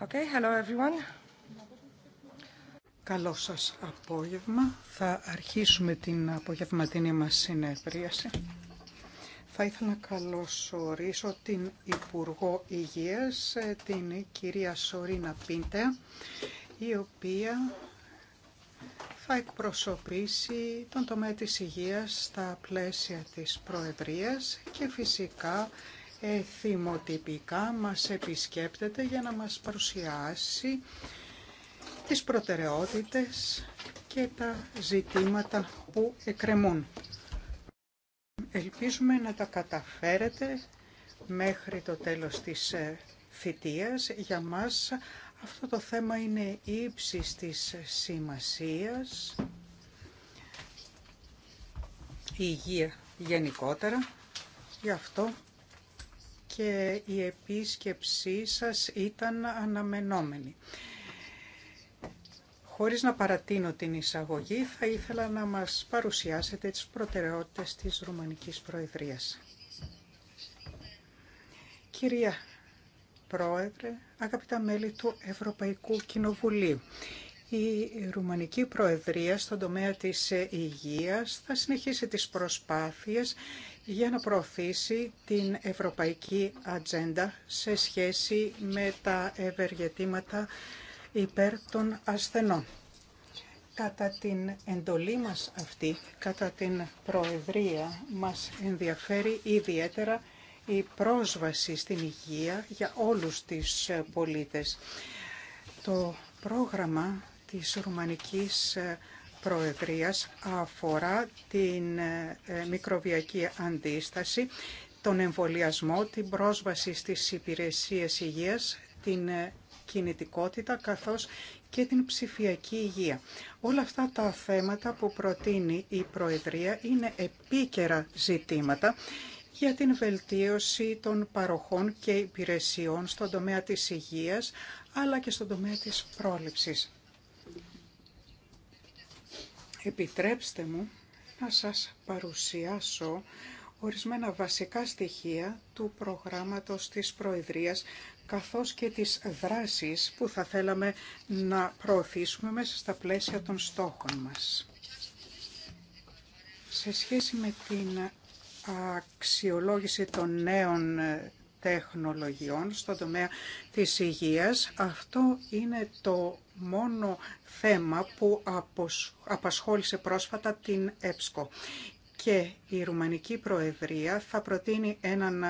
Okay, hello everyone. Καλό σας απόγευμα. Θα αρχίσουμε την απογευματινή μας συνεδρίαση. Θα ήθελα να καλωσορίσω την Υπουργό Υγείας, ε, την κυρία Σωρίνα Πίντε, η οποία θα εκπροσωπήσει τον τομέα της υγείας στα πλαίσια της Προεδρίας και φυσικά εθιμοτυπικά μας επισκέπτεται για να μας παρουσιάσει τις προτεραιότητες και τα ζητήματα που εκκρεμούν. Ελπίζουμε να τα καταφέρετε μέχρι το τέλος της ε, θητείας. Για μας αυτό το θέμα είναι ύψης της σημασίας, η υγεία γενικότερα. Γι' αυτό και η επίσκεψή σας ήταν αναμενόμενη. Χωρίς να παρατείνω την εισαγωγή, θα ήθελα να μας παρουσιάσετε τις προτεραιότητες της Ρουμανικής Προεδρίας. Κυρία Πρόεδρε, αγαπητά μέλη του Ευρωπαϊκού Κοινοβουλίου, η Ρουμανική Προεδρία στον τομέα της υγείας θα συνεχίσει τις προσπάθειες για να προωθήσει την ευρωπαϊκή ατζέντα σε σχέση με τα ευεργετήματα υπέρ των ασθενών. Κατά την εντολή μας αυτή, κατά την Προεδρία, μας ενδιαφέρει ιδιαίτερα η πρόσβαση στην υγεία για όλους τις πολίτες. Το πρόγραμμα της Ρουμανικής Προεδρίας αφορά την ε, μικροβιακή αντίσταση, τον εμβολιασμό, την πρόσβαση στις υπηρεσίες υγείας, την ε, κινητικότητα καθώς και την ψηφιακή υγεία. Όλα αυτά τα θέματα που προτείνει η Προεδρία είναι επίκαιρα ζητήματα για την βελτίωση των παροχών και υπηρεσιών στον τομέα της υγείας αλλά και στον τομέα της πρόληψης. Επιτρέψτε μου να σας παρουσιάσω ορισμένα βασικά στοιχεία του προγράμματος της Προεδρίας καθώς και τις δράσεις που θα θέλαμε να προωθήσουμε μέσα στα πλαίσια των στόχων μας. Σε σχέση με την αξιολόγηση των νέων τεχνολογιών στον τομέα της υγείας, αυτό είναι το μόνο θέμα που απασχόλησε πρόσφατα την ΕΠΣΚΟ. Και η Ρουμανική Προεδρία θα προτείνει έναν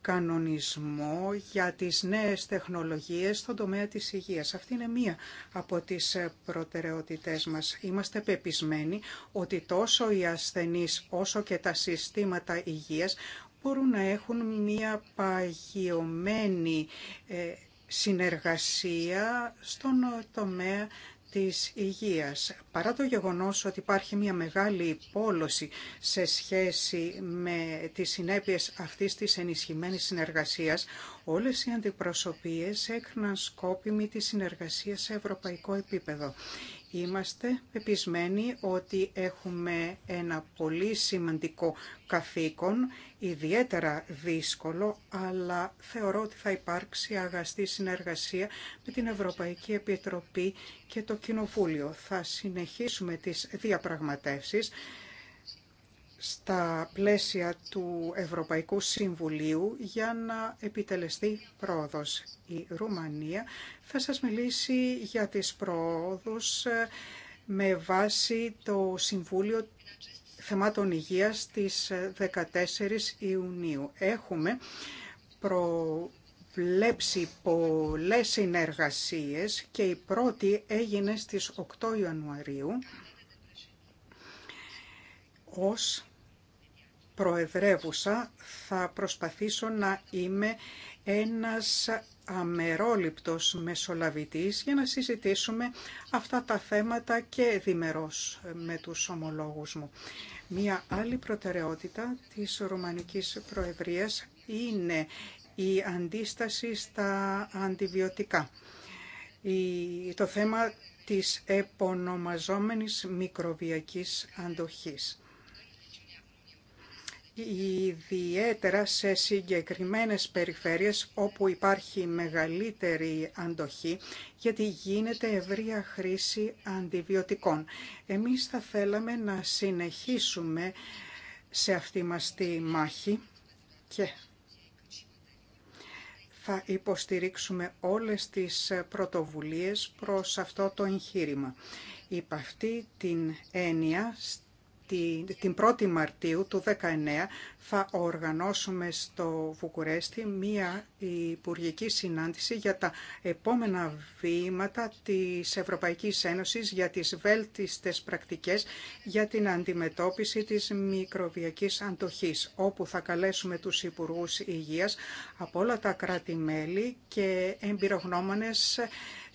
κανονισμό για τις νέες τεχνολογίες στον τομέα της υγείας. Αυτή είναι μία από τις προτεραιότητές μας. Είμαστε πεπισμένοι ότι τόσο οι ασθενείς όσο και τα συστήματα υγείας μπορούν να έχουν μία παγιωμένη ε, συνεργασία στον τομέα της υγείας. Παρά το γεγονός ότι υπάρχει μια μεγάλη πόλωση σε σχέση με τις συνέπειες αυτής της ενισχυμένης συνεργασίας, όλες οι αντιπροσωπείες έκναν σκόπιμη τη συνεργασία σε ευρωπαϊκό επίπεδο. Είμαστε πεπισμένοι ότι έχουμε ένα πολύ σημαντικό καθήκον, ιδιαίτερα δύσκολο, αλλά θεωρώ ότι θα υπάρξει αγαστή συνεργασία με την Ευρωπαϊκή Επιτροπή και το Κοινοβούλιο. Θα συνεχίσουμε τις διαπραγματεύσεις στα πλαίσια του Ευρωπαϊκού Συμβουλίου για να επιτελεστεί πρόοδος. Η Ρουμανία θα σας μιλήσει για τις πρόοδους ε, με βάση το Συμβούλιο Θεμάτων Υγείας της 14 ε, Ιουνίου. Έχουμε προβλέψει πολλές συνεργασίες και η πρώτη έγινε στις 8 Ιανουαρίου ως προεδρεύουσα θα προσπαθήσω να είμαι ένας αμερόληπτος μεσολαβητής για να συζητήσουμε αυτά τα θέματα και διμερός με τους ομολόγους μου. Μία άλλη προτεραιότητα της Ρουμανικής Προεδρίας είναι η αντίσταση στα αντιβιωτικά. Το θέμα της επωνομαζόμενης μικροβιακής αντοχής ιδιαίτερα σε συγκεκριμένες περιφέρειες όπου υπάρχει μεγαλύτερη αντοχή, γιατί γίνεται ευρεία χρήση αντιβιωτικών. Εμείς θα θέλαμε να συνεχίσουμε σε αυτή μας τη μάχη και θα υποστηρίξουμε όλες τις πρωτοβουλίες προς αυτό το εγχείρημα. Υπ' αυτή την έννοια την 1η Μαρτίου του 2019 θα οργανώσουμε στο Βουκουρέστι μία υπουργική συνάντηση για τα επόμενα βήματα της Ευρωπαϊκής Ένωσης για τις βέλτιστες πρακτικές για την αντιμετώπιση της μικροβιακής αντοχής, όπου θα καλέσουμε τους Υπουργούς Υγείας από όλα τα κράτη-μέλη και εμπειρογνώμονες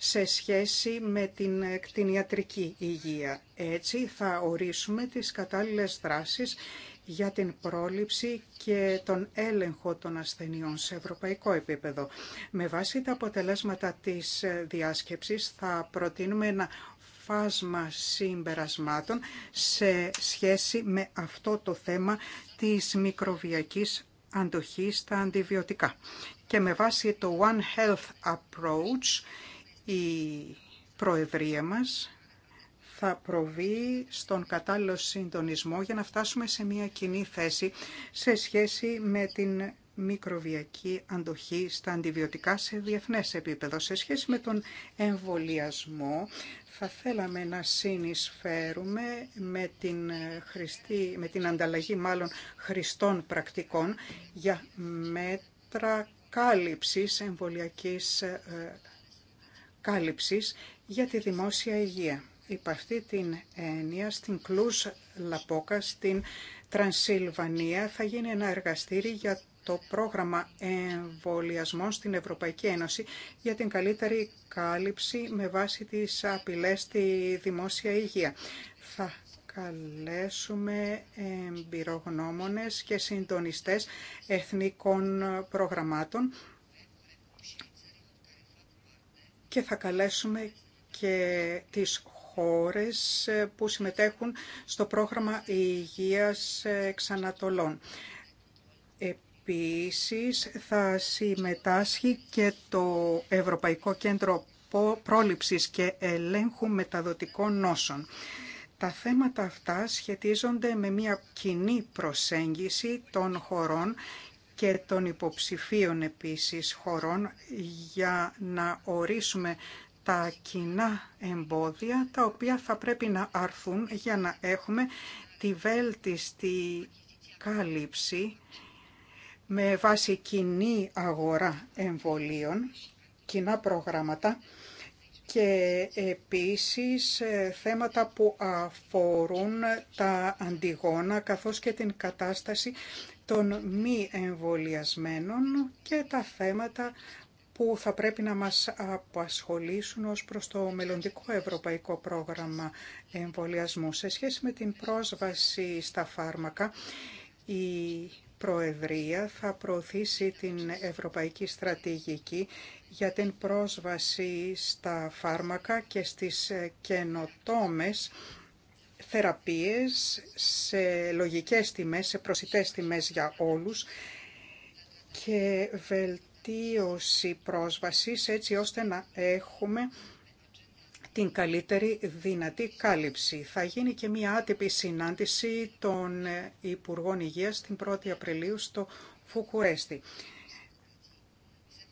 σε σχέση με την κτηνιατρική υγεία. Έτσι θα ορίσουμε τις κατάλληλες δράσεις για την πρόληψη και τον έλεγχο των ασθενειών σε ευρωπαϊκό επίπεδο. Με βάση τα αποτελέσματα της διάσκεψης θα προτείνουμε ένα φάσμα συμπερασμάτων σε σχέση με αυτό το θέμα της μικροβιακής αντοχής στα αντιβιωτικά. Και με βάση το One Health Approach η Προεδρία μας θα προβεί στον κατάλληλο συντονισμό για να φτάσουμε σε μια κοινή θέση σε σχέση με την μικροβιακή αντοχή στα αντιβιωτικά σε διεθνές επίπεδο. Σε σχέση με τον εμβολιασμό θα θέλαμε να συνεισφέρουμε με την, χρηστή, με την ανταλλαγή μάλλον χρηστών πρακτικών για μέτρα κάλυψης εμβολιακής ε, κάλυψης για τη δημόσια υγεία. Υπ' αυτή την έννοια στην Κλούς Λαπόκα, στην Τρανσιλβανία, θα γίνει ένα εργαστήρι για το πρόγραμμα εμβολιασμών στην Ευρωπαϊκή Ένωση για την καλύτερη κάλυψη με βάση τις απειλές στη δημόσια υγεία. Θα καλέσουμε εμπειρογνώμονες και συντονιστές εθνικών προγραμμάτων και θα καλέσουμε και τις χώρες που συμμετέχουν στο πρόγραμμα υγείας εξανατολών. Επίσης θα συμμετάσχει και το Ευρωπαϊκό Κέντρο Πρόληψης και Ελέγχου Μεταδοτικών Νόσων. Τα θέματα αυτά σχετίζονται με μια κοινή προσέγγιση των χωρών και των υποψηφίων επίσης χωρών για να ορίσουμε τα κοινά εμπόδια τα οποία θα πρέπει να αρθούν για να έχουμε τη βέλτιστη κάλυψη με βάση κοινή αγορά εμβολίων, κοινά προγράμματα και επίσης ε, θέματα που αφορούν τα αντιγόνα καθώς και την κατάσταση των μη εμβολιασμένων και τα θέματα που θα πρέπει να μας απασχολήσουν ως προς το μελλοντικό ευρωπαϊκό πρόγραμμα εμβολιασμού. Σε σχέση με την πρόσβαση στα φάρμακα, η Προεδρία θα προωθήσει την Ευρωπαϊκή Στρατηγική για την πρόσβαση στα φάρμακα και στις ε, καινοτόμες θεραπείες σε λογικές τιμές, σε προσιτές τιμές για όλους και βελτίωση πρόσβασης έτσι ώστε να έχουμε την καλύτερη δυνατή κάλυψη. Θα γίνει και μία άτυπη συνάντηση των Υπουργών Υγείας την 1η Απριλίου στο Φουκουρέστι.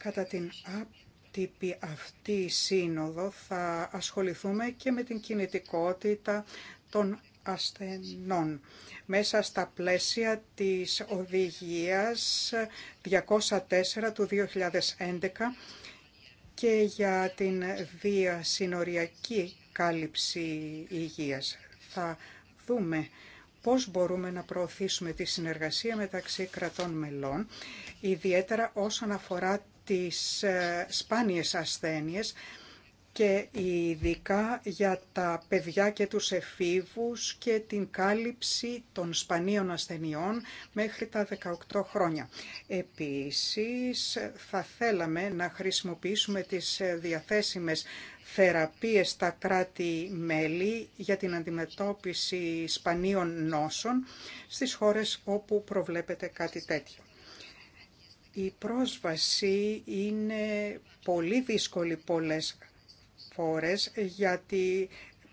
Κατά την άτυπη αυτή σύνοδο θα ασχοληθούμε και με την κινητικότητα των ασθενών μέσα στα πλαίσια της οδηγίας 204 του 2011 και για την διασυνοριακή κάλυψη υγείας. Θα δούμε πώς μπορούμε να προωθήσουμε τη συνεργασία μεταξύ κρατών μελών, ιδιαίτερα όσον αφορά τις ε, σπάνιες ασθένειες και ειδικά για τα παιδιά και τους εφήβους και την κάλυψη των σπανίων ασθενειών μέχρι τα 18 χρόνια. Επίσης, θα θέλαμε να χρησιμοποιήσουμε τις διαθέσιμες θεραπείες στα κράτη-μέλη για την αντιμετώπιση σπανίων νόσων στις χώρες όπου προβλέπεται κάτι τέτοιο. Η πρόσβαση είναι πολύ δύσκολη πολλές φορές γιατί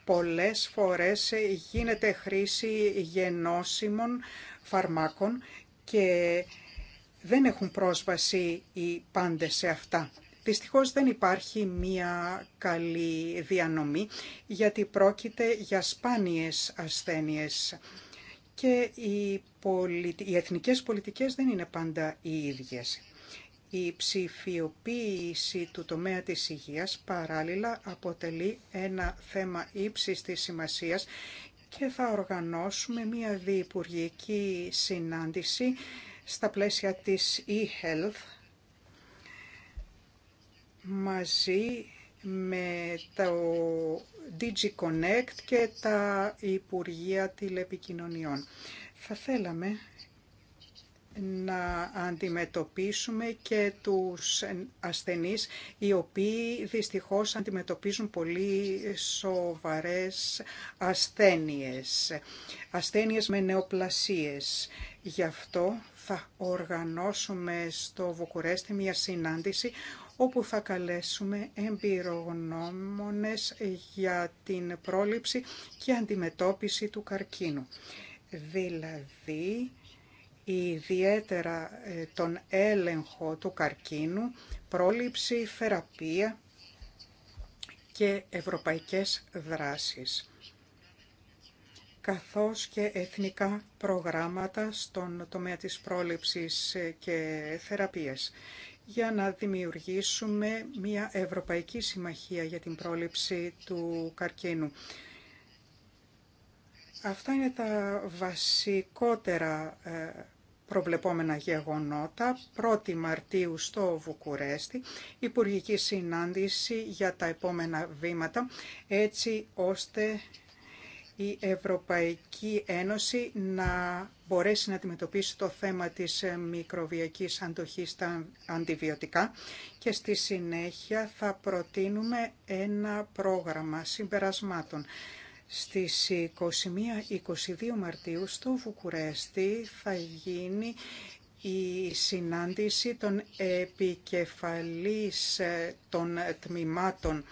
πολλές φορές γίνεται χρήση γενώσιμων φαρμάκων και δεν έχουν πρόσβαση οι πάντες σε αυτά. Δυστυχώς δεν υπάρχει μία καλή διανομή γιατί πρόκειται για σπάνιες ασθένειες και οι, πολιτι... οι εθνικές πολιτικές δεν είναι πάντα οι ίδιες. Η ψηφιοποίηση του τομέα της υγείας παράλληλα αποτελεί ένα θέμα ύψης της σημασίας και θα οργανώσουμε μια διυπουργική συνάντηση στα πλαίσια της e-health μαζί με το DigiConnect και τα Υπουργεία Τηλεπικοινωνιών. Θα θέλαμε να αντιμετωπίσουμε και τους ασθενείς οι οποίοι δυστυχώς αντιμετωπίζουν πολύ σοβαρές ασθένειες, ασθένειες με νεοπλασίες. Γι' αυτό θα οργανώσουμε στο Βουκουρέστι μια συνάντηση όπου θα καλέσουμε εμπειρογνώμονες για την πρόληψη και αντιμετώπιση του καρκίνου. Δηλαδή, ιδιαίτερα ε, τον έλεγχο του καρκίνου, πρόληψη, θεραπεία και ευρωπαϊκές δράσεις καθώς και εθνικά προγράμματα στον τομέα της πρόληψης ε, και θεραπείας για να δημιουργήσουμε μια Ευρωπαϊκή Συμμαχία για την πρόληψη του καρκίνου. Αυτά είναι τα βασικότερα ε, προβλεπόμενα γεγονότα. 1η Μαρτίου στο Βουκουρέστι, Υπουργική Συνάντηση για τα επόμενα βήματα, έτσι ώστε η Ευρωπαϊκή Ένωση να μπορέσει να αντιμετωπίσει το θέμα της ε, μικροβιακής αντοχής στα αντιβιωτικά και στη συνέχεια θα προτείνουμε ένα πρόγραμμα συμπερασμάτων. Στις 21-22 Μαρτίου στο Βουκουρέστι θα γίνει η συνάντηση των επικεφαλής ε, των τμήματων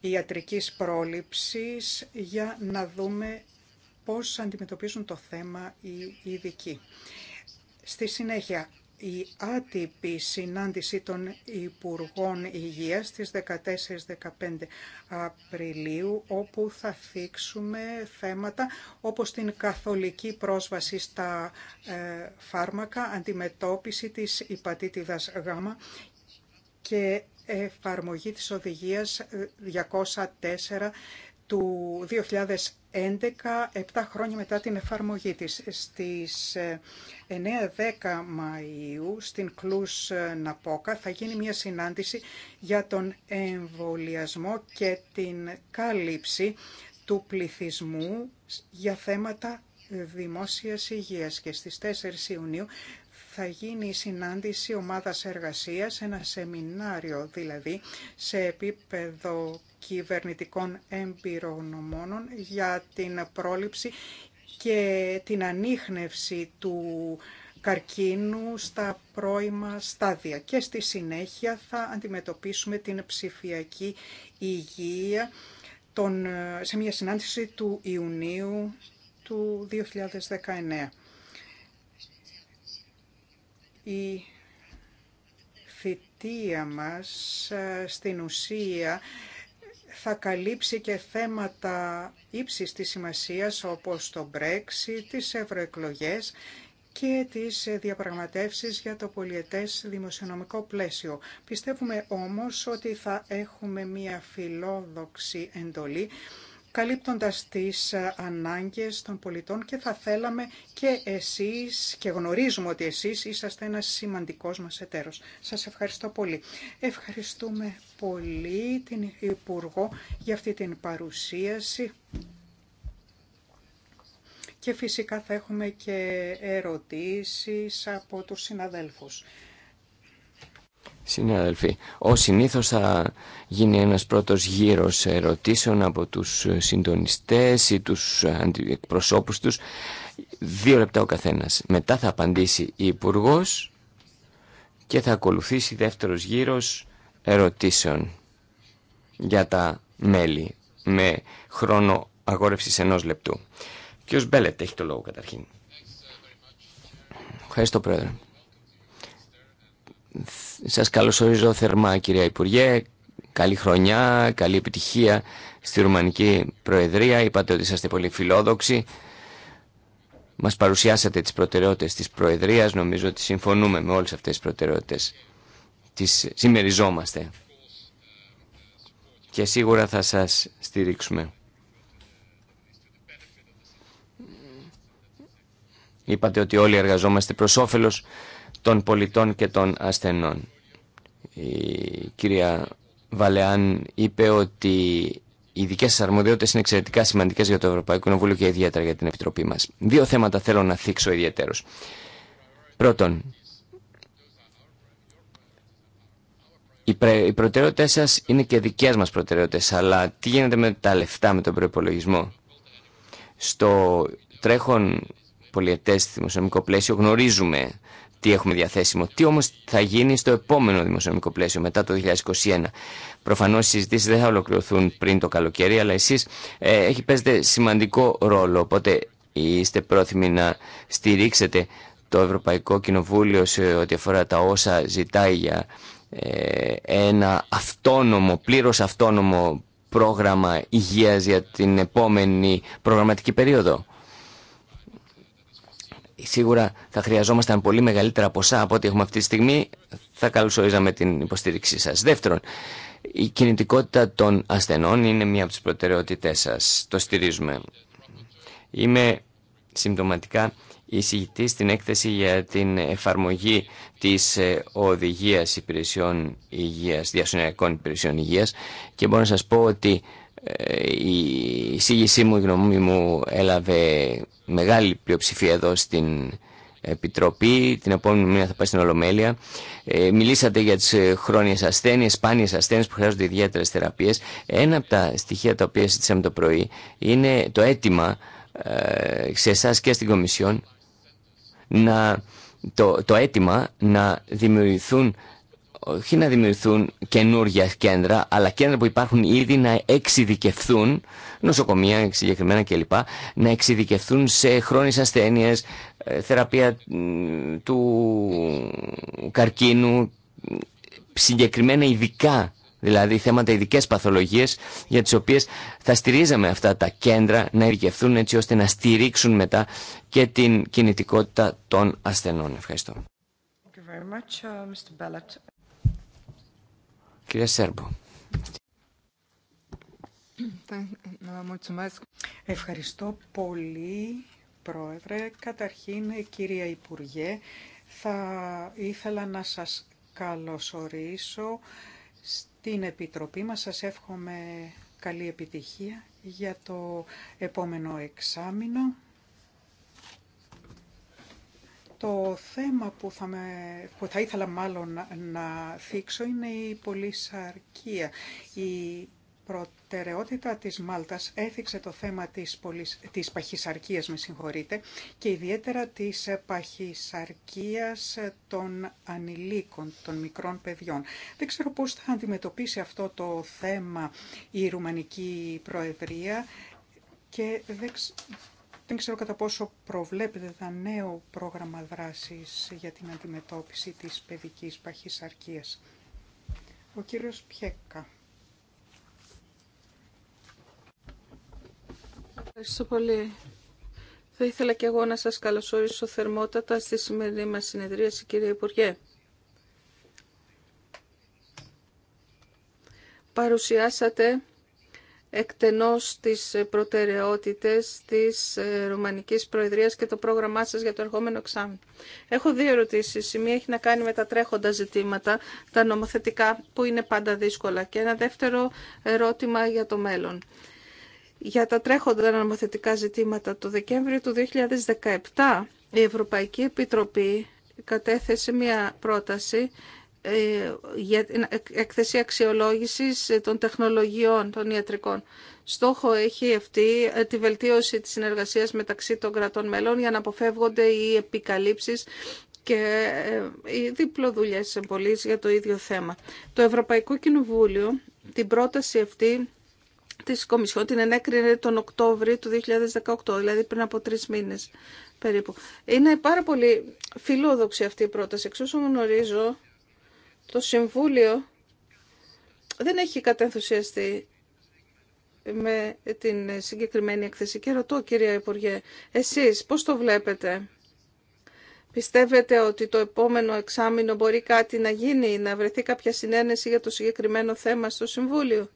ιατρικής πρόληψης για να δούμε πώς αντιμετωπίζουν το θέμα οι ειδικοί. Στη συνέχεια, η άτυπη συνάντηση των Υπουργών Υγείας στις 14-15 Απριλίου, όπου θα θίξουμε θέματα όπως την καθολική πρόσβαση στα ε, φάρμακα, αντιμετώπιση της υπατήτηδας γάμα και εφαρμογή της οδηγίας 204 ε, του 2011, επτά χρόνια μετά την εφαρμογή της. Στις 9-10 ε, Μαΐου στην Κλούς ε, Ναπόκα θα γίνει μια συνάντηση για τον εμβολιασμό και την κάλυψη του πληθυσμού για θέματα δημόσιας υγείας και στις 4 Ιουνίου θα γίνει η συνάντηση ομάδας εργασίας, ένα σεμινάριο δηλαδή, σε επίπεδο κυβερνητικών εμπειρογνωμόνων για την πρόληψη και την ανείχνευση του καρκίνου στα πρώιμα στάδια. Και στη συνέχεια θα αντιμετωπίσουμε την ψηφιακή υγεία σε μια συνάντηση του Ιουνίου του 2019. Η θητεία μας ε, στην ουσία θα καλύψει και θέματα ύψης της σημασίας όπως το Brexit, τις ευρωεκλογές και τις διαπραγματεύσεις για το πολιετές δημοσιονομικό πλαίσιο. Πιστεύουμε όμως ότι θα έχουμε μία φιλόδοξη εντολή καλύπτοντας τις ε, ανάγκες των πολιτών και θα θέλαμε και εσείς και γνωρίζουμε ότι εσείς είσαστε ένας σημαντικός μας εταίρος. Σας ευχαριστώ πολύ. Ευχαριστούμε πολύ την Υπουργό για αυτή την παρουσίαση. Και φυσικά θα έχουμε και ερωτήσεις από τους συναδέλφους. Συνάδελφοι, ο συνήθως θα γίνει ένας πρώτος γύρος ερωτήσεων από τους συντονιστές ή τους εκπροσώπους τους. Δύο λεπτά ο καθένας. Μετά θα απαντήσει η υπουργό και θα ακολουθήσει δεύτερος γύρος ερωτήσεων για τα μέλη με χρόνο αγόρευσης ενός λεπτού. Ποιος Μπέλετ έχει το λόγο καταρχήν. Ευχαριστώ πρόεδρε. Σας καλωσορίζω θερμά κυρία Υπουργέ. Καλή χρονιά, καλή επιτυχία στη Ρουμανική Προεδρία. Είπατε ότι είσαστε πολύ φιλόδοξοι. Μας παρουσιάσατε τις προτεραιότητες της Προεδρίας. Νομίζω ότι συμφωνούμε με όλες αυτές τις προτεραιότητες. Τις συμμεριζόμαστε. Και σίγουρα θα σας στηρίξουμε. Είπατε ότι όλοι εργαζόμαστε προς όφελος των πολιτών και των ασθενών. Η κυρία Βαλεάν είπε ότι οι δικές σα αρμοδιότητες είναι εξαιρετικά σημαντικές για το Ευρωπαϊκό Κοινοβούλιο και ιδιαίτερα για την Επιτροπή μας. Δύο θέματα θέλω να θίξω ιδιαίτερω. Πρώτον, οι, προτεραιότητε σα είναι και δικές μας προτεραιότητες, αλλά τι γίνεται με τα λεφτά, με τον προπολογισμό. Στο τρέχον στο δημοσιονομικό πλαίσιο γνωρίζουμε τι έχουμε διαθέσιμο. Τι όμως θα γίνει στο επόμενο δημοσιονομικό πλαίσιο μετά το 2021. Προφανώς οι συζητήσει δεν θα ολοκληρωθούν πριν το καλοκαίρι, αλλά εσείς ε, παίζετε σημαντικό ρόλο, οπότε είστε πρόθυμοι να στηρίξετε το Ευρωπαϊκό Κοινοβούλιο σε ό,τι αφορά τα όσα ζητάει για ε, ένα αυτόνομο, πλήρω αυτόνομο πρόγραμμα υγεία για την επόμενη προγραμματική περίοδο σίγουρα θα χρειαζόμασταν πολύ μεγαλύτερα ποσά από ό,τι έχουμε αυτή τη στιγμή, θα καλωσορίζαμε την υποστήριξή σας. Δεύτερον, η κινητικότητα των ασθενών είναι μία από τις προτεραιότητές σας. Το στηρίζουμε. Είμαι συμπτωματικά εισηγητή στην έκθεση για την εφαρμογή της ε, οδηγίας υπηρεσιών διασυνοριακών υπηρεσιών υγείας και μπορώ να σας πω ότι ε, η εισήγησή μου, η γνωμή μου έλαβε μεγάλη πλειοψηφία εδώ στην Επιτροπή. Την επόμενη μήνα θα πάει στην Ολομέλεια. Ε, μιλήσατε για τις ε, χρόνιες ασθένειες, σπάνιες ασθένειες που χρειάζονται ιδιαίτερες θεραπείες. Ένα από τα στοιχεία τα οποία συζητήσαμε το πρωί είναι το αίτημα σε εσά και στην Κομισιόν να, το, το αίτημα να δημιουργηθούν όχι να δημιουργηθούν καινούργια κέντρα, αλλά κέντρα που υπάρχουν ήδη να εξειδικευθούν, νοσοκομεία συγκεκριμένα κλπ, να εξειδικευθούν σε χρόνιες ασθένειες, ε, θεραπεία του καρκίνου, συγκεκριμένα ειδικά, δηλαδή θέματα ειδικέ παθολογίες, για τις οποίες θα στηρίζαμε αυτά τα κέντρα να ειδικευθούν έτσι ώστε να στηρίξουν μετά και την κινητικότητα των ασθενών. Ευχαριστώ. Uh, Κυρία Σέρμπο. Ευχαριστώ πολύ, Πρόεδρε. Καταρχήν, κυρία Υπουργέ, θα ήθελα να σας καλωσορίσω στην Επιτροπή μας. Σας εύχομαι καλή επιτυχία για το επόμενο εξάμεινο το θέμα που θα, που θα ήθελα μάλλον να θίξω είναι η πολυσαρκία. Η προτεραιότητα της Μάλτας έθιξε το θέμα της, πολυσ... παχυσαρκίας, με συγχωρείτε, και ιδιαίτερα της παχυσαρκίας των ανηλίκων, των μικρών παιδιών. Δεν ξέρω πώς θα αντιμετωπίσει αυτό το θέμα η Ρουμανική Προεδρία και δεν, δεν ξέρω κατά πόσο προβλέπετε ένα νέο πρόγραμμα δράσης για την αντιμετώπιση της παιδικής παχυσαρκίας. Ο κύριος Πιέκα. Ευχαριστώ πολύ. Θα ήθελα και εγώ να σας καλωσορίσω θερμότατα στη σημερινή μας συνεδρίαση, κύριε Υπουργέ. Παρουσιάσατε εκτενώς τις προτεραιότητες της ε, Ρουμανικής Προεδρίας και το πρόγραμμά σας για το ερχόμενο εξάμεινο. Έχω δύο ερωτήσεις. Η μία έχει να κάνει με τα τρέχοντα ζητήματα, τα νομοθετικά που είναι πάντα δύσκολα και ένα δεύτερο ερώτημα για το μέλλον. Για τα τρέχοντα νομοθετικά ζητήματα, το Δεκέμβριο του 2017 η Ευρωπαϊκή Επιτροπή κατέθεσε μια πρόταση ε, για την έκθεση αξιολόγησης των τεχνολογιών των ιατρικών. Στόχο έχει αυτή ε, τη βελτίωση της συνεργασίας μεταξύ των κρατών μελών για να αποφεύγονται οι επικαλύψεις και ε, οι διπλοδουλειές εμπολής για το ίδιο θέμα. Το Ευρωπαϊκό Κοινοβούλιο την πρόταση αυτή της Κομισιόν την ενέκρινε τον Οκτώβριο του 2018, δηλαδή πριν από τρεις μήνες περίπου. Είναι πάρα πολύ φιλόδοξη αυτή η πρόταση. Εξ όσων γνωρίζω, το Συμβούλιο δεν έχει κατενθουσιαστεί με την συγκεκριμένη εκθέση. Και ρωτώ, κυρία Υπουργέ, εσείς πώς το βλέπετε. Πιστεύετε ότι το επόμενο εξάμεινο μπορεί κάτι να γίνει, να βρεθεί κάποια συνένεση για το συγκεκριμένο θέμα στο Συμβούλιο.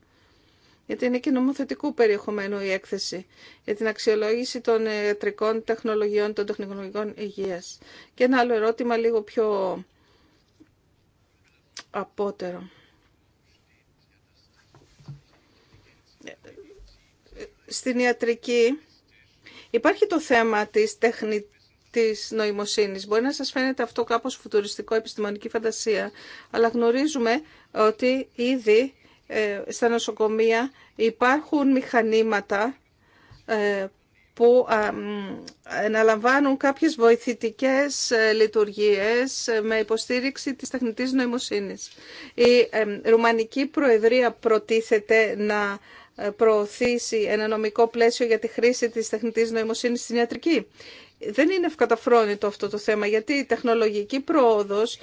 Γιατί είναι και νομοθετικού περιεχομένου η έκθεση για την αξιολόγηση των ιατρικών τεχνολογιών, των τεχνολογικών υγείας. Και ένα άλλο ερώτημα λίγο πιο απότερο. Στην ιατρική υπάρχει το θέμα της τεχνητής της νοημοσύνης. Μπορεί να σας φαίνεται αυτό κάπως φουτουριστικό, επιστημονική φαντασία, αλλά γνωρίζουμε ότι ήδη ε, στα νοσοκομεία υπάρχουν μηχανήματα ε, που αναλαμβάνουν κάποιες βοηθητικές ε, λειτουργίες ε, με υποστήριξη της τεχνητής νοημοσύνης. Η Ρουμανική Προεδρία προτίθεται να ε, προωθήσει ένα νομικό πλαίσιο για τη χρήση της τεχνητής νοημοσύνης στην ιατρική. Δεν είναι ευκαταφρόνητο αυτό το θέμα, γιατί η τεχνολογική πρόοδος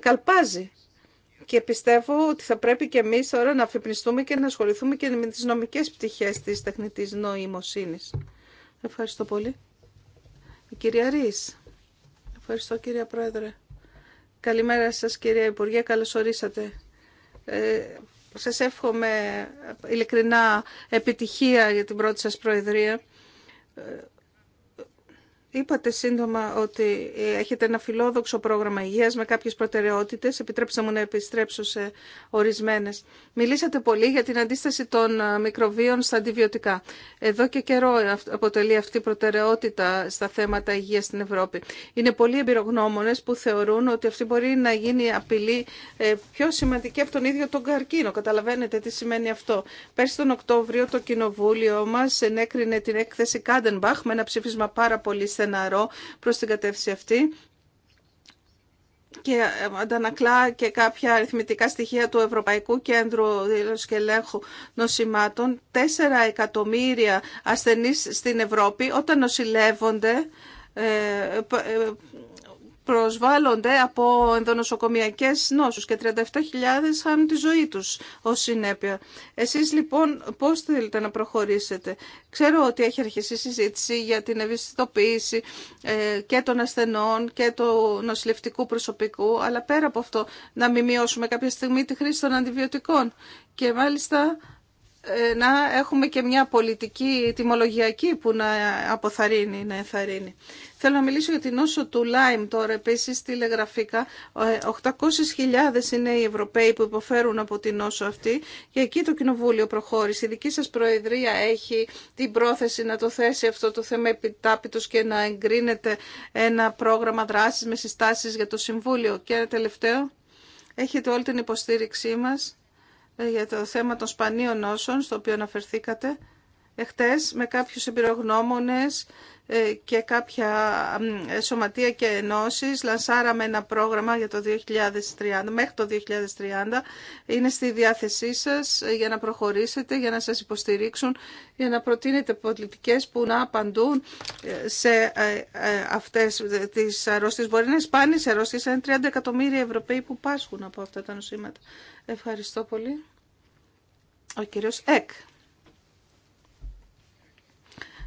καλπάζει. Και πιστεύω ότι θα πρέπει και εμείς τώρα να αφυπνιστούμε και να ασχοληθούμε και με τις νομικές πτυχές της τεχνητής νοημοσύνης. Ευχαριστώ πολύ. Η κυρία Ρης. Ευχαριστώ κυρία Πρόεδρε. Καλημέρα σας κυρία Υπουργέ, καλώς ορίσατε. Ε, σας εύχομαι ειλικρινά επιτυχία για την πρώτη σας Προεδρία. Ε, Είπατε σύντομα ότι έχετε ένα φιλόδοξο πρόγραμμα υγεία με κάποιε προτεραιότητε. Επιτρέψτε μου να επιστρέψω σε ορισμένε. Μιλήσατε πολύ για την αντίσταση των ε, μικροβίων στα αντιβιωτικά. Εδώ και καιρό αποτελεί αυτή η προτεραιότητα στα θέματα υγεία στην Ευρώπη. Είναι πολλοί εμπειρογνώμονε που θεωρούν ότι αυτή μπορεί να γίνει απειλή ε, πιο σημαντική από τον ίδιο τον καρκίνο. Καταλαβαίνετε τι σημαίνει αυτό. Πέρσι τον Οκτώβριο το Κοινοβούλιο μα ενέκρινε την έκθεση Κάντενμπαχ με ένα ψήφισμα πάρα πολύ στεναρό προς την κατεύθυνση αυτή και ε, αντανακλά και κάποια αριθμητικά στοιχεία του Ευρωπαϊκού Κέντρου Δήλωση και Ελέγχου Νοσημάτων. 4 εκατομμύρια ασθενείς στην Ευρώπη όταν νοσηλεύονται ε, ε, προσβάλλονται από ενδονοσοκομιακές νόσους και 37.000 χάνουν τη ζωή τους ως συνέπεια. Εσείς λοιπόν πώς θέλετε να προχωρήσετε. Ξέρω ότι έχει αρχίσει η συζήτηση για την ευαισθητοποίηση ε, και των ασθενών και του νοσηλευτικού προσωπικού, αλλά πέρα από αυτό να μην μειώσουμε κάποια στιγμή τη χρήση των αντιβιωτικών. Και μάλιστα ε, να έχουμε και μια πολιτική τιμολογιακή που να αποθαρρύνει, να ενθαρρύνει. Θέλω να μιλήσω για την όσο του Λάιμ τώρα επίσης τηλεγραφικά. 800.000 ε, είναι οι Ευρωπαίοι που υποφέρουν από την όσο αυτή και εκεί το Κοινοβούλιο προχώρησε. Η δική σας Προεδρία έχει την πρόθεση να το θέσει αυτό το θέμα επιτάπητος και να εγκρίνεται ένα πρόγραμμα δράσης με συστάσεις για το Συμβούλιο. Και ένα τελευταίο, έχετε όλη την υποστήριξή μας ε, για το θέμα των σπανίων νόσων, στο οποίο αναφερθήκατε, εχθές με κάποιους εμπειρογνώμονες ε, και κάποια ε, σωματεία και ενώσεις λανσάραμε ένα πρόγραμμα για το 2030, μέχρι το 2030 είναι στη διάθεσή σας για να προχωρήσετε, για να σας υποστηρίξουν για να προτείνετε πολιτικές που να απαντούν σε αυτές τις αρρώστιες μπορεί να είναι σπάνιες αρρώστιες είναι 30 εκατομμύρια Ευρωπαίοι που πάσχουν από αυτά τα νοσήματα Ευχαριστώ πολύ ο κύριος Εκ.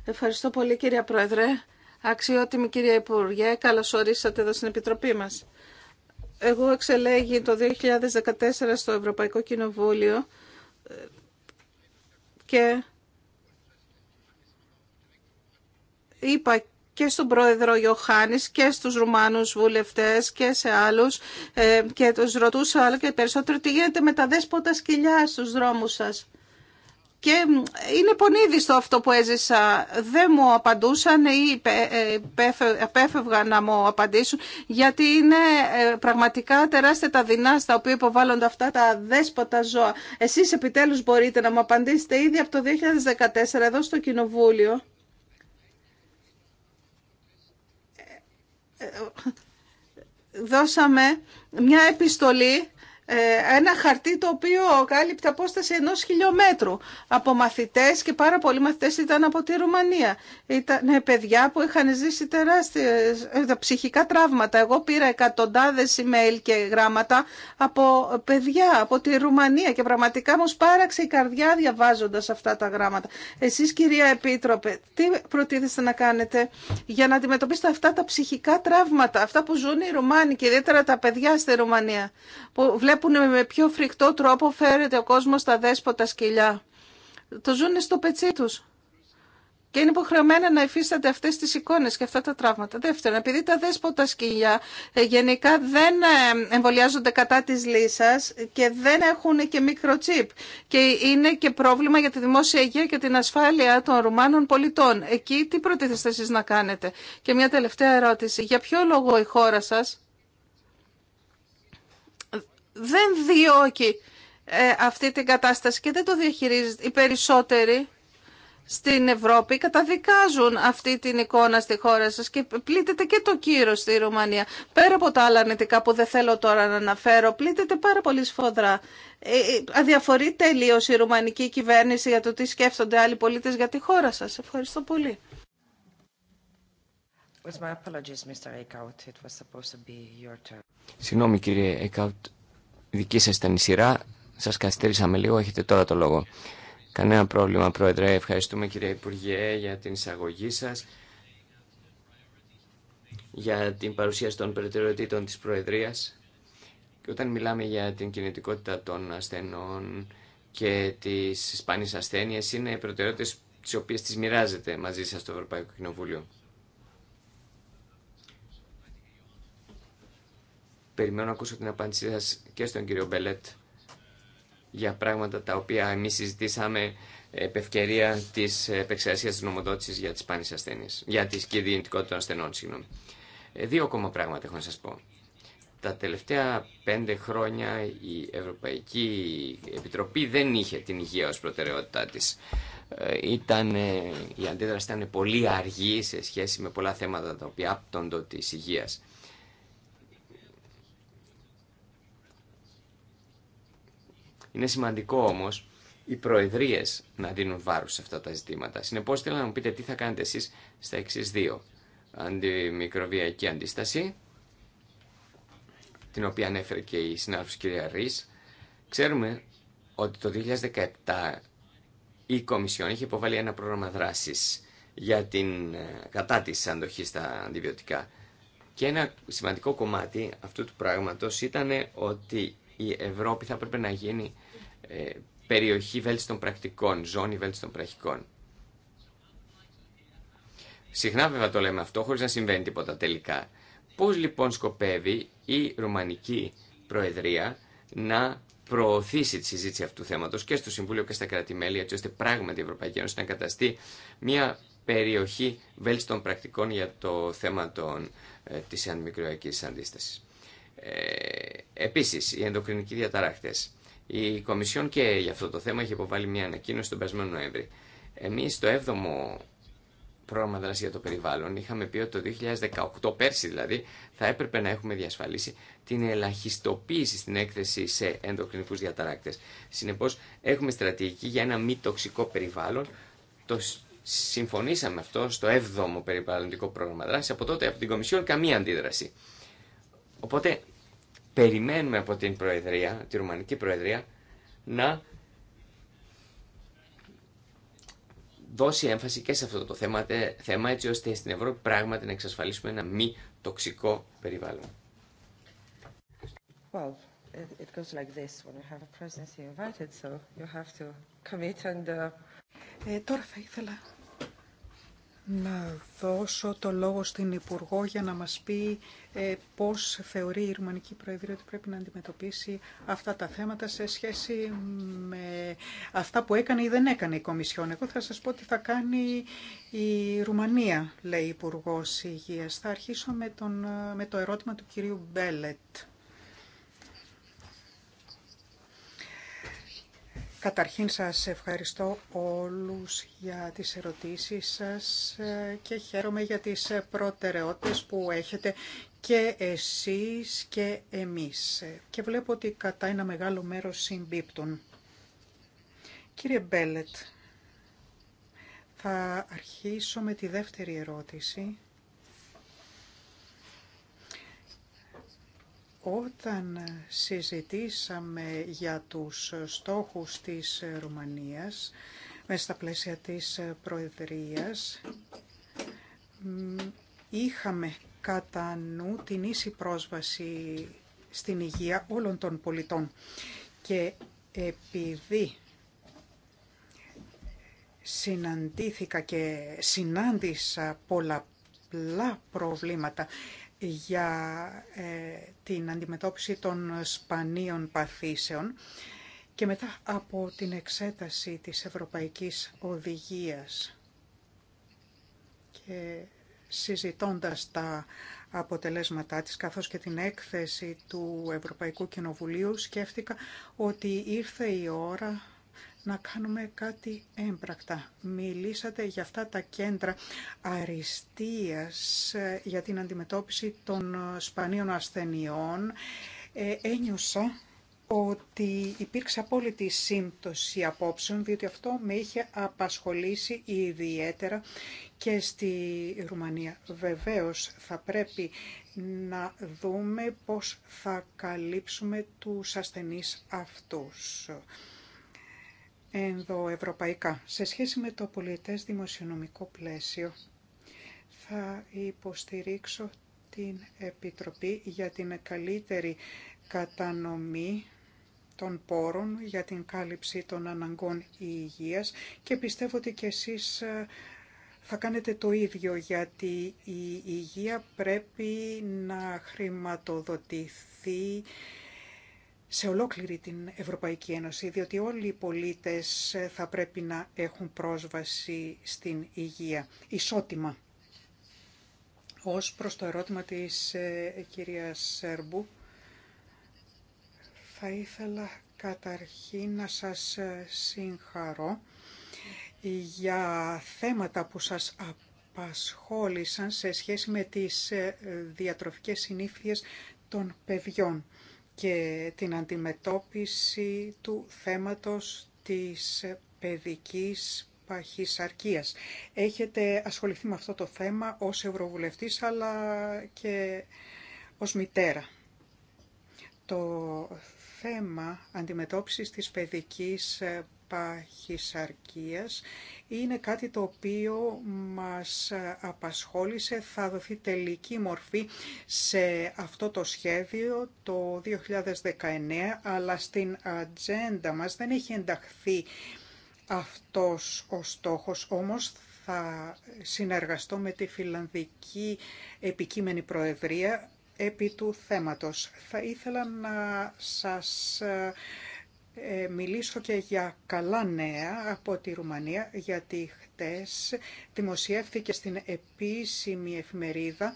Ευχαριστώ πολύ κύριε Πρόεδρε. Αξιότιμη κυρία Υπουργέ, καλώς ορίσατε εδώ στην Επιτροπή μας. Εγώ εξελέγη το 2014 στο Ευρωπαϊκό Κοινοβούλιο ε, και είπα και στον πρόεδρο Ιωάννης και στους Ρουμάνους βουλευτές και σε άλλους ε, και τους ρωτούσα άλλο και περισσότερο τι γίνεται με τα δέσποτα σκυλιά στους δρόμους σας. Και είναι πονίδιστο αυτό που έζησα. Δεν μου απαντούσαν ή ε, απέφευγαν να μου απαντήσουν γιατί είναι ε, πραγματικά τεράστια τα δεινά στα οποία υποβάλλονται αυτά τα δέσποτα ζώα. Εσείς επιτέλους μπορείτε να μου απαντήσετε ήδη από το 2014 εδώ στο Κοινοβούλιο Ε, ε, ε, δώσαμε μια επιστολή ε, ένα χαρτί το οποίο κάλυπτε απόσταση ενός χιλιόμετρου από μαθητές και πάρα πολλοί μαθητές ήταν από τη Ρουμανία. Ήταν παιδιά που είχαν ζήσει τεράστιες ε, ψυχικά τραύματα. Εγώ πήρα εκατοντάδες email και γράμματα από παιδιά από τη Ρουμανία και πραγματικά μου σπάραξε η καρδιά διαβάζοντας αυτά τα γράμματα. Εσείς κυρία Επίτροπε, τι προτίθεστε να κάνετε για να αντιμετωπίσετε αυτά τα ψυχικά τραύματα, αυτά που ζουν οι Ρουμάνοι και ιδιαίτερα τα παιδιά στη Ρουμανία βλέπουν με πιο φρικτό τρόπο φέρεται ο κόσμος στα δέσποτα σκυλιά. Το ζουν στο πετσί τους. Και είναι υποχρεωμένα να υφίστανται αυτέ τι εικόνε και αυτά τα τραύματα. Δεύτερον, επειδή τα δέσποτα σκυλιά ε, γενικά δεν ε, εμβολιάζονται κατά τη λύσα και δεν έχουν και μικροτσίπ. Και είναι και πρόβλημα για τη δημόσια υγεία και την ασφάλεια των Ρουμάνων πολιτών. Εκεί τι προτίθεστε εσεί να κάνετε. Και μια τελευταία ερώτηση. Για ποιο λόγο η χώρα σα δεν διώκει ε, αυτή την κατάσταση και δεν το διαχειρίζεται. Οι περισσότεροι στην Ευρώπη καταδικάζουν αυτή την εικόνα στη χώρα σας και πλήττεται και το κύρο στη Ρουμανία. Πέρα από τα άλλα αρνητικά που δεν θέλω τώρα να αναφέρω, πλήττεται πάρα πολύ σφοδρά. Ε, ε, αδιαφορεί τελείω η ρουμανική κυβέρνηση για το τι σκέφτονται άλλοι πολίτες για τη χώρα σας. Ευχαριστώ πολύ. Συγγνώμη κύριε Εκάουτ, δική σας ήταν η σειρά. Σας καθυστερήσαμε λίγο, έχετε τώρα το λόγο. Κανένα πρόβλημα, Πρόεδρε. Ευχαριστούμε, κύριε Υπουργέ, για την εισαγωγή σας, για την παρουσίαση των προτεραιοτήτων της Προεδρίας. Και όταν μιλάμε για την κινητικότητα των ασθενών και τις σπάνιες ασθένειες, είναι οι προτεραιότητες τις οποίες τις μοιράζεται μαζί σας στο Ευρωπαϊκό Κοινοβούλιο. Περιμένω να ακούσω την απάντησή σας και στον κύριο Μπελέτ για πράγματα τα οποία εμείς συζητήσαμε επ' ευκαιρία της επεξεργασίας της νομοδότησης για τις σπάνιες ασθένειες, για τις και των ασθενών, συγγνώμη. Ε, δύο ακόμα πράγματα έχω να σας πω. Τα τελευταία πέντε χρόνια η Ευρωπαϊκή Επιτροπή δεν είχε την υγεία ως προτεραιότητά της. Ε, ήταν, ε, η αντίδραση ήταν πολύ αργή σε σχέση με πολλά θέματα τα οποία άπτονται τη υγείας. Είναι σημαντικό όμως οι προεδρίες να δίνουν βάρος σε αυτά τα ζητήματα. Συνεπώς θέλω να μου πείτε τι θα κάνετε εσεί στα εξή δύο. Αντιμικροβιακή αντίσταση, την οποία ανέφερε και η συνάδελφο κυρία Ρή. Ξέρουμε ότι το 2017 η Κομισιόν είχε υποβάλει ένα πρόγραμμα δράσης για την ε, κατά τη αντοχής στα αντιβιωτικά. Και ένα σημαντικό κομμάτι αυτού του πράγματος ήταν ότι η Ευρώπη θα έπρεπε να γίνει ε, περιοχή βέλτιστων πρακτικών, ζώνη βέλτιστων πρακτικών. Συχνά βέβαια το λέμε αυτό χωρίς να συμβαίνει τίποτα τελικά. Πώς λοιπόν σκοπεύει η Ρουμανική Προεδρία να προωθήσει τη συζήτηση αυτού του θέματος και στο Συμβούλιο και στα κράτη-μέλη έτσι ώστε πράγματι η Ευρωπαϊκή Ένωση να καταστεί μια περιοχή βέλτιστων πρακτικών για το θέμα των, ε, της αντιμικροιακής αντίστασης. Ε, επίσης, οι ενδοκρινικοί διαταράκτες. Η Κομισιόν και για αυτό το θέμα έχει υποβάλει μια ανακοίνωση τον περασμένο Νοέμβρη. Εμεί στο 7ο πρόγραμμα δράση για το περιβάλλον είχαμε πει ότι το 2018, πέρσι δηλαδή, θα έπρεπε να έχουμε διασφαλίσει την ελαχιστοποίηση στην έκθεση σε ενδοκρινικού διαταράκτε. Συνεπώ, έχουμε στρατηγική για ένα μη τοξικό περιβάλλον. Το συμφωνήσαμε αυτό στο 7ο περιβαλλοντικό πρόγραμμα δράση. Από τότε από την Κομισιόν καμία αντίδραση. Οπότε περιμένουμε από την Προεδρία, τη Ρουμανική Προεδρία, να δώσει έμφαση και σε αυτό το θέμα, θέμα έτσι ώστε στην Ευρώπη πράγματι να εξασφαλίσουμε ένα μη τοξικό περιβάλλον. like this when have a presidency invited, so you have to commit and. Uh, ε, τώρα να δώσω το λόγο στην Υπουργό για να μας πει ε, πώς θεωρεί η Ρουμανική Προεδρία ότι πρέπει να αντιμετωπίσει αυτά τα θέματα σε σχέση με αυτά που έκανε ή δεν έκανε η Κομισιόν. Εγώ θα σας πω τι θα κάνει η Ρουμανία, λέει η Υπουργός Υγείας. Θα αρχίσω με, τον, με το ερώτημα του κυρίου Μπέλετ. Καταρχήν σας ευχαριστώ όλους για τις ερωτήσεις σας και χαίρομαι για τις προτεραιότητες που έχετε και εσείς και εμείς. Και βλέπω ότι κατά ένα μεγάλο μέρος συμπίπτουν. Κύριε Μπέλετ, θα αρχίσω με τη δεύτερη ερώτηση Όταν συζητήσαμε για τους στόχους της Ρουμανίας μέσα στα πλαίσια της Προεδρίας, είχαμε κατά νου την ίση πρόσβαση στην υγεία όλων των πολιτών. Και επειδή συναντήθηκα και συνάντησα πολλαπλά προβλήματα για ε, την αντιμετώπιση των σπανίων παθήσεων και μετά από την εξέταση της Ευρωπαϊκής Οδηγίας και συζητώντας τα αποτελέσματά της καθώς και την έκθεση του Ευρωπαϊκού Κοινοβουλίου σκέφτηκα ότι ήρθε η ώρα να κάνουμε κάτι έμπρακτα. Μιλήσατε για αυτά τα κέντρα αριστείας ε, για την αντιμετώπιση των ε, σπανίων ασθενειών. Ε, ένιωσα ότι υπήρξε απόλυτη σύμπτωση απόψεων, διότι αυτό με είχε απασχολήσει ιδιαίτερα και στη Ρουμανία. Βεβαίως θα πρέπει να δούμε πώς θα καλύψουμε τους ασθενείς αυτούς ενδοευρωπαϊκά. Σε σχέση με το πολιτές δημοσιονομικό πλαίσιο, θα υποστηρίξω την Επιτροπή για την καλύτερη κατανομή των πόρων για την κάλυψη των αναγκών υγείας και πιστεύω ότι και εσείς ε, θα κάνετε το ίδιο γιατί η υγεία πρέπει να χρηματοδοτηθεί σε ολόκληρη την Ευρωπαϊκή Ένωση, διότι όλοι οι πολίτες ε, θα πρέπει να έχουν πρόσβαση στην υγεία ισότιμα. Ως προς το ερώτημα της ε, κυρίας Σέρμπου, θα ήθελα καταρχήν να σας ε, συγχαρώ για θέματα που σας απασχόλησαν σε σχέση με τις διατροφικές συνήθειες των παιδιών και την αντιμετώπιση του θέματος της παιδικής παχυσαρκίας. Έχετε ασχοληθεί με αυτό το θέμα ως Ευρωβουλευτής αλλά και ως μητέρα. Το θέμα αντιμετώπισης της παιδικής παχυσαρκίας είναι κάτι το οποίο μας απασχόλησε, θα δοθεί τελική μορφή σε αυτό το σχέδιο το 2019, αλλά στην ατζέντα μας δεν έχει ενταχθεί αυτός ο στόχος, όμως θα συνεργαστώ με τη Φιλανδική Επικείμενη Προεδρία επί του θέματος. Θα ήθελα να σας ε, μιλήσω και για καλά νέα από τη Ρουμανία, γιατί χτες δημοσιεύθηκε στην επίσημη εφημερίδα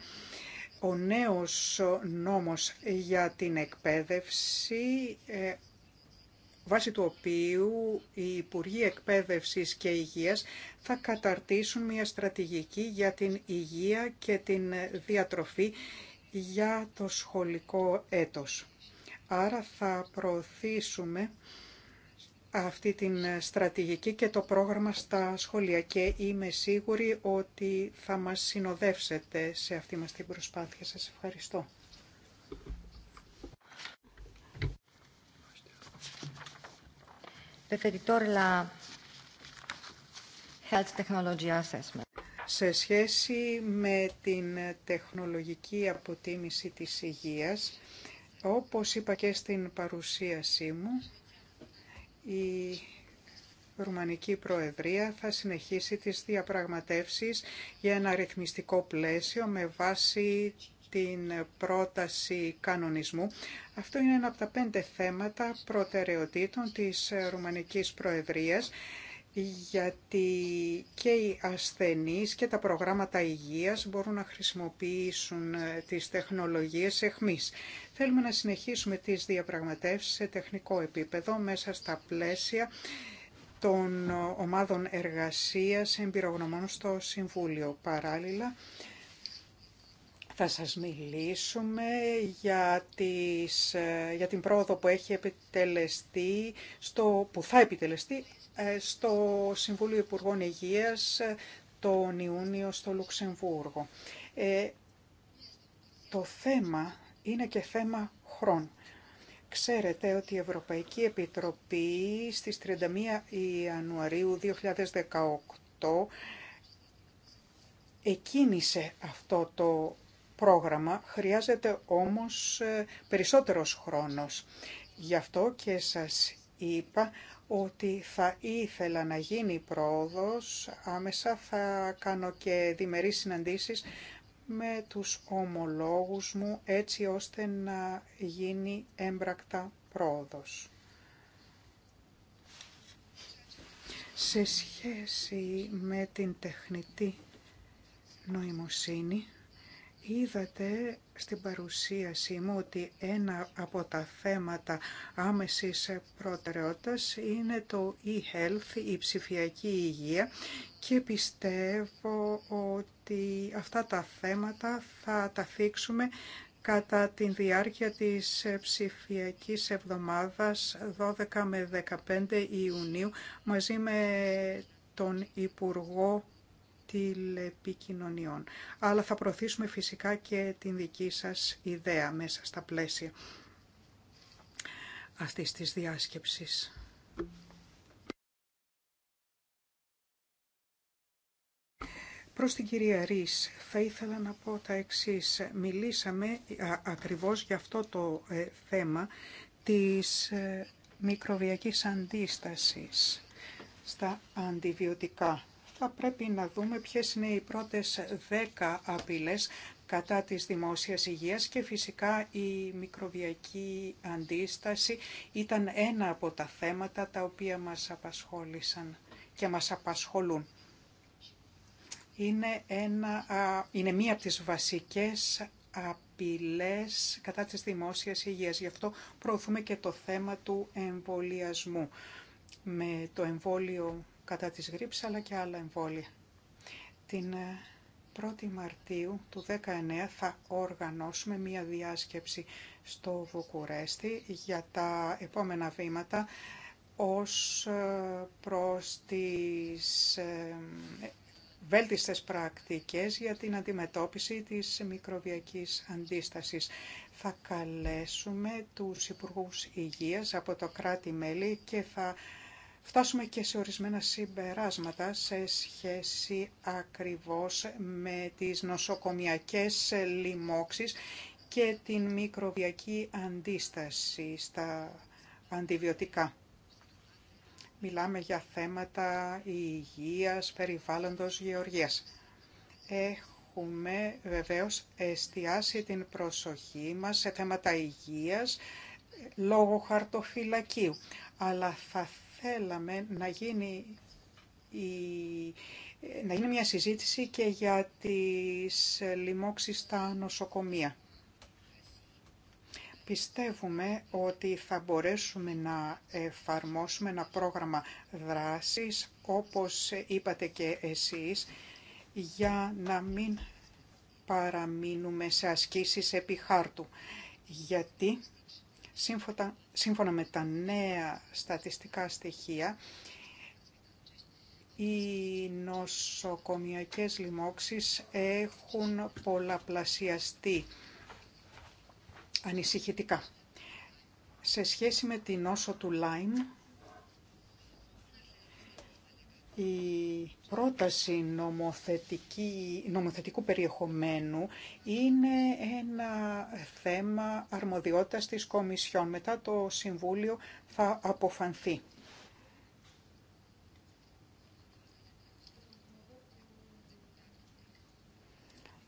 ο νέος νόμος για την εκπαίδευση, ε, βάσει του οποίου οι Υπουργοί Εκπαίδευσης και Υγείας θα καταρτήσουν μια στρατηγική για την υγεία και την διατροφή για το σχολικό έτος. Άρα θα προωθήσουμε αυτή την στρατηγική και το πρόγραμμα στα σχολεία και είμαι σίγουρη ότι θα μας συνοδεύσετε σε αυτή μας την προσπάθεια. Σας ευχαριστώ. Σε σχέση με την τεχνολογική αποτίμηση της υγείας, όπως είπα και στην παρουσίασή μου, η Ρουμανική Προεδρία θα συνεχίσει τις διαπραγματεύσεις για ένα ρυθμιστικό πλαίσιο με βάση την πρόταση κανονισμού. Αυτό είναι ένα από τα πέντε θέματα προτεραιοτήτων της Ρουμανικής Προεδρίας γιατί και οι ασθενείς και τα προγράμματα υγείας μπορούν να χρησιμοποιήσουν ε, τις τεχνολογίες εχμής. Θέλουμε να συνεχίσουμε τις διαπραγματεύσεις σε τεχνικό επίπεδο μέσα στα πλαίσια των ομάδων εργασίας εμπειρογνωμών στο Συμβούλιο. Παράλληλα, θα σας μιλήσουμε για, ε, για την πρόοδο που έχει επιτελεστεί, στο, που θα επιτελεστεί ε, στο Συμβούλιο Υπουργών Υγείας ε, τον Ιούνιο στο Λουξεμβούργο. Ε, το θέμα είναι και θέμα χρόνου. Ξέρετε ότι η Ευρωπαϊκή Επιτροπή στις 31 Ιανουαρίου 2018 εκκίνησε αυτό το πρόγραμμα. Χρειάζεται όμως περισσότερος χρόνος. Γι' αυτό και σας είπα ότι θα ήθελα να γίνει πρόοδος, άμεσα θα κάνω και διμερείς συναντήσεις με τους ομολόγους μου έτσι ώστε να γίνει έμπρακτα πρόοδος. Σε σχέση με την τεχνητή νοημοσύνη, Είδατε στην παρουσίασή μου ότι ένα από τα θέματα άμεσης προτεραιότητας είναι το e-health, η ψηφιακή υγεία και πιστεύω ότι αυτά τα θέματα θα τα θίξουμε κατά τη διάρκεια της ψηφιακής εβδομάδας 12 με 15 Ιουνίου μαζί με τον Υπουργό τηλεπικοινωνιών. Αλλά θα προωθήσουμε φυσικά και την δική σας ιδέα μέσα στα πλαίσια αυτής της διάσκεψης. Προς την κυρία Ρης, θα ήθελα να πω τα εξής. Μιλήσαμε ακριβώς για αυτό το ε, θέμα της ε, μικροβιακής αντίστασης στα αντιβιωτικά θα πρέπει να δούμε ποιες είναι οι πρώτες 10 απειλές κατά της δημόσιας υγείας και φυσικά η μικροβιακή αντίσταση ήταν ένα από τα θέματα τα οποία μας απασχόλησαν και μας απασχολούν. Είναι, ένα, είναι μία από τις βασικές απειλές κατά της δημόσιας υγείας. Γι' αυτό προωθούμε και το θέμα του εμβολιασμού. Με το εμβόλιο κατά της γρήψης αλλά και άλλα εμβόλια. Την 1η ε, Μαρτίου του 19 θα οργανώσουμε μία διάσκεψη στο Βουκουρέστι για τα επόμενα βήματα ως ε, προς τις ε, βέλτιστες πρακτικές για την αντιμετώπιση της μικροβιακής αντίστασης. Θα καλέσουμε τους Υπουργούς Υγείας από το κράτη-μέλη και θα φτάσουμε και σε ορισμένα συμπεράσματα σε σχέση ακριβώς με τις νοσοκομιακές λοιμώξεις και την μικροβιακή αντίσταση στα αντιβιωτικά. Μιλάμε για θέματα υγείας, περιβάλλοντος, γεωργίας. Έχουμε βεβαίως εστιάσει την προσοχή μας σε θέματα υγείας λόγω χαρτοφυλακίου, αλλά θα θέλαμε να γίνει, να γίνει μια συζήτηση και για τις λοιμώξεις στα νοσοκομεία. Πιστεύουμε ότι θα μπορέσουμε να εφαρμόσουμε ένα πρόγραμμα δράσης, όπως είπατε και εσείς, για να μην παραμείνουμε σε ασκήσεις επί χάρτου. Γιατί Σύμφωνα, με τα νέα στατιστικά στοιχεία, οι νοσοκομιακές λοιμώξεις έχουν πολλαπλασιαστεί ανησυχητικά. Σε σχέση με την νόσο του ΛΑΙΜ. Η πρόταση νομοθετική, νομοθετικού περιεχομένου είναι ένα θέμα αρμοδιότητας της Κομισιόν. Μετά το Συμβούλιο θα αποφανθεί.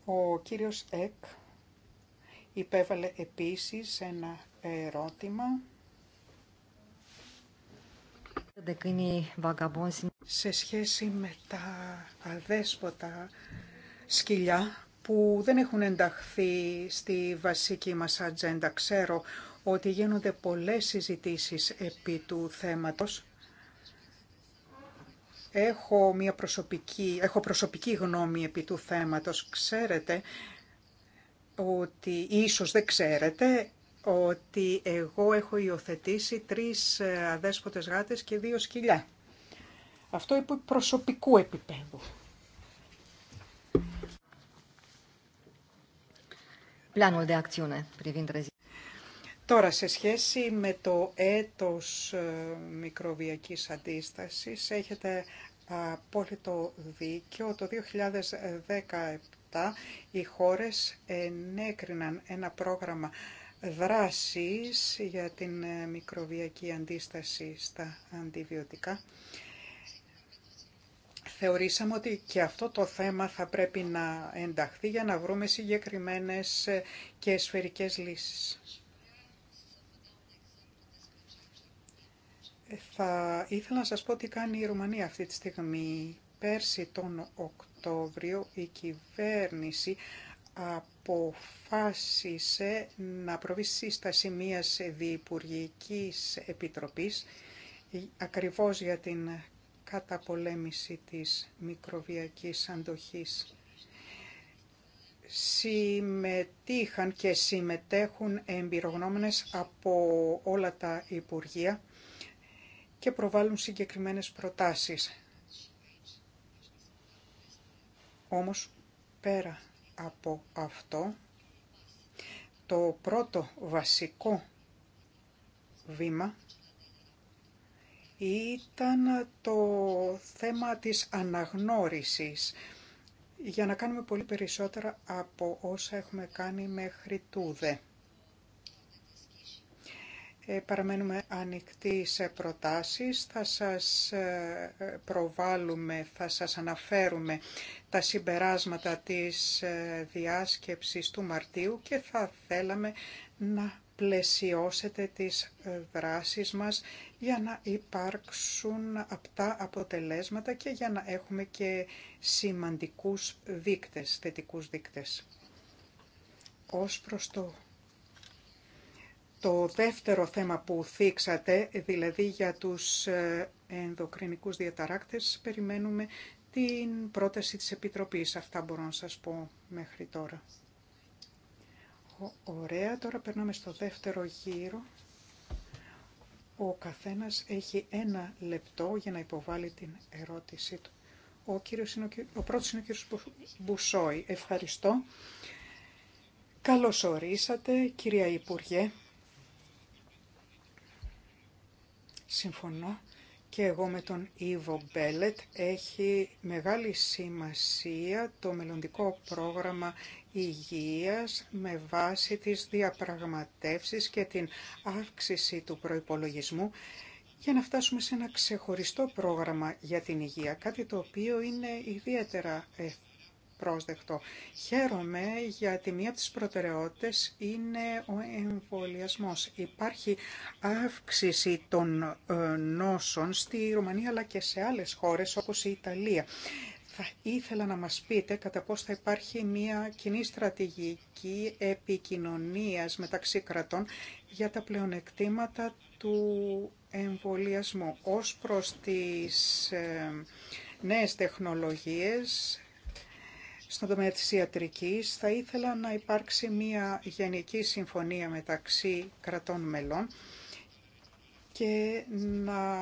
Ο κύριος Εκ υπέβαλε επίσης ένα ερώτημα σε σχέση με τα αδέσποτα σκυλιά που δεν έχουν ενταχθεί στη βασική μας ατζέντα, ξέρω ότι γίνονται πολλές συζητήσεις επί του θέματος. Έχω, μια προσωπική, έχω προσωπική γνώμη επί του θέματος. Ξέρετε ότι ίσως δεν ξέρετε, ότι εγώ έχω υιοθετήσει τρεις ε, αδέσποτες γάτες και δύο σκυλιά. Αυτό υπό προσωπικού επίπεδου. Τώρα, σε σχέση με το έτος ε, μικροβιακής αντίστασης, έχετε απόλυτο δίκιο. Το 2017 οι χώρες ενέκριναν ένα πρόγραμμα δράσεις για την ε, μικροβιακή αντίσταση στα αντιβιωτικά. Θεωρήσαμε ότι και αυτό το θέμα θα πρέπει να ενταχθεί για να βρούμε συγκεκριμένες ε, και σφαιρικές λύσεις. Ε, θα ήθελα να σας πω τι κάνει η Ρουμανία αυτή τη στιγμή. Πέρσι τον Οκτώβριο η κυβέρνηση αποφάσισε να προβεί σύσταση μιας διυπουργικής επιτροπής ακριβώς για την καταπολέμηση της μικροβιακής αντοχής. Συμμετείχαν και συμμετέχουν εμπειρογνώμενες από όλα τα Υπουργεία και προβάλλουν συγκεκριμένες προτάσεις. Όμως, πέρα από αυτό, το πρώτο βασικό βήμα ήταν το θέμα της αναγνώρισης για να κάνουμε πολύ περισσότερα από όσα έχουμε κάνει μέχρι τούδε. Ε, παραμένουμε ανοιχτοί σε προτάσεις, θα σας ε, προβάλλουμε, θα σας αναφέρουμε τα συμπεράσματα της ε, διάσκεψης του Μαρτίου και θα θέλαμε να πλαισιώσετε τις δράσεις μας για να υπάρξουν αυτά αποτελέσματα και για να έχουμε και σημαντικούς δείκτες, θετικούς δείκτες. Ως προς το το δεύτερο θέμα που θίξατε, δηλαδή για τους ε, ενδοκρινικούς διαταράκτες, περιμένουμε την πρόταση της Επιτροπής. Αυτά μπορώ να σας πω μέχρι τώρα. Ωραία, τώρα περνάμε στο δεύτερο γύρο. Ο καθένας έχει ένα λεπτό για να υποβάλει την ερώτησή του. Ο, κύριος ο, ο πρώτος είναι ο κύριος Μπουσόη. Ευχαριστώ. Καλώς ορίσατε, κυρία Υπουργέ. Συμφωνώ και εγώ με τον Ιβο Μπέλετ. Έχει μεγάλη σημασία το μελλοντικό πρόγραμμα υγείας με βάση τις διαπραγματεύσεις και την αύξηση του προϋπολογισμού για να φτάσουμε σε ένα ξεχωριστό πρόγραμμα για την υγεία, κάτι το οποίο είναι ιδιαίτερα Χαίρομαι γιατί μία από τις προτεραιότητες είναι ο εμβολιασμό. Υπάρχει αύξηση των ε, νόσων στη Ρουμανία αλλά και σε άλλες χώρες όπως η Ιταλία. Θα ήθελα να μας πείτε κατά πώς θα υπάρχει μια κοινή στρατηγική επικοινωνίας μεταξύ κρατών για τα πλεονεκτήματα του εμβολιασμού ως προς τις ε, νέες τεχνολογίες στον τομέα της ιατρικής, θα ήθελα να υπάρξει μια γενική συμφωνία μεταξύ κρατών μελών και να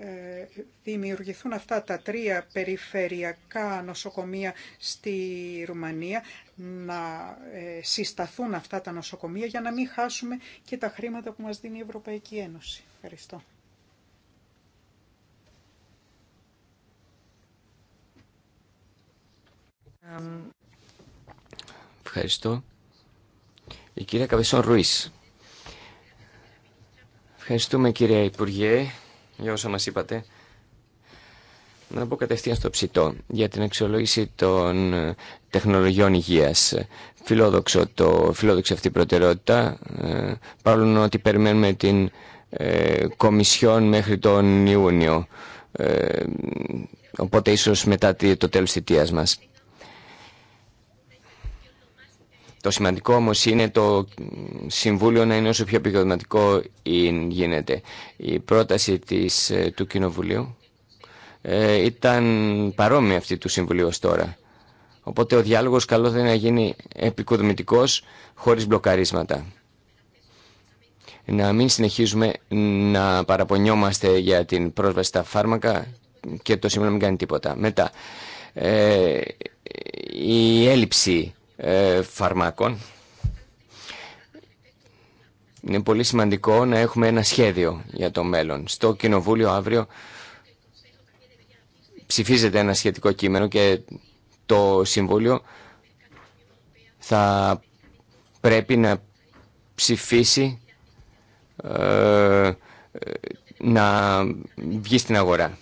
ε, δημιουργηθούν αυτά τα τρία περιφερειακά νοσοκομεία στη Ρουμανία, να ε, συσταθούν αυτά τα νοσοκομεία για να μην χάσουμε και τα χρήματα που μας δίνει η Ευρωπαϊκή Ένωση. Ευχαριστώ. Ευχαριστώ. Η κυρία Καβεσόν Ρουίς. Ευχαριστούμε κυρία Υπουργέ για όσα μας είπατε. Να πω κατευθείαν στο ψητό για την αξιολόγηση των ε, τεχνολογιών υγείας. Φιλόδοξο το, φιλόδοξη αυτή η προτεραιότητα, ε, παρόλο ότι περιμένουμε την ε, Κομισιόν μέχρι τον Ιούνιο. Ε, οπότε ίσως μετά το τέλος θητείας μας. Το σημαντικό όμως είναι το Συμβούλιο να είναι όσο πιο επικοδηματικό γίνεται. Η πρόταση της, ε, του Κοινοβουλίου ε, ήταν παρόμοια αυτή του Συμβουλίου τώρα. Οπότε ο διάλογος καλό θα είναι να γίνει επικοδομητικός χωρίς μπλοκαρίσματα. Να μην συνεχίζουμε να παραπονιόμαστε για την πρόσβαση στα φάρμακα και το Συμβούλιο να μην κάνει τίποτα. Μετά, ε, η έλλειψη ε, φαρμάκων. Είναι πολύ σημαντικό να έχουμε ένα σχέδιο για το μέλλον. Στο Κοινοβούλιο αύριο ψηφίζεται ένα σχετικό κείμενο και το Συμβούλιο θα πρέπει να ψηφίσει ε, να βγει στην αγορά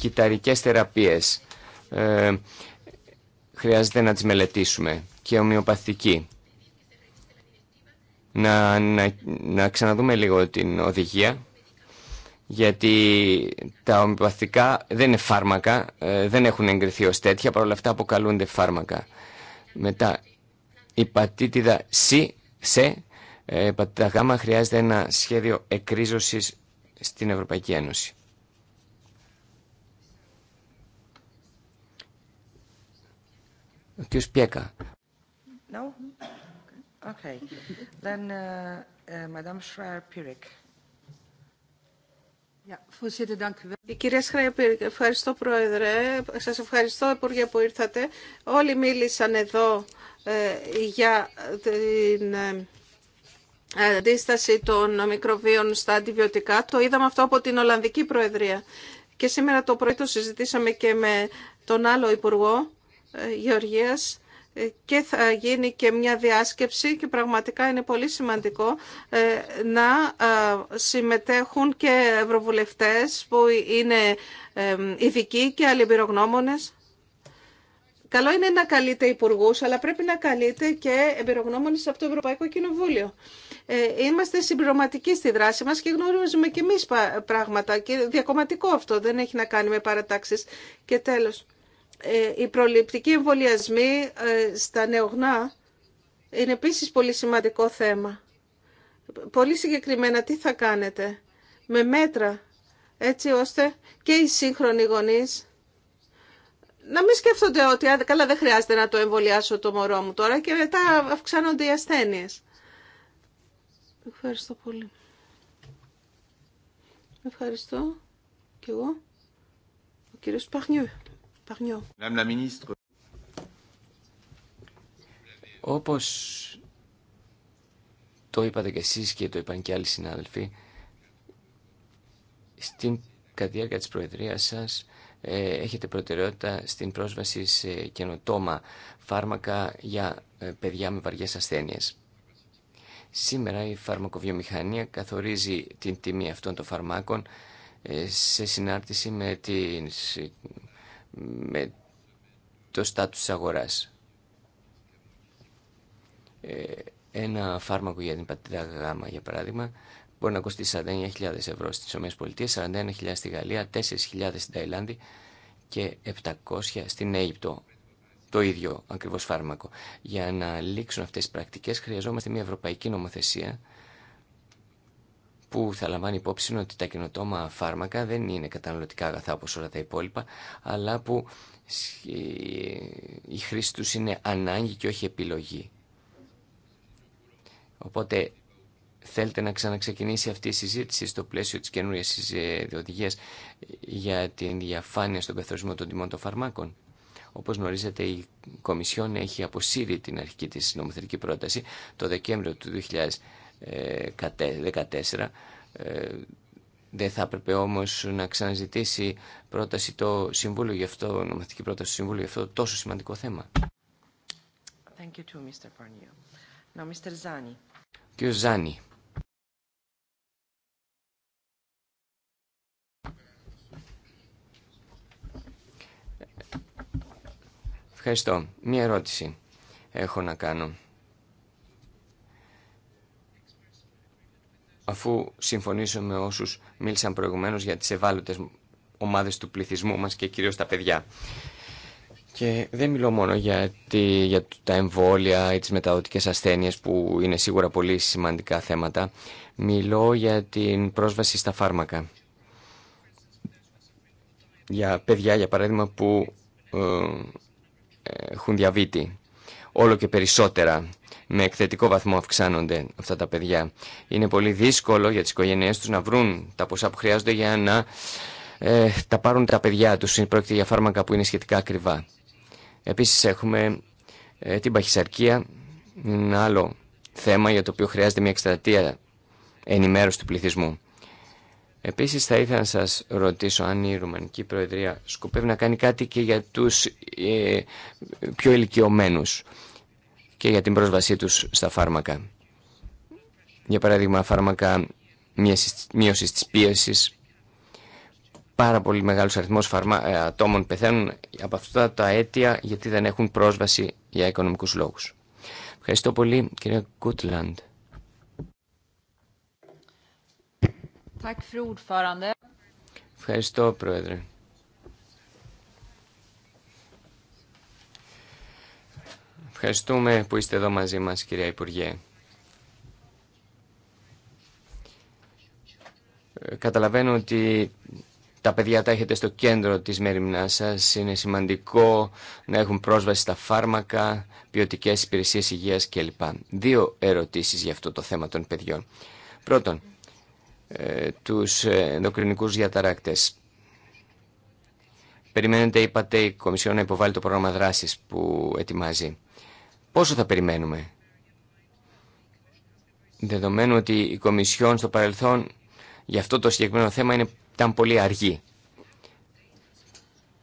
κυταρικές θεραπείες. Ε, χρειάζεται να τις μελετήσουμε και ομοιοπαθική. Να, να, να ξαναδούμε λίγο την οδηγία γιατί τα ομοιοπαθικά δεν είναι φάρμακα, ε, δεν έχουν εγκριθεί ως τέτοια, παρόλα αυτά αποκαλούνται φάρμακα. Μετά, η πατήτιδα C, C ε, πατήτα Γ χρειάζεται ένα σχέδιο εκρίζωσης στην Ευρωπαϊκή Ένωση. Πιέκα. ευχαριστώ Πρόεδρε, σας ευχαριστώ Υπουργέ που ήρθατε. Όλοι μίλησαν εδώ ε, για την ε, αντίσταση των μικροβίων στα αντιβιωτικά. Το είδαμε αυτό από την Ολλανδική Προεδρία. Και σήμερα το πρωί το συζητήσαμε και με τον άλλο Υπουργό ε, γεωργίας ε, και θα γίνει και μια διάσκεψη και πραγματικά είναι πολύ σημαντικό ε, να συμμετέχουν και ευρωβουλευτές που είναι ειδικοί και αλληλεμπειρογνώμονες. Καλό είναι να καλείτε υπουργού, αλλά πρέπει να καλείτε και εμπειρογνώμονες από το Ευρωπαϊκό Κοινοβούλιο. είμαστε συμπληρωματικοί στη δράση μας και γνωρίζουμε και εμεί πράγματα. Και διακομματικό αυτό δεν έχει να κάνει με παρατάξει. Και τέλος ε, οι προληπτικοί εμβολιασμοί ε, στα νεογνά είναι επίσης πολύ σημαντικό θέμα. Πολύ συγκεκριμένα τι θα κάνετε με μέτρα έτσι ώστε και οι σύγχρονοι γονείς να μην σκέφτονται ότι καλά δεν χρειάζεται να το εμβολιάσω το μωρό μου τώρα και μετά αυξάνονται οι ασθένειες. Ευχαριστώ πολύ. Ευχαριστώ και εγώ. Ο κύριος Παχνιού. Όπω Όπως το είπατε και εσείς και το είπαν και άλλοι συνάδελφοι, στην καρδιάρκεια τη της σας ε, έχετε προτεραιότητα στην πρόσβαση σε καινοτόμα φάρμακα για ε, παιδιά με βαριές ασθένειες. Σήμερα η φαρμακοβιομηχανία καθορίζει την τιμή αυτών των φαρμάκων ε, σε συνάρτηση με τις με το στάτους της αγοράς. Ε, ένα φάρμακο για την πατήτα γάμα, για παράδειγμα, μπορεί να κοστίσει 49.000 ευρώ στις ΗΠΑ, 41.000 στη Γαλλία, 4.000 στην Ταϊλάνδη και 700 στην Αίγυπτο. Το ίδιο ακριβώς φάρμακο. Για να λήξουν αυτές τις πρακτικές χρειαζόμαστε μια ευρωπαϊκή νομοθεσία που θα λαμβάνει υπόψη ότι τα καινοτόμα φάρμακα δεν είναι καταναλωτικά αγαθά όπως όλα τα υπόλοιπα, αλλά που η χρήση τους είναι ανάγκη και όχι επιλογή. Οπότε θέλετε να ξαναξεκινήσει αυτή η συζήτηση στο πλαίσιο της καινούριας οδηγίας για την διαφάνεια στον καθορισμό των τιμών των φαρμάκων. Όπως γνωρίζετε η Κομισιόν έχει αποσύρει την αρχική της νομοθετική πρόταση το Δεκέμβριο του 2000. 2014. Ε, ε, δεν θα έπρεπε όμως να ξαναζητήσει πρόταση το Συμβούλιο γι' αυτό, νομοθετική πρόταση του για αυτό το τόσο σημαντικό θέμα. Thank you too, Mr. Now, Mr. Zani. Κύριο Ζάνι. Ευχαριστώ. Μία ερώτηση έχω να κάνω. αφού συμφωνήσω με όσους μίλησαν προηγουμένως για τις ευάλωτε ομάδες του πληθυσμού μας και κυρίως τα παιδιά. Και δεν μιλώ μόνο για, τη, τα εμβόλια ή τις μεταδοτικές ασθένειες που είναι σίγουρα πολύ σημαντικά θέματα. Μιλώ για την πρόσβαση στα φάρμακα. Για παιδιά, για παράδειγμα, που ε, έχουν διαβήτη όλο και περισσότερα. Με εκθετικό βαθμό αυξάνονται αυτά τα παιδιά. Είναι πολύ δύσκολο για τις οικογένειές τους να βρουν τα ποσά που χρειάζονται για να ε, τα πάρουν τα παιδιά τους. Πρόκειται για φάρμακα που είναι σχετικά ακριβά. Επίσης έχουμε ε, την παχυσαρκία, ένα άλλο θέμα για το οποίο χρειάζεται μια εκστρατεία ενημέρωση του πληθυσμού. Επίσης θα ήθελα να σας ρωτήσω αν η Ρουμανική Προεδρία σκοπεύει να κάνει κάτι και για τους ε, πιο ηλικιωμένου και για την πρόσβασή τους στα φάρμακα. Για παράδειγμα φάρμακα μείωση της πίεσης. Πάρα πολύ μεγάλος αριθμός ε, ατόμων πεθαίνουν από αυτά τα αίτια γιατί δεν έχουν πρόσβαση για οικονομικούς λόγους. Ευχαριστώ πολύ κύριε Κούτλαντ. Ευχαριστώ, Πρόεδρε. Ευχαριστούμε που είστε εδώ μαζί μας, κυρία Υπουργέ. Καταλαβαίνω ότι τα παιδιά τα έχετε στο κέντρο της μέρημνάς σας. Είναι σημαντικό να έχουν πρόσβαση στα φάρμακα, ποιοτικές υπηρεσίες υγείας κλπ. Δύο ερωτήσεις για αυτό το θέμα των παιδιών. Πρώτον, ε, τους ενδοκρινικούς διαταράκτες. Περιμένετε, είπατε, η Κομισιόν να υποβάλει το πρόγραμμα δράσης που ετοιμάζει. Πόσο θα περιμένουμε, δεδομένου ότι η Κομισιόν στο παρελθόν για αυτό το συγκεκριμένο θέμα είναι, ήταν πολύ αργή.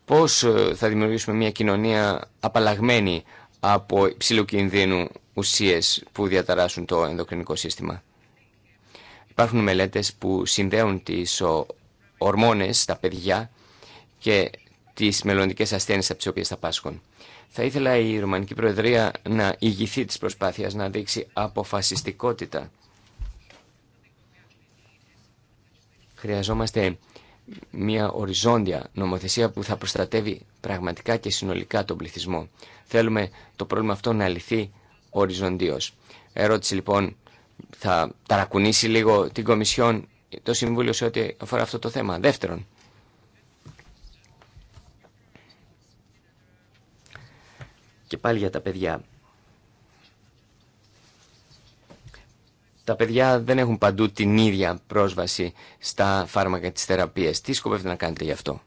Πώς ε, θα δημιουργήσουμε μια κοινωνία απαλλαγμένη από υψηλού κινδύνου ουσίες που διαταράσσουν το ενδοκρινικό σύστημα. Υπάρχουν μελέτες που συνδέουν τις ορμόνες στα παιδιά και τις μελλοντικέ ασθένειες από τις οποίες θα πάσχουν. Θα ήθελα η Ρουμανική Προεδρία να ηγηθεί της προσπάθειας να δείξει αποφασιστικότητα. Χρειαζόμαστε μια οριζόντια νομοθεσία που θα προστατεύει πραγματικά και συνολικά τον πληθυσμό. Θέλουμε το πρόβλημα αυτό να λυθεί οριζοντίως. Ερώτηση λοιπόν θα ταρακουνήσει λίγο την Κομισιόν το Συμβούλιο σε ό,τι αφορά αυτό το θέμα. Δεύτερον, και πάλι για τα παιδιά. Τα παιδιά δεν έχουν παντού την ίδια πρόσβαση στα φάρμακα της θεραπείας. Τι σκοπεύετε να κάνετε γι' αυτό.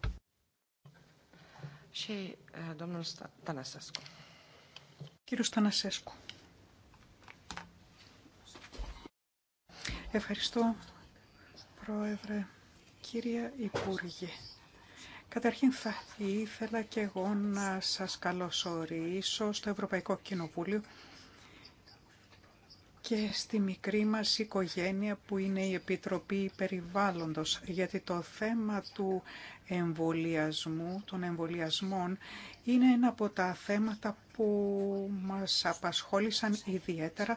Κύριο Στανασέσκου. Ευχαριστώ, Πρόεδρε. Κύριε Υπουργέ, καταρχήν θα ήθελα και εγώ να σας καλωσορίσω στο Ευρωπαϊκό Κοινοβούλιο και στη μικρή μας οικογένεια που είναι η Επιτροπή Περιβάλλοντος, γιατί το θέμα του εμβολιασμού, των εμβολιασμών, είναι ένα από τα θέματα που μας απασχόλησαν ιδιαίτερα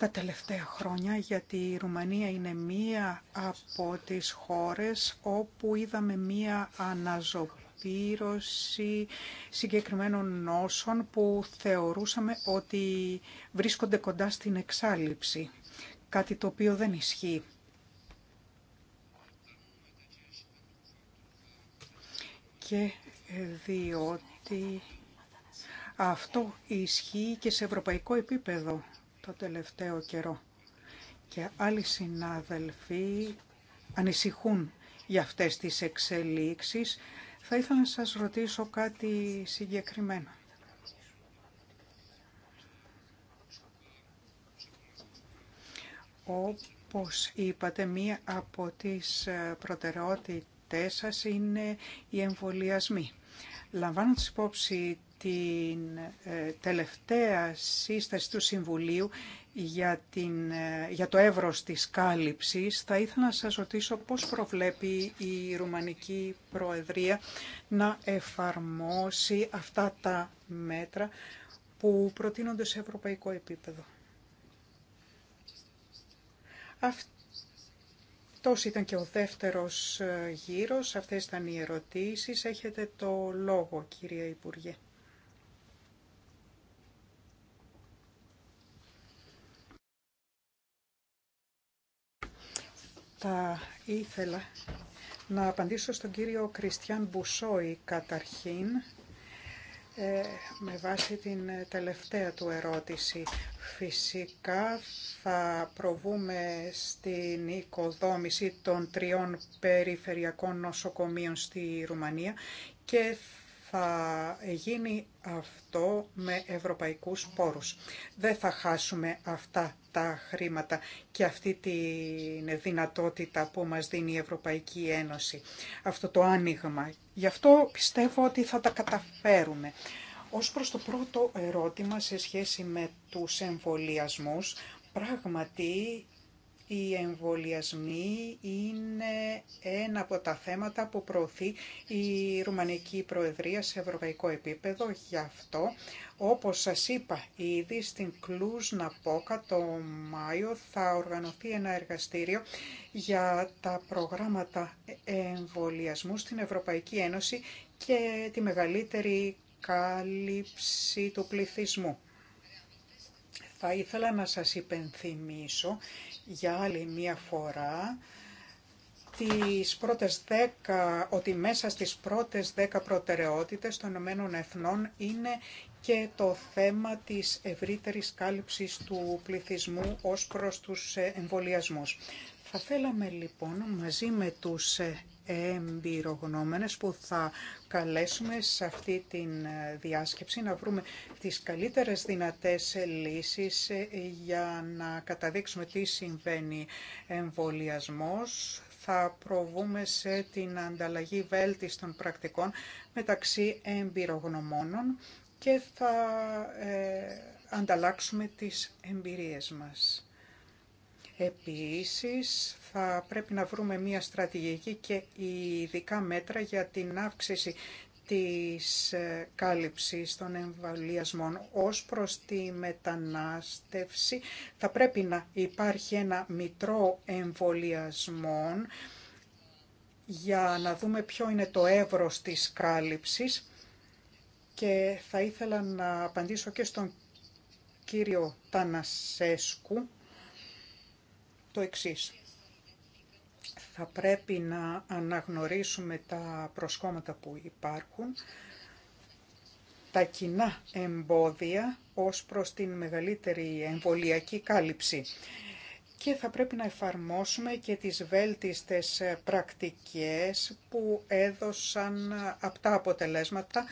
τα τελευταία χρόνια, γιατί η Ρουμανία είναι μία από τις χώρες όπου είδαμε μία αναζωπήρωση συγκεκριμένων νόσων που θεωρούσαμε ότι βρίσκονται κοντά στην εξάλληψη, κάτι το οποίο δεν ισχύει. Και διότι αυτό ισχύει και σε ευρωπαϊκό επίπεδο το τελευταίο καιρό. Και άλλοι συνάδελφοι ανησυχούν για αυτές τις εξελίξεις. Θα ήθελα να σας ρωτήσω κάτι συγκεκριμένο. Όπως είπατε, μία από τις προτεραιότητες σας είναι οι εμβολιασμοί. Λαμβάνοντας υπόψη την ε, τελευταία σύσταση του Συμβουλίου για, την, ε, για το εύρος της κάλυψης, θα ήθελα να σας ρωτήσω πώς προβλέπει η Ρουμανική Προεδρία να εφαρμόσει αυτά τα μέτρα που προτείνονται σε ευρωπαϊκό επίπεδο. Αυτός ήταν και ο δεύτερος ε, γύρος, αυτές ήταν οι ερωτήσεις. Έχετε το λόγο, κυρία Υπουργέ. Θα ήθελα να απαντήσω στον κύριο Κριστιαν Μπουσόη καταρχήν ε, με βάση την τελευταία του ερώτηση. Φυσικά θα προβούμε στην οικοδόμηση των τριών περιφερειακών νοσοκομείων στη Ρουμανία και θα γίνει αυτό με ευρωπαϊκούς πόρους. Δεν θα χάσουμε αυτά τα χρήματα και αυτή τη δυνατότητα που μας δίνει η Ευρωπαϊκή Ένωση, αυτό το άνοιγμα. Γι' αυτό πιστεύω ότι θα τα καταφέρουμε. Ως προς το πρώτο ερώτημα σε σχέση με τους εμβολιασμού, πράγματι οι εμβολιασμοί είναι ένα από τα θέματα που προωθεί η Ρουμανική Προεδρία σε ευρωπαϊκό επίπεδο. Γι' αυτό, όπως σας είπα ήδη, στην κλουσνα Πόκα το Μάιο θα οργανωθεί ένα εργαστήριο για τα προγράμματα εμβολιασμού στην Ευρωπαϊκή Ένωση και τη μεγαλύτερη κάλυψη του πληθυσμού. Θα ήθελα να σας υπενθυμίσω για άλλη μία φορά τις πρώτες 10, ότι μέσα στις πρώτες 10 προτεραιότητες των Ηνωμένων Εθνών είναι και το θέμα της ευρύτερης κάλυψης του πληθυσμού ως προς τους εμβολιασμούς. Θα θέλαμε λοιπόν μαζί με τους εμπειρογνώμενες που θα καλέσουμε σε αυτή τη ε, διάσκεψη να βρούμε τις καλύτερες δυνατές λύσεις ε, για να καταδείξουμε τι συμβαίνει εμβολιασμός. Θα προβούμε σε την ανταλλαγή βέλτιστων πρακτικών μεταξύ εμπειρογνωμόνων και θα ε, ανταλλάξουμε τις εμπειρίες μας. Επίσης, θα πρέπει να βρούμε μια στρατηγική και ειδικά μέτρα για την αύξηση της ε, κάλυψης των εμβολιασμών ως προς τη μετανάστευση. Θα πρέπει να υπάρχει ένα μητρό εμβολιασμών για να δούμε ποιο είναι το εύρος της κάλυψης και θα ήθελα να απαντήσω και στον κύριο Τανασέσκου το εξής. Θα πρέπει να αναγνωρίσουμε τα προσκόμματα που υπάρχουν, τα κοινά εμπόδια ως προς την μεγαλύτερη εμβολιακή κάλυψη. Και θα πρέπει να εφαρμόσουμε και τις βέλτιστες πρακτικές που έδωσαν αυτά αποτελέσματα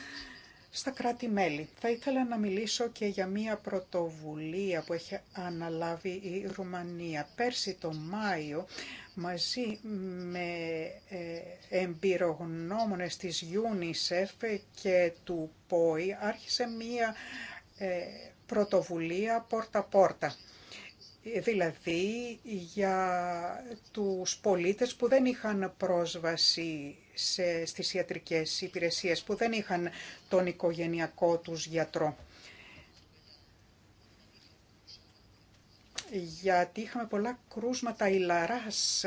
στα κράτη-μέλη. Θα ήθελα να μιλήσω και για μία πρωτοβουλία που έχει αναλάβει η Ρουμανία. Πέρσι το Μάιο, μαζί με ε, εμπειρογνώμονες της UNICEF και του ΠΟΗ, άρχισε μία ε, πρωτοβουλία πόρτα-πόρτα δηλαδή για τους πολίτες που δεν είχαν πρόσβαση σε, στις ιατρικές υπηρεσίες, που δεν είχαν τον οικογενειακό τους γιατρό. Γιατί είχαμε πολλά κρούσματα ηλαράς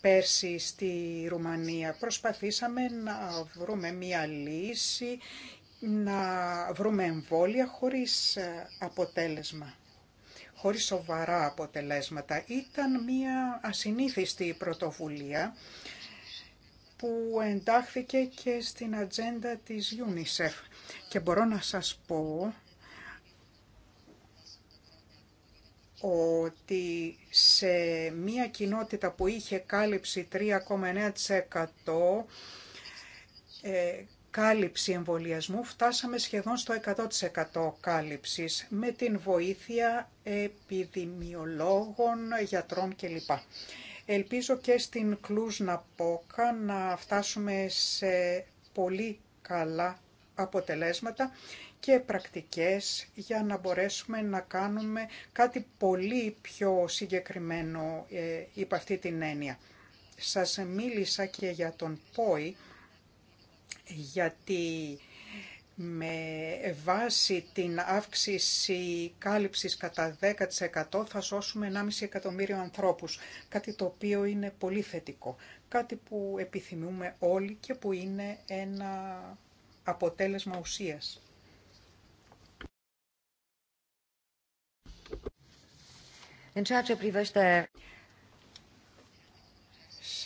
πέρσι στη Ρουμανία. Προσπαθήσαμε να βρούμε μία λύση, να βρούμε εμβόλια χωρίς αποτέλεσμα χωρίς σοβαρά αποτελέσματα. Ήταν μια ασυνήθιστη πρωτοβουλία που εντάχθηκε και στην ατζέντα της UNICEF. Και μπορώ να σας πω ότι σε μια κοινότητα που είχε κάλυψη 3,9% κάλυψη εμβολιασμού φτάσαμε σχεδόν στο 100% κάλυψης με την βοήθεια επιδημιολόγων, γιατρών κλπ. Ελπίζω και στην Κλούσνα Πόκα να φτάσουμε σε πολύ καλά αποτελέσματα και πρακτικές για να μπορέσουμε να κάνουμε κάτι πολύ πιο συγκεκριμένο ε, υπ' αυτή την έννοια. Σας μίλησα και για τον ΠΟΗ γιατί με βάση την αύξηση κάλυψης κατά 10% θα σώσουμε 1,5 εκατομμύριο ανθρώπους, κάτι το οποίο είναι πολύ θετικό, κάτι που επιθυμούμε όλοι και που είναι ένα αποτέλεσμα ουσίας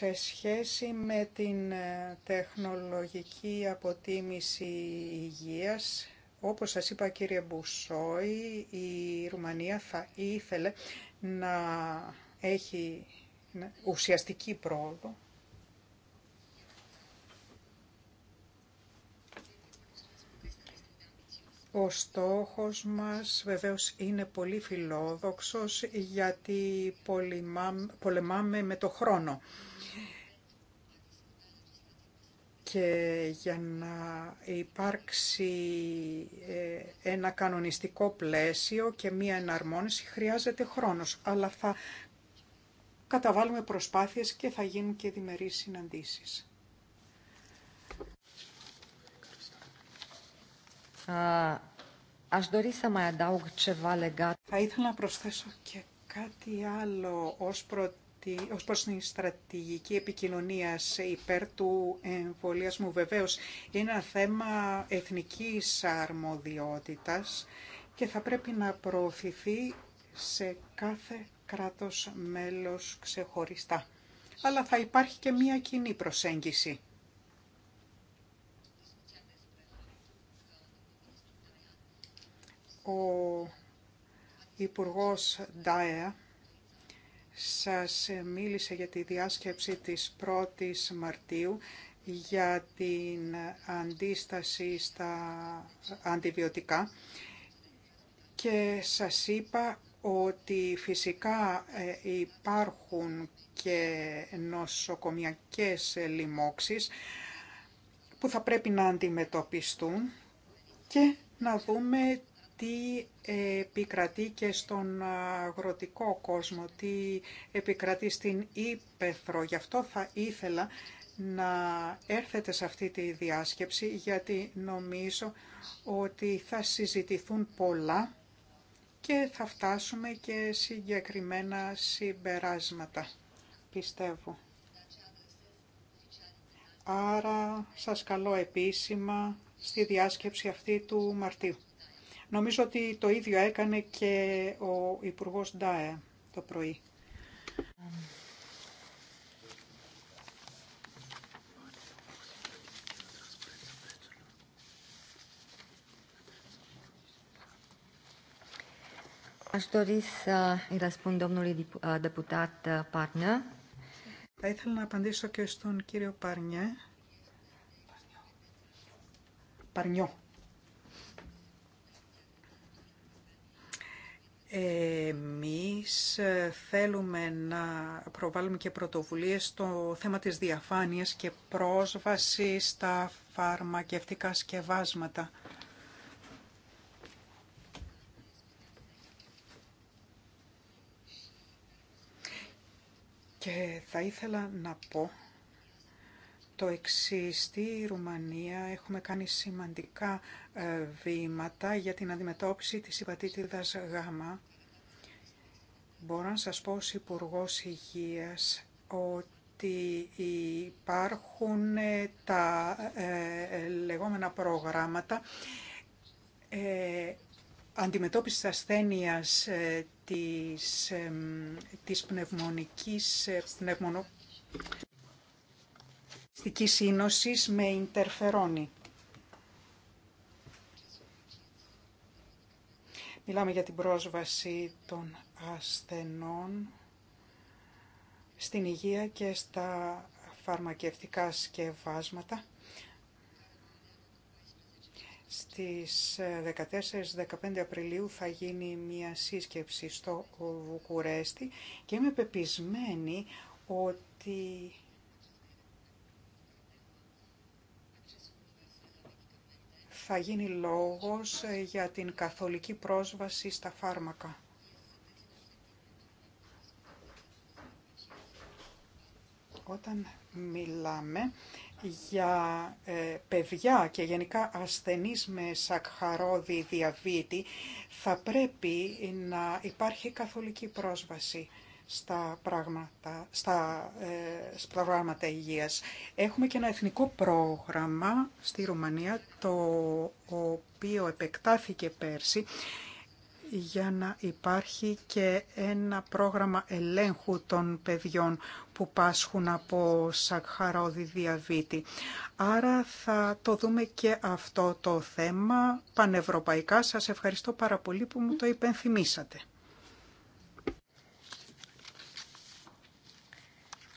σε σχέση με την ε, τεχνολογική αποτίμηση υγείας, όπως σας είπα κύριε Μπουσόη, η Ρουμανία θα ήθελε να έχει ουσιαστική πρόοδο. Ο στόχος μας βεβαίως είναι πολύ φιλόδοξος γιατί πολεμάμε με το χρόνο και για να υπάρξει ε, ένα κανονιστικό πλαίσιο και μία εναρμόνιση χρειάζεται χρόνος, αλλά θα καταβάλουμε προσπάθειες και θα γίνουν και διμερείς συναντήσεις. Θα ήθελα να προσθέσω και κάτι άλλο ως προτεραιότητα ως προς την στρατηγική επικοινωνία υπέρ του εμβολιασμού. Βεβαίως είναι ένα θέμα εθνικής αρμοδιότητας και θα πρέπει να προωθηθεί σε κάθε κράτος μέλος ξεχωριστά. Αλλά θα υπάρχει και μία κοινή προσέγγιση. Ο Υπουργός Ντάεα σας μίλησε για τη διάσκεψη της 1ης Μαρτίου για την αντίσταση στα αντιβιωτικά και σας είπα ότι φυσικά ε, υπάρχουν και νοσοκομιακές λοιμώξεις που θα πρέπει να αντιμετωπιστούν και να δούμε τι επικρατεί και στον αγροτικό κόσμο, τι επικρατεί στην Ήπεθρο. Γι' αυτό θα ήθελα να έρθετε σε αυτή τη διάσκεψη, γιατί νομίζω ότι θα συζητηθούν πολλά και θα φτάσουμε και συγκεκριμένα συμπεράσματα, πιστεύω. Άρα σας καλώ επίσημα στη διάσκεψη αυτή του Μαρτίου. Νομίζω ότι το ίδιο έκανε και ο Υπουργός Ντάε το πρωί. Θα ήθελα να απαντήσω και στον κύριο Παρνιέ. Παρνιό. Εμείς ε, θέλουμε να προβάλλουμε και πρωτοβουλίες στο θέμα της διαφάνειας και πρόσβαση στα φαρμακευτικά σκευάσματα. Και θα ήθελα να πω το εξή. Στη Ρουμανία έχουμε κάνει σημαντικά ε, βήματα για την αντιμετώπιση της υπατήτηδας γάμα. Μπορώ να σας πω ως Υπουργός Υγείας ότι υπάρχουν ε, τα ε, λεγόμενα προγράμματα ε, αντιμετώπισης ασθένειας της, της πνευμονικής πνευμονο Σύνοσης με Ιντερφερόνι. Μιλάμε για την πρόσβαση των ασθενών στην υγεία και στα φαρμακευτικά σκευάσματα. Στις 14-15 Απριλίου θα γίνει μια σύσκεψη στο Βουκουρέστι και είμαι πεπισμένη ότι θα γίνει λόγος ε, για την καθολική πρόσβαση στα φάρμακα. Όταν μιλάμε για ε, παιδιά και γενικά ασθενείς με σακχαρώδη διαβήτη, θα πρέπει να υπάρχει καθολική πρόσβαση στα πράγματα, ε, στα, προγράμματα υγείας. Έχουμε και ένα εθνικό πρόγραμμα στη Ρουμανία, το οποίο επεκτάθηκε πέρσι, για να υπάρχει και ένα πρόγραμμα ελέγχου των παιδιών που πάσχουν από σακχαρώδη διαβήτη. Άρα θα το δούμε και αυτό το θέμα πανευρωπαϊκά. Σας ευχαριστώ πάρα πολύ που μου το υπενθυμίσατε.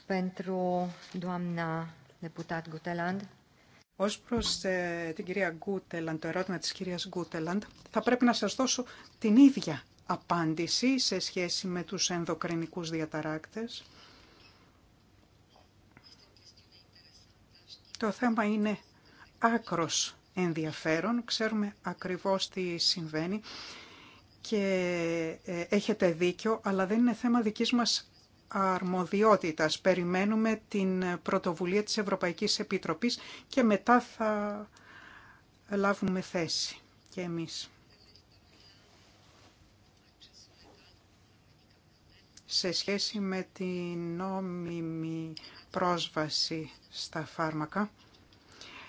pentru doamna deputat Guteland. Ως προς ε, την κυρία Γκούτελαντ, το ερώτημα της κυρίας Γκούτελαντ, θα πρέπει να σας δώσω την ίδια απάντηση σε σχέση με τους ενδοκρινικούς διαταράκτες. Το θέμα είναι άκρος ενδιαφέρον, ξέρουμε ακριβώς τι συμβαίνει και ε, έχετε δίκιο, αλλά δεν είναι θέμα δικής μας αρμοδιότητας. Περιμένουμε την πρωτοβουλία της Ευρωπαϊκής Επιτροπής και μετά θα λάβουμε θέση και εμείς. Σε σχέση με την νόμιμη πρόσβαση στα φάρμακα,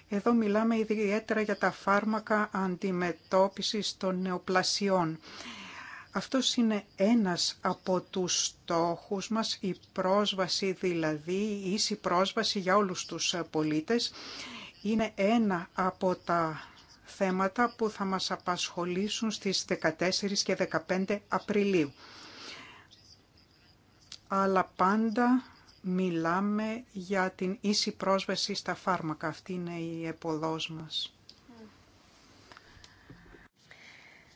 εδώ μιλάμε ιδιαίτερα για τα φάρμακα αντιμετώπισης των νεοπλασιών. Αυτός είναι ένας από τους στόχους μας, η πρόσβαση δηλαδή, η ίση πρόσβαση για όλους τους πολίτες. Είναι ένα από τα θέματα που θα μας απασχολήσουν στις 14 και 15 Απριλίου. Αλλά πάντα μιλάμε για την ίση πρόσβαση στα φάρμακα. Αυτή είναι η εποδός μας.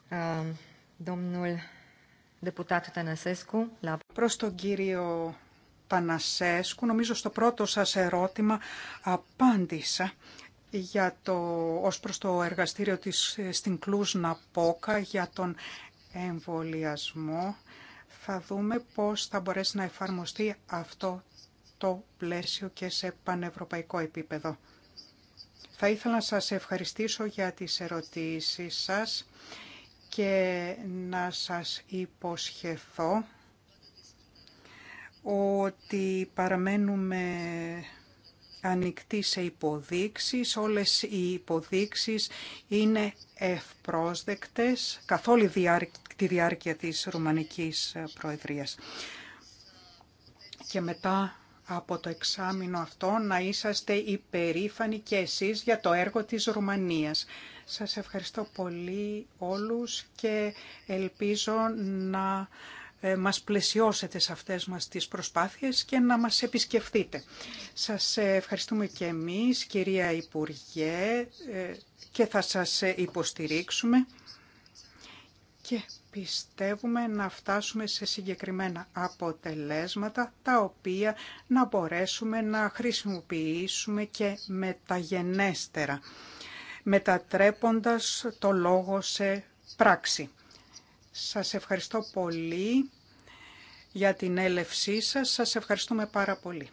Um, Προς τον κύριο Πανασέσκου, νομίζω στο πρώτο σας ερώτημα απάντησα για το, ως προς το εργαστήριο της στην Κλούσνα Πόκα για τον εμβολιασμό. Θα δούμε πώς θα μπορέσει να εφαρμοστεί αυτό το πλαίσιο και σε πανευρωπαϊκό επίπεδο. Θα ήθελα να σας ευχαριστήσω για τις ερωτήσεις σας και να σας υποσχεθώ ότι παραμένουμε ανοιχτοί σε υποδείξεις. Όλες οι υποδείξεις είναι ευπρόσδεκτες καθ' όλη τη διάρκεια της Ρουμανικής Προεδρίας. Και μετά από το εξάμεινο αυτό να είσαστε υπερήφανοι και εσείς για το έργο της Ρουμανίας. Σας ευχαριστώ πολύ όλους και ελπίζω να ε, μας πλαισιώσετε σε αυτές μας τις προσπάθειες και να μας επισκεφτείτε. Σας ε, ευχαριστούμε και εμείς, κυρία Υπουργέ, ε, και θα σας υποστηρίξουμε και πιστεύουμε να φτάσουμε σε συγκεκριμένα αποτελέσματα τα οποία να μπορέσουμε να χρησιμοποιήσουμε και μεταγενέστερα, μετατρέποντας το λόγο σε πράξη. Σας ευχαριστώ πολύ για την έλευσή σας. Σας ευχαριστούμε πάρα πολύ.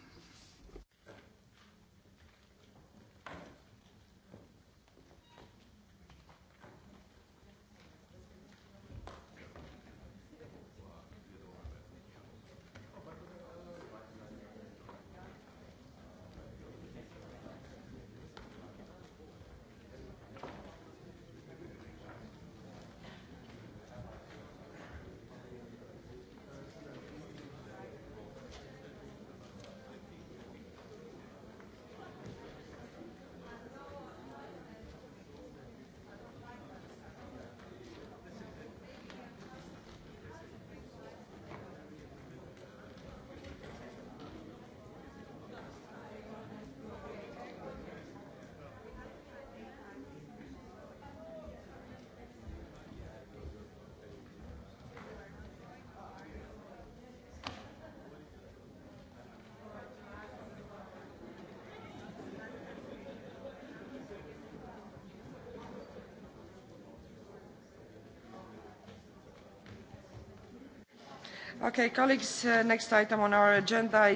Uh,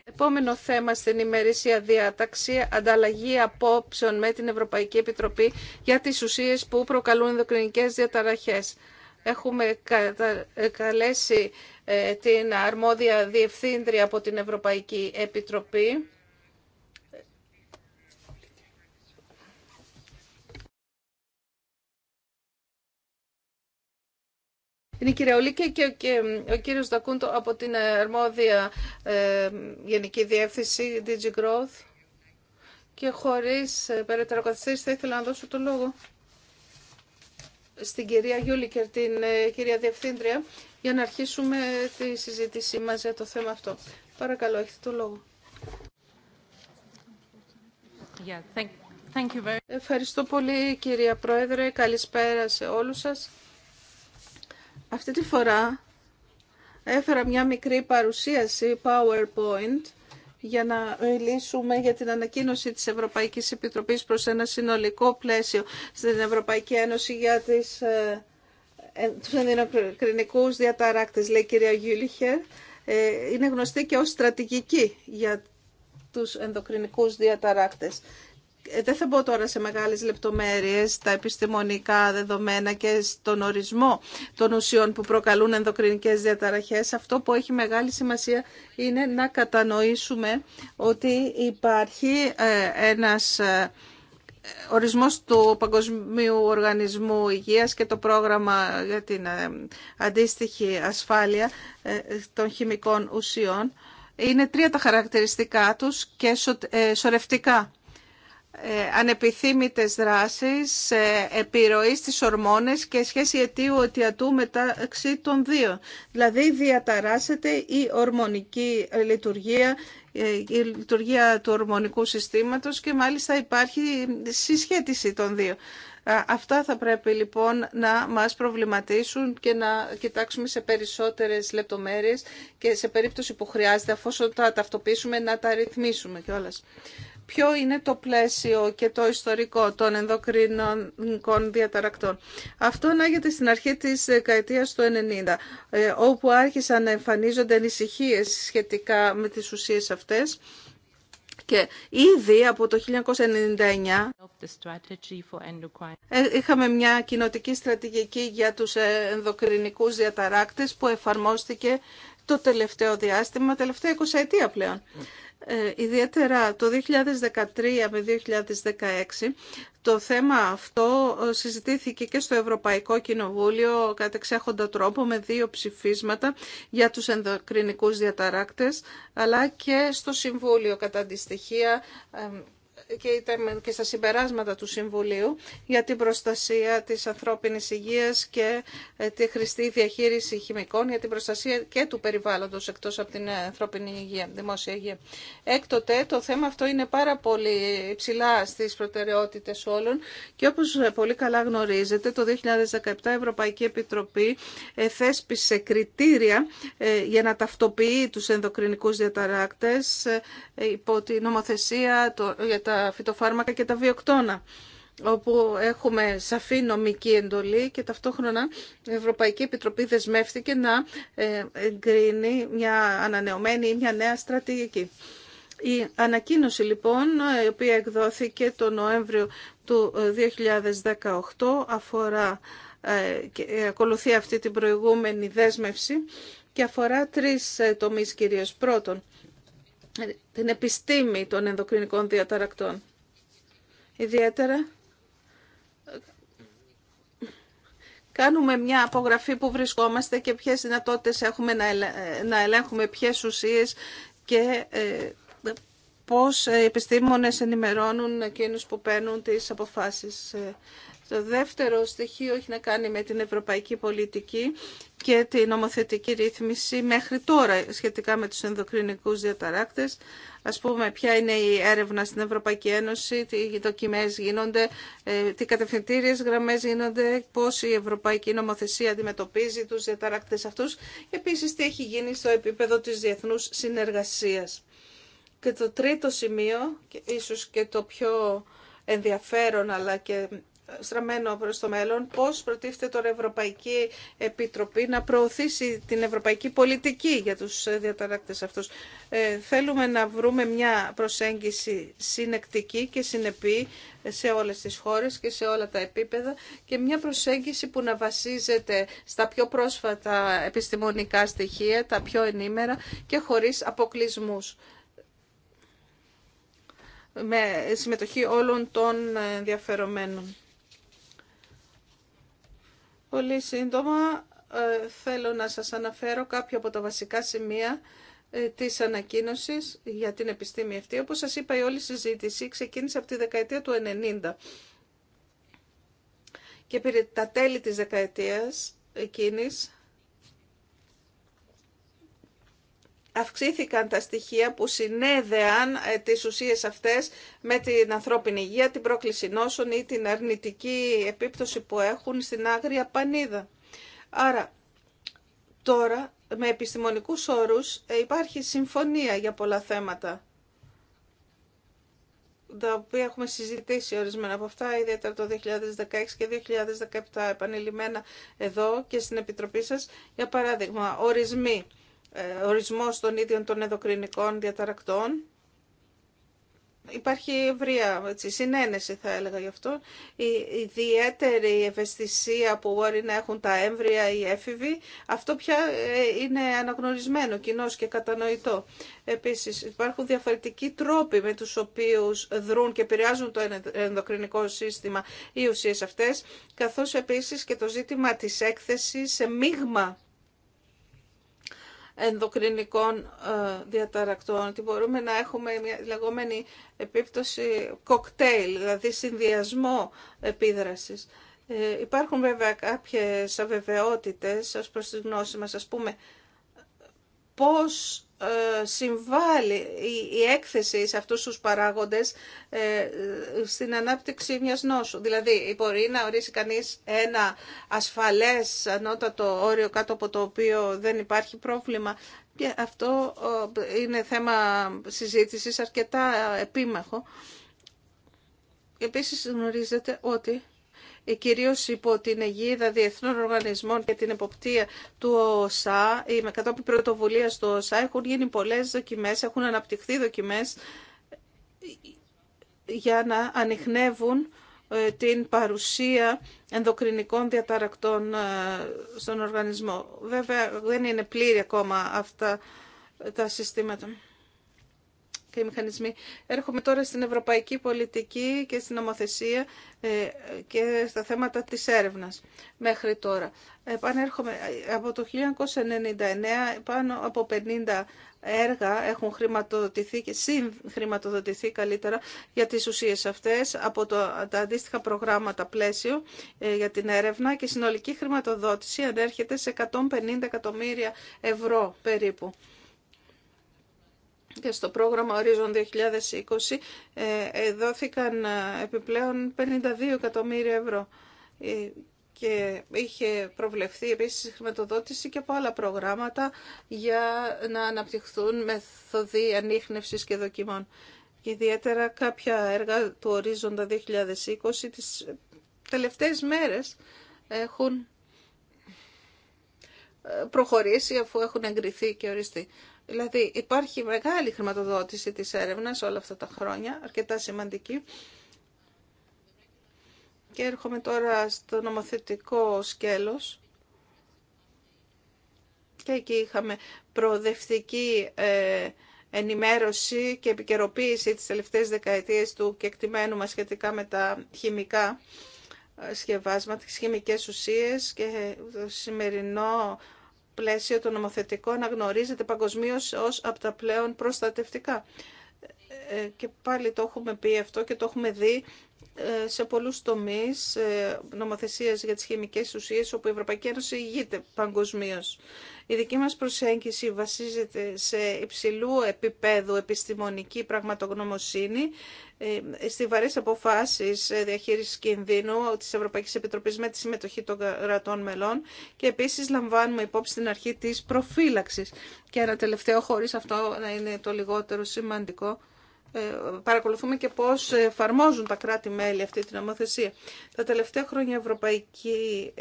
Επόμενο θέμα στην ημερήσια διάταξη, ανταλλαγή απόψεων με την Ευρωπαϊκή Επιτροπή για τις ουσίες που προκαλούν ενδοκρινικές διαταραχές. Έχουμε ε, καλέσει ε, την αρμόδια διευθύντρια από την Ευρωπαϊκή Επιτροπή Είναι η κυρία Ολίκη και, ο κύριος Δακούντο από την ε, αρμόδια ε, Γενική Διεύθυνση DG Growth. Και χωρίς ε, περαιτέρω καθυστέρηση θα ήθελα να δώσω το λόγο στην κυρία και την ε, κυρία Διευθύντρια, για να αρχίσουμε τη συζήτησή μας για το θέμα αυτό. Παρακαλώ, έχετε το λόγο. Ευχαριστώ πολύ κυρία Πρόεδρε. Καλησπέρα σε όλους σας. Αυτή τη φορά έφερα μια μικρή παρουσίαση PowerPoint για να μιλήσουμε για την ανακοίνωση της Ευρωπαϊκής Επιτροπής προς ένα συνολικό πλαίσιο στην Ευρωπαϊκή Ένωση για τις, ε, ε τους ενδυνοκρινικούς διαταράκτες, λέει η κυρία Γιούλιχερ. Ε, είναι γνωστή και ως στρατηγική για τους ενδοκρινικούς διαταράκτες. Ε, δεν θα μπω τώρα σε μεγάλες λεπτομέρειες τα επιστημονικά δεδομένα και στον ορισμό των ουσιών που προκαλούν ενδοκρινικές διαταραχές. Αυτό που έχει μεγάλη σημασία είναι να κατανοήσουμε ότι υπάρχει ε, ένας ε, ορισμός του Παγκοσμίου Οργανισμού Υγείας και το πρόγραμμα για την αντίστοιχη ασφάλεια των χημικών ουσιών. Είναι τρία τα χαρακτηριστικά τους και σορευτικά ε, ανεπιθύμητες δράσεις, ε, επιρροή στις ορμόνες και σχέση αιτίου αιτιατού μεταξύ των δύο. Δηλαδή διαταράσσεται η ορμονική ε, λειτουργία, η λειτουργία του ορμονικού συστήματος και μάλιστα υπάρχει συσχέτιση των δύο. Αυτά θα πρέπει λοιπόν να μας προβληματίσουν και να κοιτάξουμε σε περισσότερες λεπτομέρειες και σε περίπτωση που χρειάζεται αφού τα ταυτοποιήσουμε να τα ρυθμίσουμε κιόλας ποιο είναι το πλαίσιο και το ιστορικό των ενδοκρινικών διαταρακτών. Αυτό ανάγεται στην αρχή της δεκαετίας του 90, ε, όπου άρχισαν να εμφανίζονται ανησυχίε σχετικά με τις ουσίες αυτές και ήδη από το 1999 ε, είχαμε μια κοινοτική στρατηγική για τους ενδοκρινικούς διαταράκτες που εφαρμόστηκε το τελευταίο διάστημα, τελευταία 20 ετία πλέον. Ε, ιδιαίτερα το 2013 με 2016 το θέμα αυτό ε, συζητήθηκε και στο Ευρωπαϊκό Κοινοβούλιο κατά εξέχοντα τρόπο με δύο ψηφίσματα για τους ενδοκρινικούς διαταράκτες αλλά και στο Συμβούλιο κατά αντιστοιχεία και στα συμπεράσματα του Συμβουλίου για την προστασία της ανθρώπινης υγείας και ε, τη χρηστή διαχείριση χημικών για την προστασία και του περιβάλλοντος εκτός από την ε, ανθρώπινη υγεία, δημόσια υγεία. Έκτοτε το θέμα αυτό είναι πάρα πολύ υψηλά στις προτεραιότητες όλων και όπως ε, πολύ καλά γνωρίζετε το 2017 Ευρωπαϊκή Επιτροπή θέσπισε κριτήρια για να ταυτοποιεί τους ενδοκρινικούς διαταράκτες υπό τη νομοθεσία για τα φυτοφάρμακα και τα βιοκτώνα όπου έχουμε σαφή νομική εντολή και ταυτόχρονα η Ευρωπαϊκή Επιτροπή δεσμεύτηκε να ε, εγκρίνει μια ανανεωμένη ή μια νέα στρατηγική. Η ανακοίνωση λοιπόν, ε, η οποία εκδόθηκε το Νοέμβριο του 2018, ε, αφορά και ακολουθεί αυτή την προηγούμενη δέσμευση και αφορά τρεις τομείς κυρίως. Πρώτον, την επιστήμη των ενδοκρινικών διαταρακτών. Ιδιαίτερα κάνουμε μια απογραφή που βρισκόμαστε και ποιες δυνατότητες έχουμε να ελέγχουμε ποιες ουσίες και ε, πώς οι επιστήμονες ενημερώνουν εκείνους που παίρνουν τις αποφάσεις ε, το δεύτερο στοιχείο έχει να κάνει με την ευρωπαϊκή πολιτική και την νομοθετική ρύθμιση μέχρι τώρα σχετικά με τους ενδοκρινικούς διαταράκτες. Ας πούμε ποια είναι η έρευνα στην Ευρωπαϊκή Ένωση, τι δοκιμές γίνονται, ε, τι κατευθυντήριες γραμμές γίνονται, πώς η Ευρωπαϊκή Νομοθεσία αντιμετωπίζει τους διαταράκτες αυτούς. Επίσης τι έχει γίνει στο επίπεδο της διεθνούς συνεργασίας. Και το τρίτο σημείο, ίσως και το πιο ενδιαφέρον αλλά και στραμμένο προς το μέλλον, πώς προτίθεται τώρα η Ευρωπαϊκή Επιτροπή να προωθήσει την ευρωπαϊκή πολιτική για τους διαταράκτες αυτούς. Ε, θέλουμε να βρούμε μια προσέγγιση συνεκτική και συνεπή σε όλες τις χώρες και σε όλα τα επίπεδα και μια προσέγγιση που να βασίζεται στα πιο πρόσφατα επιστημονικά στοιχεία, τα πιο ενήμερα και χωρίς αποκλεισμούς με συμμετοχή όλων των ενδιαφερομένων. Πολύ σύντομα ε, θέλω να σας αναφέρω κάποια από τα βασικά σημεία ε, της ανακοίνωσης για την επιστήμη αυτή. Όπως σας είπα, η όλη συζήτηση ξεκίνησε από τη δεκαετία του 90 και περί τα τέλη της δεκαετίας εκείνης αυξήθηκαν τα στοιχεία που συνέδεαν ε, τις ουσίες αυτές με την ανθρώπινη υγεία, την πρόκληση νόσων ή την αρνητική επίπτωση που έχουν στην άγρια πανίδα. Άρα, τώρα με επιστημονικούς όρους ε, υπάρχει συμφωνία για πολλά θέματα τα οποία έχουμε συζητήσει ορισμένα από αυτά, ιδιαίτερα το 2016 και 2017 επανειλημμένα εδώ και στην Επιτροπή σας. Για παράδειγμα, ορισμοί ε, ορισμός των ίδιων των ενδοκρινικών διαταρακτών. Υπάρχει ευρεία έτσι, συνένεση θα έλεγα γι' αυτό. Η ιδιαίτερη ευαισθησία που μπορεί να έχουν τα έμβρια ή έφηβοι, αυτό πια ε, είναι αναγνωρισμένο κοινό και κατανοητό. Επίσης υπάρχουν διαφορετικοί τρόποι με τους οποίους δρούν και επηρεάζουν το ενδοκρινικό σύστημα οι ουσίες αυτές, καθώς επίσης και το ζήτημα της έκθεσης σε μείγμα ενδοκρινικών ε, διαταρακτών, ότι μπορούμε να έχουμε μια λεγόμενη επίπτωση κοκτέιλ, δηλαδή συνδυασμό επίδρασης. Ε, υπάρχουν βέβαια κάποιες αβεβαιότητες ως προς τη γνώση μας, ας πούμε, πώς ε, συμβάλλει η έκθεση σε αυτούς τους παράγοντες ε, στην ανάπτυξη μιας νόσου. Δηλαδή, μπορεί να ορίσει κανείς ένα ασφαλές ανώτατο όριο κάτω από το οποίο δεν υπάρχει πρόβλημα. Και αυτό ε, είναι θέμα συζήτησης αρκετά επίμαχο. Επίσης γνωρίζετε ότι ε, κυρίως υπό την αιγίδα διεθνών οργανισμών και την εποπτεία του ΟΣΑ, η κατόπιν πρωτοβουλία του ΟΣΑ, έχουν γίνει πολλές δοκιμές, έχουν αναπτυχθεί δοκιμές ε, για να ανοιχνεύουν ε, την παρουσία ενδοκρινικών διαταρακτών στον οργανισμό. Βέβαια δεν είναι πλήρη ακόμα αυτά τα συστήματα και οι μηχανισμοί. Έρχομαι τώρα στην ευρωπαϊκή πολιτική και στην νομοθεσία ε, και στα θέματα της έρευνας μέχρι τώρα. Ε, ε, από το 1999 πάνω από 50 έργα έχουν χρηματοδοτηθεί και χρηματοδοτηθεί καλύτερα για τις ουσίες αυτές από το, τα αντίστοιχα προγράμματα πλαίσιο για την έρευνα και συνολική χρηματοδότηση ανέρχεται σε 150 εκατομμύρια ευρώ περίπου και στο πρόγραμμα Horizon 2020 ε, ε, δόθηκαν ε, επιπλέον 52 εκατομμύρια ευρώ και είχε προβλεφθεί επίσης χρηματοδότηση και από άλλα προγράμματα για να αναπτυχθούν μεθοδοί ανείχνευσης και δοκιμών. Και ιδιαίτερα κάποια έργα του ορίζοντα 2020 τις τελευταίες μέρες έχουν προχωρήσει αφού έχουν εγκριθεί και οριστεί. Δηλαδή υπάρχει μεγάλη χρηματοδότηση της έρευνας όλα αυτά τα χρόνια, αρκετά σημαντική. Και έρχομαι τώρα στο νομοθετικό σκέλος. Και εκεί είχαμε προοδευτική ε, ενημέρωση και επικαιροποίηση τις τελευταίες δεκαετίες του κεκτημένου μας σχετικά με τα χημικά ε, σκευάσματα, τις χημικές ουσίες και το σημερινό πλαίσιο το νομοθετικό αναγνωρίζεται παγκοσμίω ως από τα πλέον προστατευτικά. Ε, ε, και πάλι το έχουμε πει αυτό και το έχουμε δει ε, σε πολλούς τομείς ε, νομοθεσίας για τις χημικές ουσίες όπου η Ευρωπαϊκή Ένωση ηγείται παγκοσμίω. Η δική μας προσέγγιση βασίζεται σε υψηλού επίπεδου επιστημονική πραγματογνωμοσύνη ε, στη βαρύς αποφάσεις διαχείρισης κινδύνου της Ευρωπαϊκής Επιτροπής με τη συμμετοχή των κρατών μελών και επίσης λαμβάνουμε υπόψη την αρχή της προφύλαξης. Και ένα τελευταίο χωρίς αυτό να είναι το λιγότερο σημαντικό ε, παρακολουθούμε και πώς εφαρμόζουν τα κράτη-μέλη αυτή την νομοθεσία. Τα τελευταία χρόνια η Ευρωπαϊκή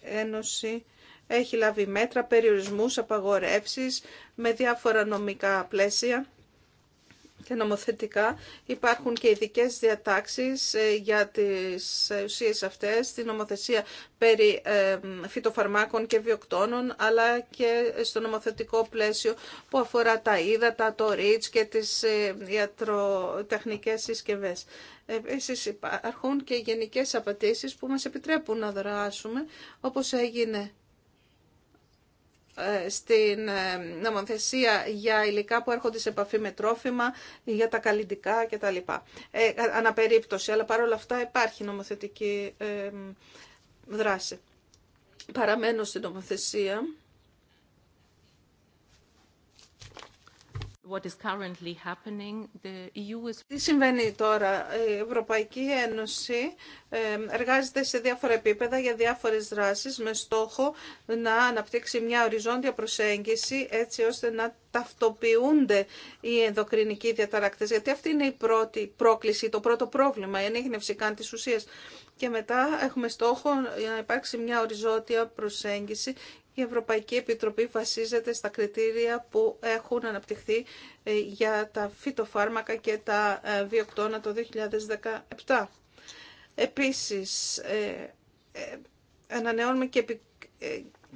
Ένωση έχει λάβει μέτρα, περιορισμούς, απαγορεύσεις με διάφορα νομικά πλαίσια και νομοθετικά υπάρχουν και ειδικέ διατάξεις ε, για τις ουσίες αυτές, τη νομοθεσία περί ε, φυτοφαρμάκων και βιοκτώνων, αλλά και στο νομοθετικό πλαίσιο που αφορά τα ύδατα, το ρίτς και τις ε, ιατροτεχνικές συσκευές. Επίση υπάρχουν και γενικές απαιτήσει που μας επιτρέπουν να δράσουμε, όπως έγινε ε, στην ε, νομοθεσία για υλικά που έρχονται σε επαφή με τρόφιμα, για τα καλλιντικά κτλ. Ε, αναπερίπτωση, αλλά παρόλα αυτά υπάρχει νομοθετική ε, δράση. Παραμένω στην νομοθεσία E Τι συμβαίνει τώρα. Η Ευρωπαϊκή Ένωση εργάζεται σε διάφορα επίπεδα για διάφορες δράσεις με στόχο να αναπτύξει μια οριζόντια προσέγγιση έτσι ώστε να ταυτοποιούνται οι ενδοκρινικοί διαταράκτες. Γιατί αυτή είναι η πρώτη πρόκληση, το πρώτο πρόβλημα, η ανέγνευση καν της ουσίας. Και μετά έχουμε στόχο να υπάρξει μια οριζόντια προσέγγιση η Ευρωπαϊκή Επιτροπή βασίζεται στα κριτήρια που έχουν αναπτυχθεί ε, για τα φυτοφάρμακα και τα ε, βιοκτώνα το 2017. Επίσης, ε, ανανεώνουμε και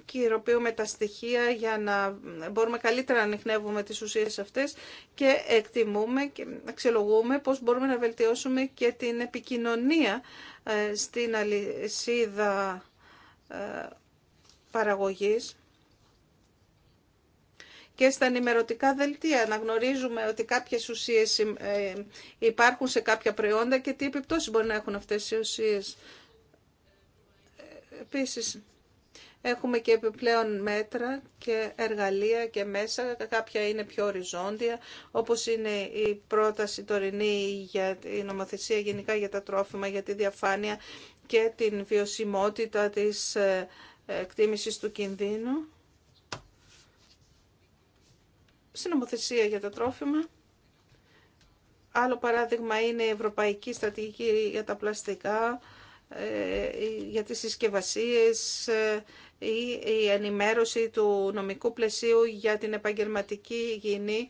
κυριοποιούμε τα στοιχεία για να μπορούμε καλύτερα να ανοιχνεύουμε τις ουσίες αυτές και εκτιμούμε και αξιολογούμε πώς μπορούμε να βελτιώσουμε και την επικοινωνία στην αλυσίδα παραγωγής και στα ενημερωτικά δελτία να γνωρίζουμε ότι κάποιες ουσίες ε, υπάρχουν σε κάποια προϊόντα και τι επιπτώσεις μπορεί να έχουν αυτές οι ουσίες. Επίσης, έχουμε και επιπλέον μέτρα και εργαλεία και μέσα, κάποια είναι πιο οριζόντια, όπως είναι η πρόταση τωρινή για η νομοθεσία γενικά για τα τρόφιμα, για τη διαφάνεια και την βιωσιμότητα της ε, εκτίμησης του κινδύνου, συνομοθεσία για τα τρόφιμα. Άλλο παράδειγμα είναι η Ευρωπαϊκή Στρατηγική για τα Πλαστικά, ε, για τις συσκευασίες ε, ή η ενημέρωση του νομικού πλαισίου για την επαγγελματική υγιεινή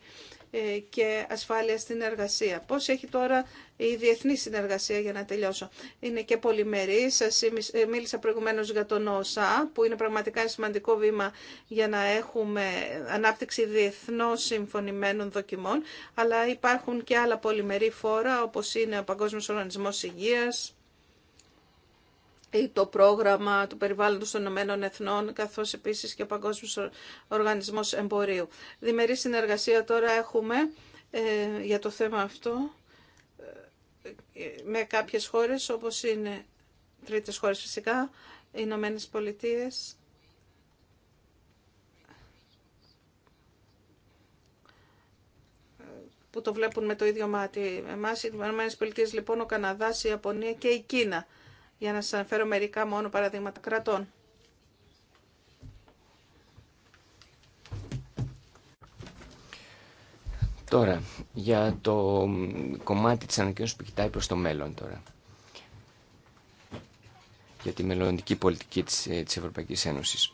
ε, και ασφάλεια στην εργασία. Πώς έχει τώρα η διεθνή συνεργασία για να τελειώσω. Είναι και πολυμερή. Σας ε, μίλησα προηγουμένως για τον ΩΣΑ που είναι πραγματικά ένα σημαντικό βήμα για να έχουμε ανάπτυξη διεθνώς συμφωνημένων δοκιμών αλλά υπάρχουν και άλλα πολυμερή φόρα όπως είναι ο Παγκόσμιος Οργανισμός Υγείας ή το πρόγραμμα του περιβάλλοντος των Ηνωμένων Εθνών, καθώς επίσης και ο Παγκόσμιος Οργανισμός Εμπορίου. Διμερή συνεργασία τώρα έχουμε ε, για το θέμα αυτό ε, με κάποιες χώρες όπως είναι τρίτες χώρες φυσικά, οι Ηνωμένε Πολιτείε. που το βλέπουν με το ίδιο μάτι. Εμάς οι Ηνωμένες Πολιτείες λοιπόν, ο Καναδάς, η Ιαπωνία και η Κίνα για να σας αναφέρω μερικά μόνο παραδείγματα κρατών. Τώρα, για το κομμάτι της ανακοίνωσης που κοιτάει προς το μέλλον τώρα. Για τη μελλοντική πολιτική της, ε, της Ευρωπαϊκής Ένωσης.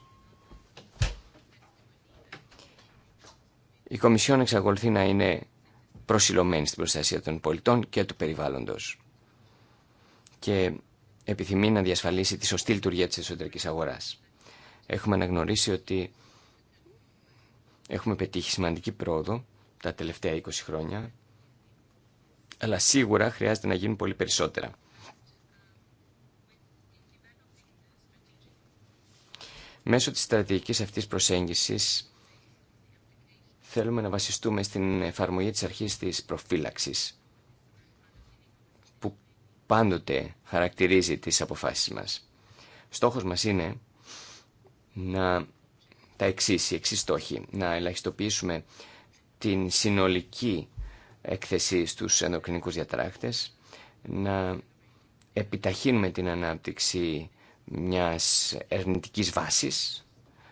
Η Κομισιόν εξακολουθεί να είναι προσιλωμένη στην προστασία των πολιτών και του περιβάλλοντος. Και επιθυμεί να διασφαλίσει τη σωστή λειτουργία της εσωτερικής αγοράς. Έχουμε αναγνωρίσει ότι έχουμε πετύχει σημαντική πρόοδο τα τελευταία 20 χρόνια, αλλά σίγουρα χρειάζεται να γίνουν πολύ περισσότερα. Μέσω της στρατηγικής αυτής προσέγγισης θέλουμε να βασιστούμε στην εφαρμογή της αρχής της προφύλαξης πάντοτε χαρακτηρίζει τις αποφάσεις μας. Στόχος μας είναι να τα εξή, οι εξή στόχοι, να ελαχιστοποιήσουμε την συνολική έκθεση στους ενδοκρινικούς διατράκτες, να επιταχύνουμε την ανάπτυξη μιας ερνητικής βάσης,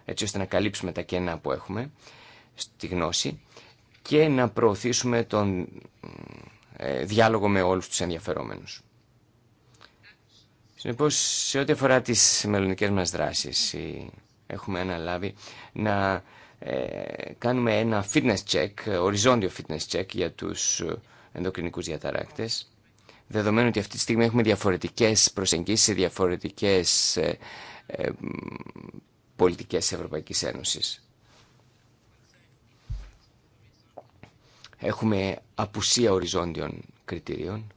έτσι ώστε να καλύψουμε τα κενά που έχουμε στη γνώση και να προωθήσουμε τον ε, διάλογο με όλους τους ενδιαφερόμενους. Συνεπώς, σε ό,τι αφορά τι μελλοντικέ μας δράσεις, έχουμε αναλάβει να ε, κάνουμε ένα fitness check, οριζόντιο fitness check για τους ενδοκρινικούς διαταράκτε. Δεδομένου ότι αυτή τη στιγμή έχουμε διαφορετικές προσεγγίσεις σε διαφορετικές ε, ε, πολιτικές Ευρωπαϊκής Ένωση. Έχουμε απουσία οριζόντιων κριτηρίων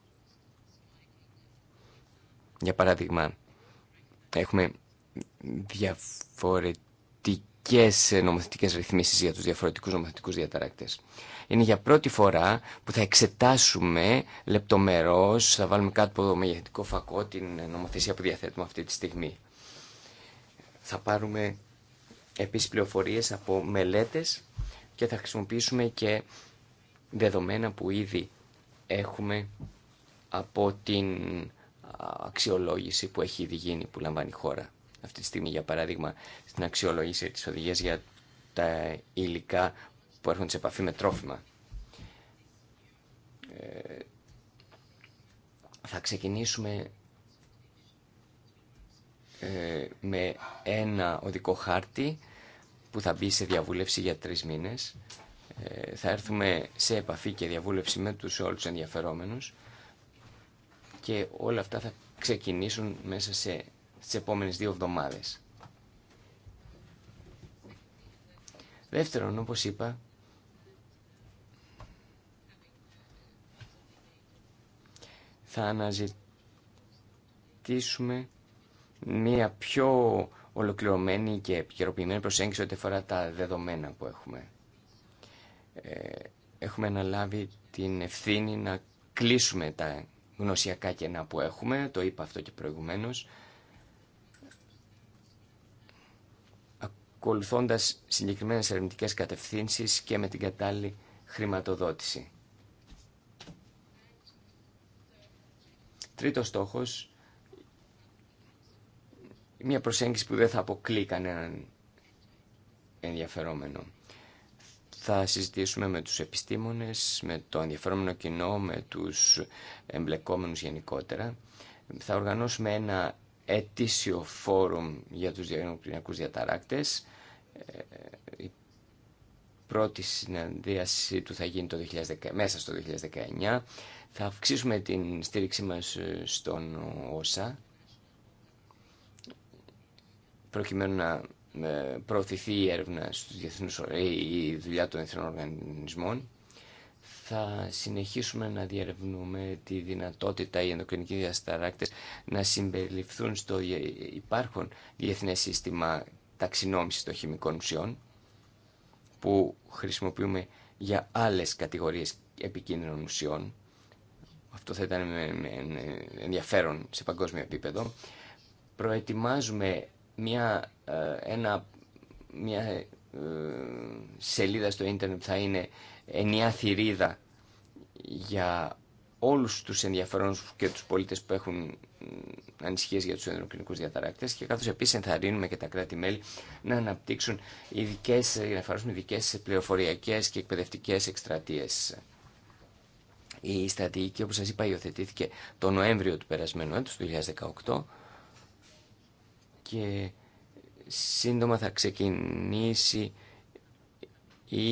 για παράδειγμα, έχουμε διαφορετικές νομοθετικέ ρυθμίσεις για τους διαφορετικούς νομοθετικούς διαταρακτέ. Είναι για πρώτη φορά που θα εξετάσουμε λεπτομερώς, θα βάλουμε κάτω από το μεγεθυντικό φακό την νομοθεσία που διαθέτουμε αυτή τη στιγμή. Θα πάρουμε επίσης πληροφορίες από μελέτες και θα χρησιμοποιήσουμε και δεδομένα που ήδη έχουμε από την αξιολόγηση που έχει ήδη γίνει, που λαμβάνει η χώρα. Αυτή τη στιγμή, για παράδειγμα, στην αξιολόγηση της οδηγίας για τα υλικά που έρχονται σε επαφή με τρόφιμα. Ε, θα ξεκινήσουμε ε, με ένα οδικό χάρτη που θα μπει σε διαβούλευση για τρεις μήνες. Ε, θα έρθουμε σε επαφή και διαβούλευση με τους όλους ενδιαφερόμενους και όλα αυτά θα ξεκινήσουν μέσα σε, στις επόμενες δύο εβδομάδες. Δεύτερον, όπως είπα, θα αναζητήσουμε μια πιο ολοκληρωμένη και επικαιροποιημένη προσέγγιση ό,τι αφορά τα δεδομένα που έχουμε. Ε, έχουμε αναλάβει την ευθύνη να κλείσουμε τα γνωσιακά κενά που έχουμε, το είπα αυτό και προηγουμένως, ακολουθώντας συγκεκριμένες ερευνητικέ κατευθύνσεις και με την κατάλληλη χρηματοδότηση. Τρίτος στόχος, μια προσέγγιση που δεν θα αποκλεί κανέναν ενδιαφερόμενο. Θα συζητήσουμε με τους επιστήμονες, με το ενδιαφέρομενο κοινό, με τους εμπλεκόμενους γενικότερα. Θα οργανώσουμε ένα ετήσιο φόρουμ για τους διαγνωκλινιακούς διαταράκτες. Ε, η πρώτη συναντίαση του θα γίνει το μέσα στο 2019. Θα αυξήσουμε την στήριξή μας ε, στον ΩΣΑ, προκειμένου να ε, προωθηθεί η έρευνα στου διεθνούς, η δουλειά των διεθνών οργανισμών. Θα συνεχίσουμε να διερευνούμε τη δυνατότητα οι ενδοκρινικοί διασταράκτε να συμπεριληφθούν στο υπάρχον διεθνέ σύστημα ταξινόμησης των χημικών ουσιών που χρησιμοποιούμε για άλλες κατηγορίες επικίνδυνων ουσιών. Αυτό θα ήταν ενδιαφέρον σε παγκόσμιο επίπεδο. Προετοιμάζουμε μια, ε, ένα, μια ε, σελίδα στο ίντερνετ θα είναι ενιαία θηρίδα για όλους τους ενδιαφέρονους και τους πολίτες που έχουν ανησυχίες για τους ενδοκρινικούς διαταράκτες και καθώς επίσης ενθαρρύνουμε και τα κράτη-μέλη να αναπτύξουν ειδικές, να εφαρμόσουν ειδικές πληροφοριακές και εκπαιδευτικές εκστρατείες. Η στρατηγική, όπως σας είπα, υιοθετήθηκε το Νοέμβριο του περασμένου έτους, του 2018, και σύντομα θα ξεκινήσει η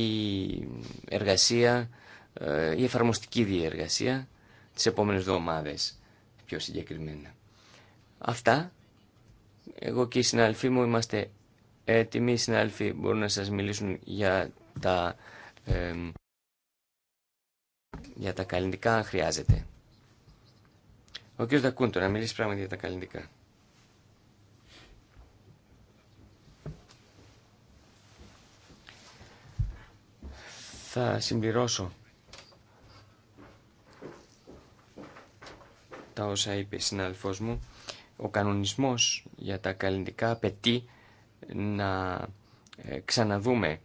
εργασία, ε, η εφαρμοστική διεργασία τις επόμενες ομάδες πιο συγκεκριμένα. Αυτά, εγώ και οι συναλφοί μου είμαστε έτοιμοι, οι συναλφοί μπορούν να σας μιλήσουν για τα, για τα καλλιντικά αν χρειάζεται. Ο κ. Δακούντο να μιλήσει πράγματι για τα καλλιντικά. θα συμπληρώσω τα όσα είπε η συνάδελφός μου. Ο κανονισμός για τα καλλιντικά απαιτεί να ε, ξαναδούμε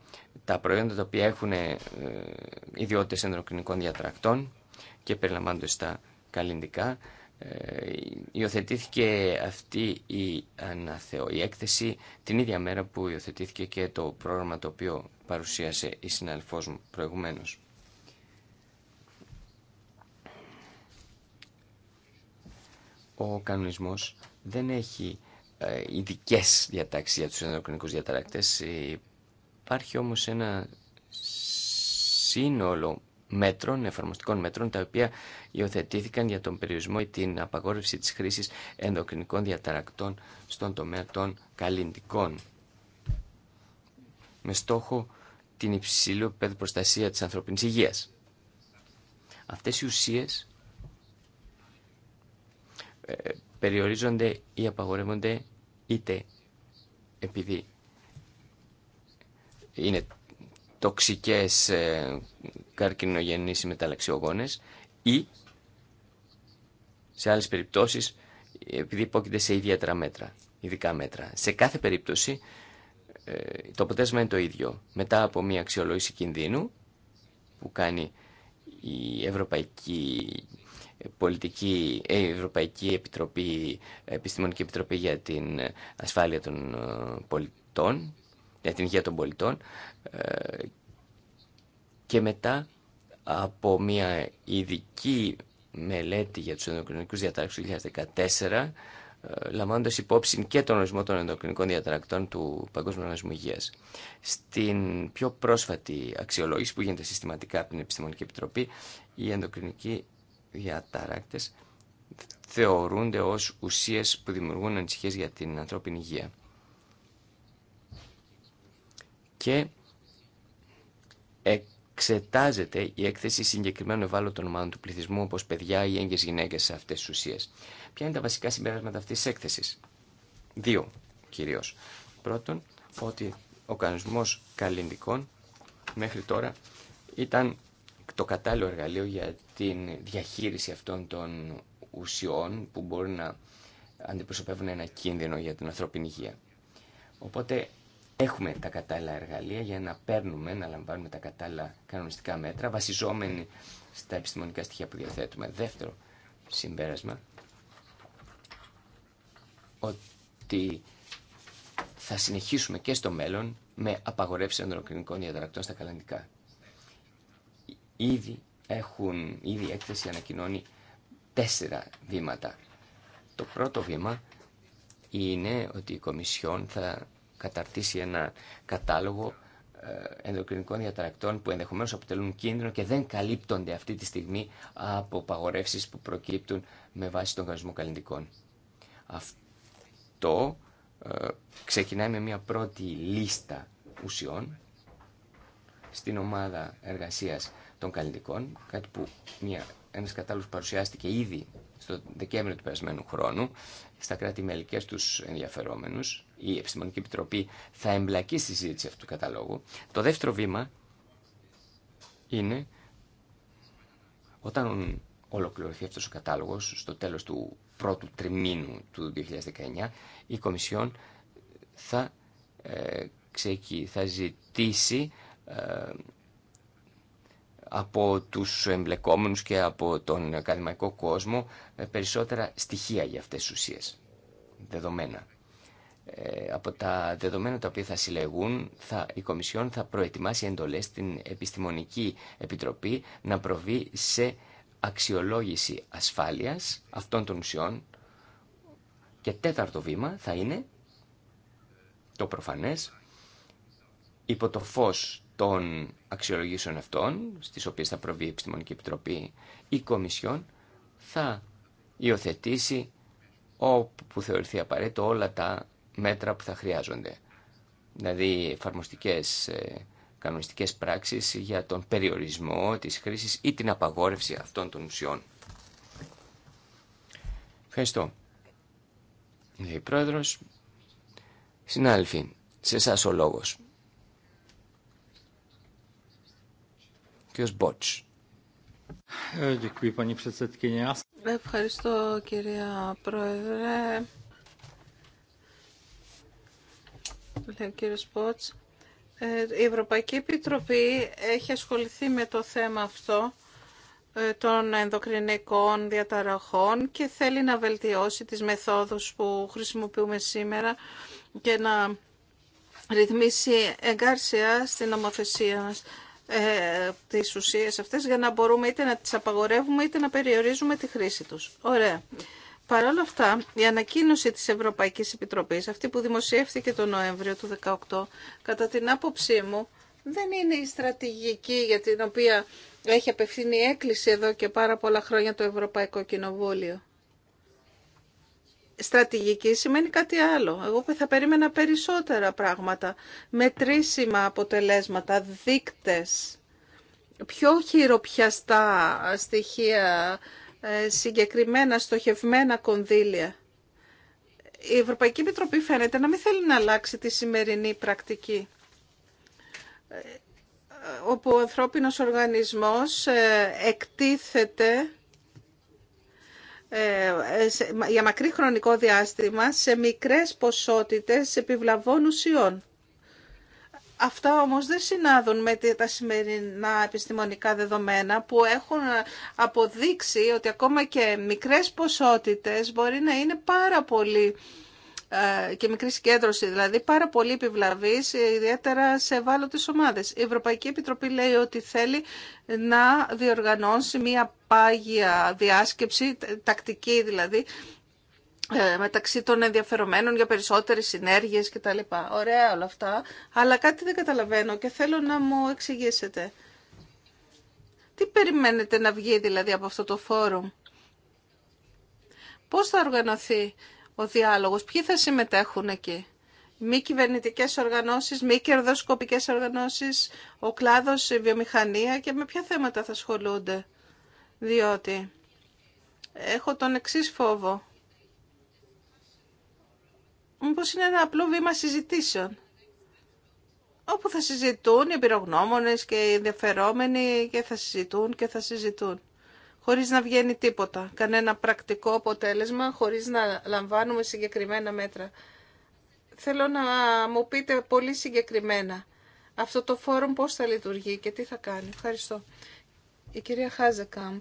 τα προϊόντα τα οποία έχουν ε, ιδιότητες ενδοκρινικών διατρακτών και περιλαμβάνονται στα καλλιντικά ε, υιοθετήθηκε αυτή η, αναθεω, η έκθεση την ίδια μέρα που υιοθετήθηκε και το πρόγραμμα το οποίο παρουσίασε η συναλφός μου προηγουμένως. Ο κανονισμός δεν έχει ε, ειδικέ διατάξεις για τους ενδοκρινικούς διαταράκτες. Υπάρχει όμως ένα σύνολο μέτρων, εφαρμοστικών μέτρων, τα οποία υιοθετήθηκαν για τον περιορισμό ή την απαγόρευση της χρήσης ενδοκρινικών διαταρακτών στον τομέα των καλλιντικών. Με στόχο την υψηλή επίπεδο προστασία της ανθρωπινής υγείας. Αυτές οι ουσίες ε, περιορίζονται ή απαγορεύονται είτε επειδή είναι τοξικές ε, καρκινογενείς ή μεταλλαξιογόνες ή σε άλλες περιπτώσεις επειδή υπόκειται σε ιδιαίτερα μέτρα, ειδικά μέτρα. Σε κάθε περίπτωση ε, το αποτέλεσμα είναι το ίδιο. Μετά από μια αξιολόγηση κινδύνου που κάνει Ευρωπαϊκή πολιτική, ε, η Ευρωπαϊκή Επιτροπή, Επιστημονική Επιτροπή για την Ασφάλεια των Πολιτών για την υγεία των πολιτών ε, και μετά από μια ειδική μελέτη για τους ενδοκρινικούς διαταρακτούς του 2014 ε, λαμβάνοντας υπόψη και τον ορισμό των ενδοκρινικών διαταρακτών του Παγκόσμιου Οργανισμού Υγείας. Στην πιο πρόσφατη αξιολόγηση που γίνεται συστηματικά από την Επιστημονική Επιτροπή, οι ενδοκρινικοί διαταράκτες θεωρούνται ως ουσίες που δημιουργούν ανησυχίες για την ανθρώπινη υγεία και εξετάζεται η έκθεση συγκεκριμένων ευάλωτων ομάδων του πληθυσμού όπως παιδιά ή έγκες γυναίκες σε αυτές τις ουσίες. Ποια είναι τα βασικά συμπεράσματα αυτής της έκθεσης. Δύο κυρίως. Πρώτον, ότι ο κανονισμός καλλιντικών μέχρι τώρα ήταν το κατάλληλο εργαλείο για την διαχείριση αυτών των ουσιών που μπορεί να αντιπροσωπεύουν ένα κίνδυνο για την ανθρώπινη υγεία. Οπότε έχουμε τα κατάλληλα εργαλεία για να παίρνουμε, να λαμβάνουμε τα κατάλληλα κανονιστικά μέτρα, βασιζόμενοι στα επιστημονικά στοιχεία που διαθέτουμε. Δεύτερο συμπέρασμα, ότι θα συνεχίσουμε και στο μέλλον με απαγορεύσεις ανδροκρινικών διαδρακτών στα καλλαντικά. Ήδη έχουν, ήδη η έκθεση ανακοινώνει τέσσερα βήματα. Το πρώτο βήμα είναι ότι η Κομισιόν θα καταρτήσει ένα κατάλογο ε, ενδοκρινικών διαταρακτών που ενδεχομένως αποτελούν κίνδυνο και δεν καλύπτονται αυτή τη στιγμή από παγορεύσεις που προκύπτουν με βάση τον κανονισμό καλλιντικών. Αυτό ε, ξεκινάει με μια πρώτη λίστα ουσιών στην ομάδα εργασίας των καλλιντικών, κάτι που μια, ένας κατάλογος παρουσιάστηκε ήδη στο Δεκέμβριο του περασμένου χρόνου στα κράτη-μελικές τους ενδιαφερόμενους η Επιστημονική Επιτροπή θα εμπλακεί στη συζήτηση αυτού του καταλόγου. Το δεύτερο βήμα είναι όταν ολοκληρωθεί αυτός ο κατάλογος στο τέλος του πρώτου τριμήνου του 2019 η Κομισιόν θα, ε, ξεκι, θα ζητήσει ε, από τους εμπλεκόμενους και από τον ακαδημαϊκό κόσμο ε, περισσότερα στοιχεία για αυτές τις ουσίες, δεδομένα. Ε, από τα δεδομένα τα οποία θα συλλεγούν, θα, η Κομισιόν θα προετοιμάσει εντολές στην Επιστημονική Επιτροπή να προβεί σε αξιολόγηση ασφάλειας αυτών των ουσιών και τέταρτο βήμα θα είναι το προφανές υπό το φως των αξιολογήσεων αυτών, στις οποίες θα προβεί η Επιστημονική Επιτροπή, η Κομισιόν θα υιοθετήσει όπου θεωρηθεί απαραίτητο όλα τα μέτρα που θα χρειάζονται. Δηλαδή εφαρμοστικές ε, κανονιστικές πράξεις για τον περιορισμό της χρήσης ή την απαγόρευση αυτών των ουσιών. Ευχαριστώ. Λέει πρόεδρος. Συνάδελφοι, σε εσά ο λόγος. Κύριος Μπότς. Ε, Ευχαριστώ κυρία Πρόεδρε λέει ο ε, Η Ευρωπαϊκή Επιτροπή έχει ασχοληθεί με το θέμα αυτό ε, των ενδοκρινικών διαταραχών και θέλει να βελτιώσει τις μεθόδους που χρησιμοποιούμε σήμερα και να ρυθμίσει εγκάρσια στην νομοθεσία μας ε, τις ουσίες αυτές για να μπορούμε είτε να τις απαγορεύουμε είτε να περιορίζουμε τη χρήση τους. Ωραία. Παρ' όλα αυτά, η ανακοίνωση της Ευρωπαϊκής Επιτροπής, αυτή που δημοσιεύθηκε τον Νοέμβριο του 2018, κατά την άποψή μου, δεν είναι η στρατηγική για την οποία έχει απευθύνει η έκκληση εδώ και πάρα πολλά χρόνια το Ευρωπαϊκό Κοινοβούλιο. Στρατηγική σημαίνει κάτι άλλο. Εγώ θα περίμενα περισσότερα πράγματα, μετρήσιμα αποτελέσματα, δείκτες, πιο χειροπιαστά στοιχεία ε, συγκεκριμένα στοχευμένα κονδύλια. Η Ευρωπαϊκή Μητροπή φαίνεται να μην θέλει να αλλάξει τη σημερινή πρακτική ε, όπου ο ανθρώπινος οργανισμός ε, εκτίθεται για μακρύ χρονικό διάστημα σε μικρές ποσότητες επιβλαβών ουσιών. Αυτά όμως δεν συνάδουν με τα σημερινά επιστημονικά δεδομένα που έχουν αποδείξει ότι ακόμα και μικρές ποσότητες μπορεί να είναι πάρα πολύ ε, και μικρή συγκέντρωση, δηλαδή πάρα πολύ επιβλαβή, ιδιαίτερα σε ευάλωτε ομάδε. Η Ευρωπαϊκή Επιτροπή λέει ότι θέλει να διοργανώσει μία πάγια διάσκεψη, τακτική δηλαδή, ε, μεταξύ των ενδιαφερομένων για περισσότερες συνέργειες κτλ. Ωραία όλα αυτά, αλλά κάτι δεν καταλαβαίνω και θέλω να μου εξηγήσετε. Τι περιμένετε να βγει δηλαδή από αυτό το φόρουμ. Πώς θα οργανωθεί ο διάλογος, ποιοι θα συμμετέχουν εκεί. Μη κυβερνητικέ οργανώσει, μη κερδοσκοπικέ οργανώσει, ο κλάδο, η βιομηχανία και με ποια θέματα θα ασχολούνται. Διότι έχω τον εξή φόβο μήπως είναι ένα απλό βήμα συζητήσεων όπου θα συζητούν οι πυρογνώμονες και οι ενδιαφερόμενοι και θα συζητούν και θα συζητούν χωρίς να βγαίνει τίποτα, κανένα πρακτικό αποτέλεσμα, χωρίς να λαμβάνουμε συγκεκριμένα μέτρα. Θέλω να μου πείτε πολύ συγκεκριμένα αυτό το φόρουμ πώς θα λειτουργεί και τι θα κάνει. Ευχαριστώ. Η κυρία Χάζεκάμπ.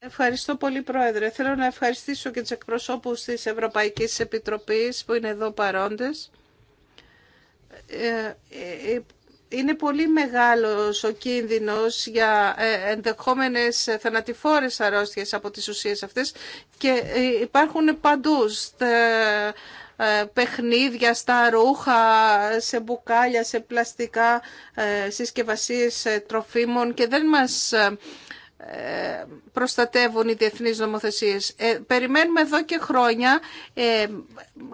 Ευχαριστώ πολύ, Πρόεδρε. Θέλω να ευχαριστήσω και τους εκπροσώπους της Ευρωπαϊκής Επιτροπής που είναι εδώ παρόντες. Ε, ε, είναι πολύ μεγάλος ο κίνδυνος για ε, ενδεχόμενες θανατηφόρες αρρώστιες από τις ουσίες αυτές και υπάρχουν παντού ε, παιχνίδια στα ρούχα, σε μπουκάλια, σε πλαστικά ε, συσκευασίες ε, τροφίμων και δεν μας προστατεύουν οι διεθνείς νομοθεσίες. Ε, περιμένουμε εδώ και χρόνια ε,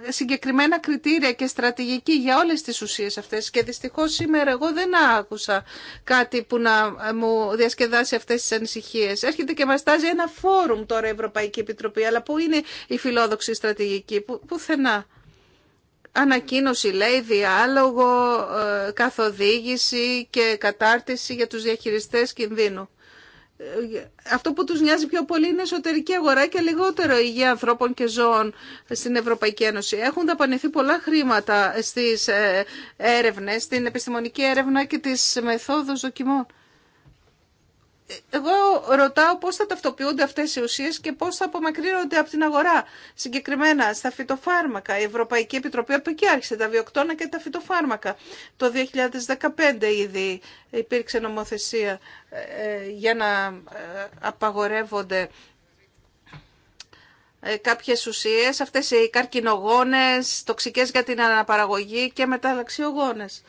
συγκεκριμένα κριτήρια και στρατηγική για όλες τις ουσίες αυτές και δυστυχώς σήμερα εγώ δεν άκουσα κάτι που να μου διασκεδάσει αυτές τις ανησυχίες. Έρχεται και μας τάζει ένα φόρουμ τώρα η Ευρωπαϊκή Επιτροπή, αλλά πού είναι η φιλόδοξη στρατηγική, που, πουθενά. Ανακοίνωση λέει, διάλογο, ε, καθοδήγηση και κατάρτιση για τους διαχειριστές κινδύνου αυτό που τους νοιάζει πιο πολύ είναι εσωτερική αγορά και λιγότερο υγεία ανθρώπων και ζώων στην Ευρωπαϊκή Ένωση. Έχουν δαπανηθεί πολλά χρήματα στις ε, έρευνες, στην επιστημονική έρευνα και τις μεθόδους δοκιμών εγώ ρωτάω πώς θα ταυτοποιούνται αυτές οι ουσίες και πώς θα απομακρύνονται από την αγορά. Συγκεκριμένα στα φυτοφάρμακα, η Ευρωπαϊκή Επιτροπή από εκεί άρχισε τα βιοκτώνα και τα φυτοφάρμακα. Το 2015 ήδη υπήρξε νομοθεσία ε, ε, για να ε, απαγορεύονται κάποιες ουσίες, αυτές οι καρκινογόνες, τοξικές για την αναπαραγωγή και μεταλλαξιογόνες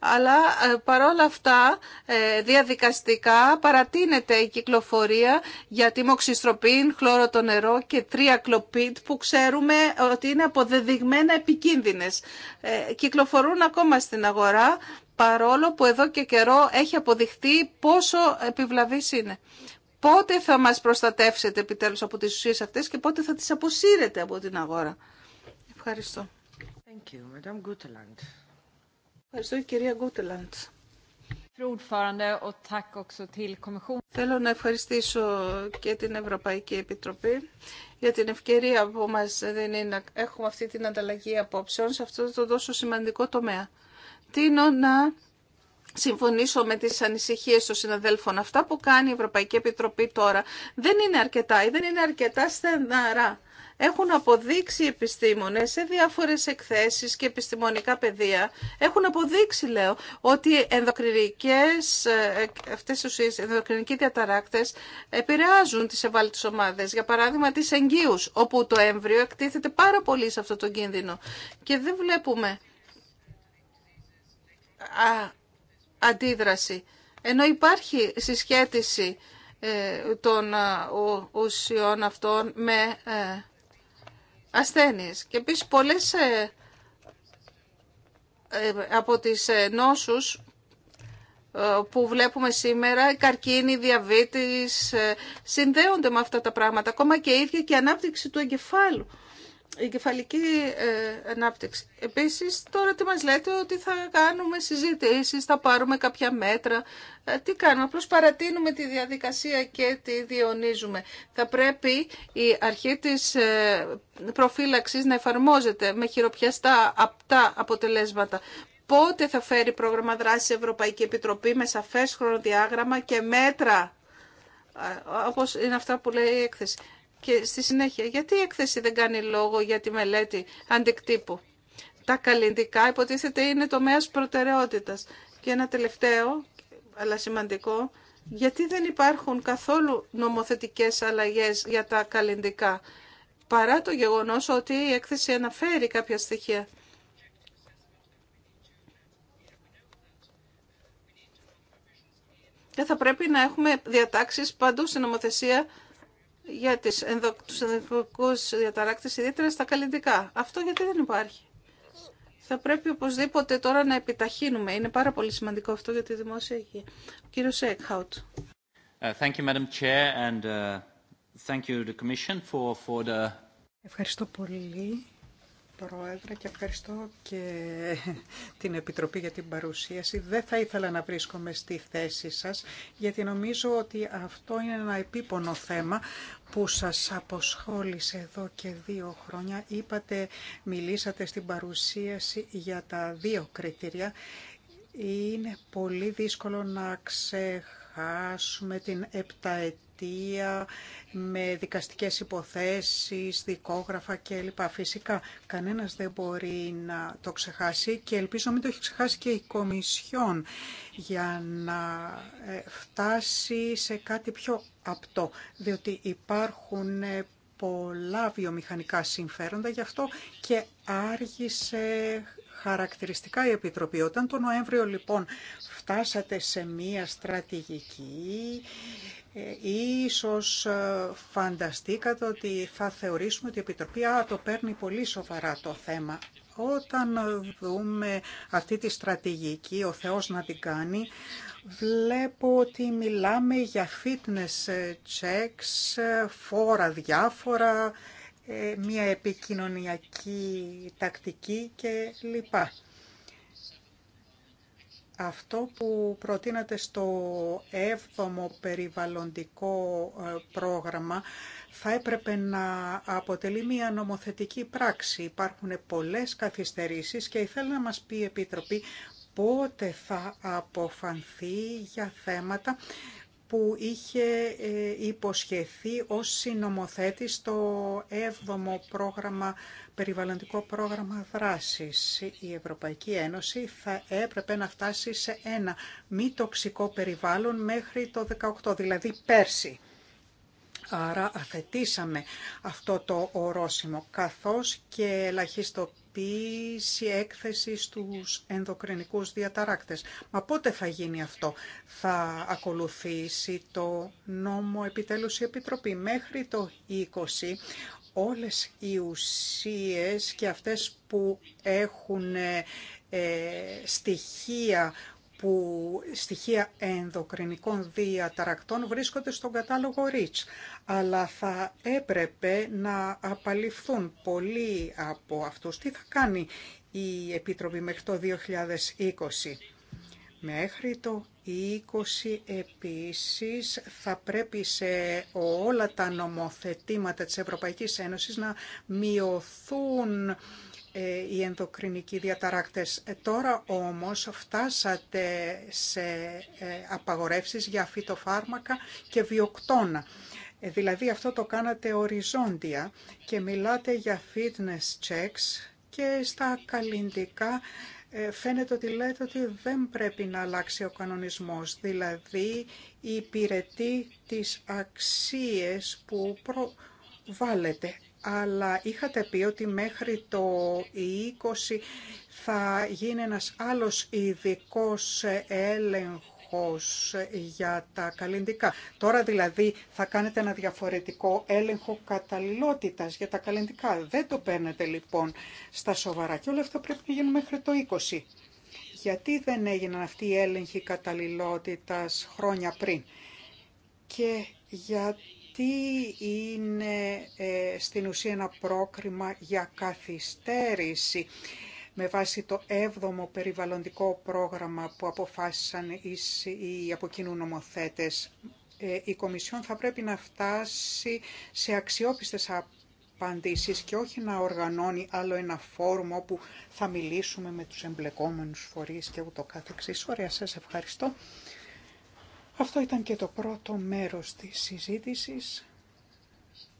αλλά ε, παρόλα αυτά ε, διαδικαστικά παρατείνεται η κυκλοφορία για τη μοξιστροπίν, χλώρο το νερό και τρία κλοπίτ που ξέρουμε ότι είναι αποδεδειγμένα επικίνδυνες. Ε, κυκλοφορούν ακόμα στην αγορά παρόλο που εδώ και καιρό έχει αποδειχθεί πόσο επιβλαβής είναι. Πότε θα μας προστατεύσετε επιτέλους από τις ουσίες αυτές και πότε θα τις αποσύρετε από την αγορά. Ευχαριστώ. Thank you, Ευχαριστώ κυρία Γκούτελαντ. Θέλω να ευχαριστήσω και την Ευρωπαϊκή Επιτροπή για την ευκαιρία που μας δίνει να έχουμε αυτή την ανταλλαγή απόψεων σε αυτό το τόσο σημαντικό τομέα. Τίνω να συμφωνήσω με τις ανησυχίες των συναδέλφων. Αυτά που κάνει η Ευρωπαϊκή Επιτροπή τώρα δεν είναι αρκετά ή δεν είναι αρκετά στεναρά έχουν αποδείξει οι επιστήμονες σε διάφορες εκθέσεις και επιστημονικά πεδία, έχουν αποδείξει, λέω, ότι ενδοκρινικές, ε, ε, αυτές οι ενδοκρινικοί διαταράκτες επηρεάζουν τις ευάλωτες ομάδες. Για παράδειγμα, τις εγγύους, όπου το έμβριο εκτίθεται πάρα πολύ σε αυτό το κίνδυνο. Και δεν βλέπουμε α, αντίδραση. Ενώ υπάρχει συσχέτιση ε, των ουσιών αυτών με ασθένειες. Και επίσης πολλές ε, ε, από τις ε, νόσους που βλέπουμε σήμερα, καρκίνη, καρκίνοι, διαβήτης, συνδέονται με αυτά τα πράγματα, ακόμα και η ίδια και η ανάπτυξη του εγκεφάλου η κεφαλική ε, ανάπτυξη. Επίσης, τώρα τι μας λέτε, ότι θα κάνουμε συζητήσεις, θα πάρουμε κάποια μέτρα. Ε, τι κάνουμε, απλώς παρατείνουμε τη διαδικασία και τη διονίζουμε. Θα πρέπει η αρχή της ε, προφύλαξης να εφαρμόζεται με χειροπιαστά απτά αποτελέσματα. Πότε θα φέρει πρόγραμμα δράσης Ευρωπαϊκή Επιτροπή με σαφές χρονοδιάγραμμα και μέτρα, όπως είναι αυτά που λέει η έκθεση. Και στη συνέχεια, γιατί η έκθεση δεν κάνει λόγο για τη μελέτη αντικτύπου. Τα καλλιντικά υποτίθεται είναι τομέας προτεραιότητας. Και ένα τελευταίο, αλλά σημαντικό, γιατί δεν υπάρχουν καθόλου νομοθετικές αλλαγές για τα καλλιντικά, παρά το γεγονός ότι η έκθεση αναφέρει κάποια στοιχεία. Και θα πρέπει να έχουμε διατάξεις παντού στην νομοθεσία για τις ενδο, τους διαταράκτες, ιδιαίτερα στα καλλιντικά. Αυτό γιατί δεν υπάρχει. Θα πρέπει οπωσδήποτε τώρα να επιταχύνουμε. Είναι πάρα πολύ σημαντικό αυτό για τη δημόσια υγεία. Κύριο Σεκχαουτ. Ε, ε, Ευχαριστώ πολύ Πρόεδρε και ευχαριστώ και την Επιτροπή για την παρουσίαση. Δεν θα ήθελα να βρίσκομαι στη θέση σας, γιατί νομίζω ότι αυτό είναι ένα επίπονο θέμα που σας αποσχόλησε εδώ και δύο χρόνια. Είπατε, μιλήσατε στην παρουσίαση για τα δύο κριτήρια. Είναι πολύ δύσκολο να ξεχάσουμε την επταετία με δικαστικές υποθέσεις, δικόγραφα κλπ. Φυσικά κανένας δεν μπορεί να το ξεχάσει και ελπίζω μην το έχει ξεχάσει και η Κομισιόν για να ε, φτάσει σε κάτι πιο απτό, διότι υπάρχουν ε, πολλά βιομηχανικά συμφέροντα, γι' αυτό και άργησε χαρακτηριστικά η Επιτροπή. Όταν τον Νοέμβριο λοιπόν φτάσατε σε μία στρατηγική, ε, ίσως ε, φανταστήκατε ότι θα θεωρήσουμε ότι η Επιτροπή το παίρνει πολύ σοβαρά το θέμα. Όταν δούμε αυτή τη στρατηγική, ο Θεός να την κάνει, βλέπω ότι μιλάμε για fitness ε, checks, φόρα διάφορα, ε, μια επικοινωνιακή τακτική και λοιπά. Αυτό που προτείνατε στο 7ο περιβαλλοντικό ε, πρόγραμμα θα έπρεπε να αποτελεί μια νομοθετική πράξη. Υπάρχουν πολλές καθυστερήσεις και ήθελα να μας πει η Επίτροπη πότε θα αποφανθεί για θέματα που είχε ε, υποσχεθεί ως συνομοθέτη στο 7ο πρόγραμμα, περιβαλλοντικό πρόγραμμα δράσης. Η Ευρωπαϊκή Ένωση θα έπρεπε να φτάσει σε ένα μη τοξικό περιβάλλον μέχρι το 18, δηλαδή πέρσι. Άρα αθετήσαμε αυτό το ορόσημο, καθώς και ελαχίστο ποιήση έκθεση στους ενδοκρινικούς διαταράκτες. Μα πότε θα γίνει αυτό. Θα ακολουθήσει το νόμο επιτέλους η Επιτροπή. Μέχρι το 20 όλες οι ουσίες και αυτές που έχουν ε, στοιχεία που στοιχεία ενδοκρινικών διαταρακτών βρίσκονται στον κατάλογο REACH, αλλά θα έπρεπε να απαλληφθούν πολλοί από αυτούς. Τι θα κάνει η Επίτροπη μέχρι το 2020. Μέχρι το 20 επίσης θα πρέπει σε όλα τα νομοθετήματα της Ευρωπαϊκής Ένωσης να μειωθούν ε, οι ενδοκρινικοί διαταράκτες. Ε, τώρα όμως φτάσατε σε ε, απαγορεύσεις για φυτοφάρμακα και βιοκτώνα. Δηλαδή αυτό το κάνατε οριζόντια και μιλάτε για fitness checks και στα καλλιντικά φαίνεται ότι λέτε ότι δεν πρέπει να αλλάξει ο κανονισμός, δηλαδή υπηρετεί τις αξίες που προβάλλεται αλλά είχατε πει ότι μέχρι το 20 θα γίνει ένας άλλος ειδικό έλεγχος για τα καλλιντικά. Τώρα δηλαδή θα κάνετε ένα διαφορετικό έλεγχο καταλληλότητας για τα καλλιντικά. Δεν το παίρνετε λοιπόν στα σοβαρά και όλα αυτά πρέπει να γίνουν μέχρι το 20. Γιατί δεν έγιναν αυτοί οι έλεγχοι καταλληλότητας χρόνια πριν και γιατί τι είναι ε, στην ουσία ένα πρόκριμα για καθυστέρηση με βάση το 7ο περιβαλλοντικό πρόγραμμα που αποφάσισαν οι αποκοινού νομοθέτες. Ε, η Κομισιόν θα πρέπει να φτάσει σε αξιόπιστες απαντήσεις και όχι να οργανώνει άλλο ένα φόρουμ όπου θα μιλήσουμε με τους εμπλεκόμενους φορείς και ούτω καθεξής. Ωραία, σας ευχαριστώ. Αυτό ήταν και το πρώτο μέρος της συζήτησης.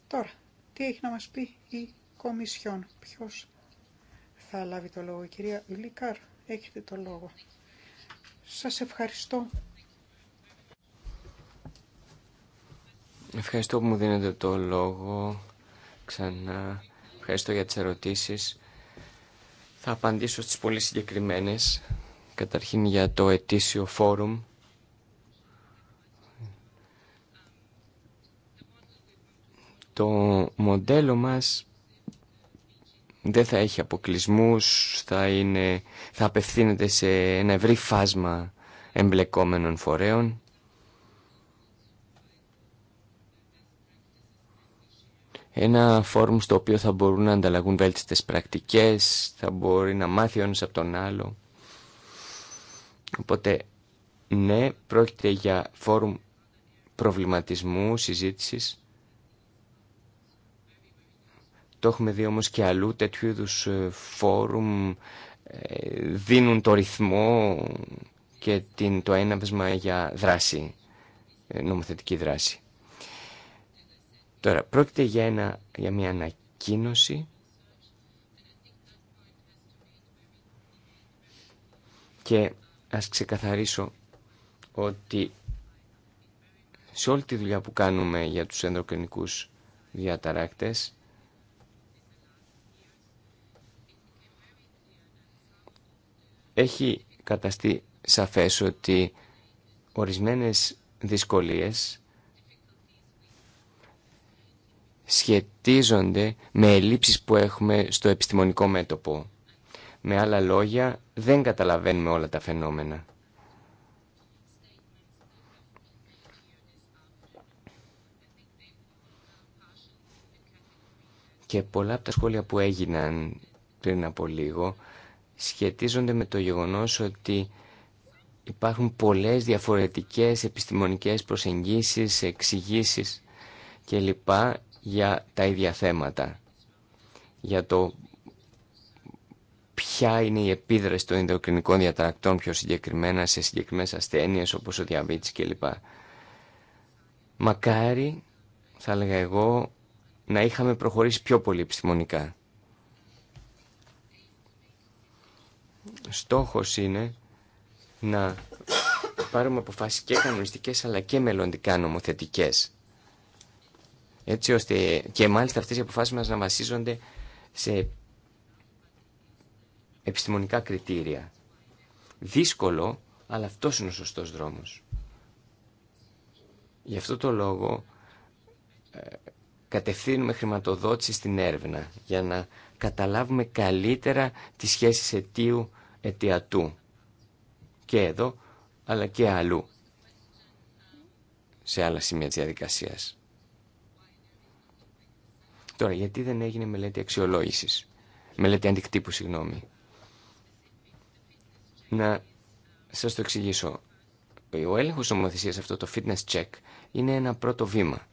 Τώρα, τι έχει να μας πει η Κομισιόν. Ποιος θα λάβει το λόγο. κυρία Λίκαρ, έχετε το λόγο. Σας ευχαριστώ. Ευχαριστώ που μου δίνετε το λόγο ξανά. Ευχαριστώ για τις ερωτήσεις. Θα απαντήσω στις πολύ συγκεκριμένες. Καταρχήν για το ετήσιο φόρουμ το μοντέλο μας δεν θα έχει αποκλισμούς, θα, είναι, θα απευθύνεται σε ένα ευρύ φάσμα εμπλεκόμενων φορέων. Ένα φόρουμ στο οποίο θα μπορούν να ανταλλαγούν βέλτιστες πρακτικές, θα μπορεί να μάθει ο ένας από τον άλλο. Οπότε, ναι, πρόκειται για φόρουμ προβληματισμού, συζήτησης, το έχουμε δει όμως και αλλού, τέτοιου είδους ε, φόρουμ ε, δίνουν το ρυθμό και την, το έναυσμα για δράση, ε, νομοθετική δράση. Τώρα, πρόκειται για, για μια ανακοίνωση και ας ξεκαθαρίσω ότι σε όλη τη δουλειά που κάνουμε για τους ενδοκρινικούς διαταράκτες έχει καταστεί σαφές ότι ορισμένες δυσκολίες σχετίζονται με ελλείψεις που έχουμε στο επιστημονικό μέτωπο. Με άλλα λόγια, δεν καταλαβαίνουμε όλα τα φαινόμενα. Και πολλά από τα σχόλια που έγιναν πριν από λίγο σχετίζονται με το γεγονός ότι υπάρχουν πολλές διαφορετικές επιστημονικές προσεγγίσεις, εξηγήσει κλπ. για τα ίδια θέματα. Για το ποια είναι η επίδραση των ενδοκρινικών διαταρακτών πιο συγκεκριμένα σε συγκεκριμένες ασθένειες όπως ο διαβήτης κλπ. Μακάρι, θα έλεγα εγώ, να είχαμε προχωρήσει πιο πολύ επιστημονικά. στόχος είναι να πάρουμε αποφάσεις και κανονιστικές αλλά και μελλοντικά νομοθετικές. Έτσι ώστε και μάλιστα αυτές οι αποφάσεις μας να βασίζονται σε επιστημονικά κριτήρια. Δύσκολο, αλλά αυτός είναι ο σωστός δρόμος. Γι' αυτό το λόγο ε, κατευθύνουμε χρηματοδότηση στην έρευνα για να καταλάβουμε καλύτερα τη σχέση αιτίου αιτιατού και εδώ αλλά και αλλού σε άλλα σημεία της διαδικασίας. Τώρα, γιατί δεν έγινε μελέτη αξιολόγησης, μελέτη αντικτύπου, συγγνώμη. Να σας το εξηγήσω. Ο έλεγχος νομοθεσίας αυτό το fitness check, είναι ένα πρώτο βήμα.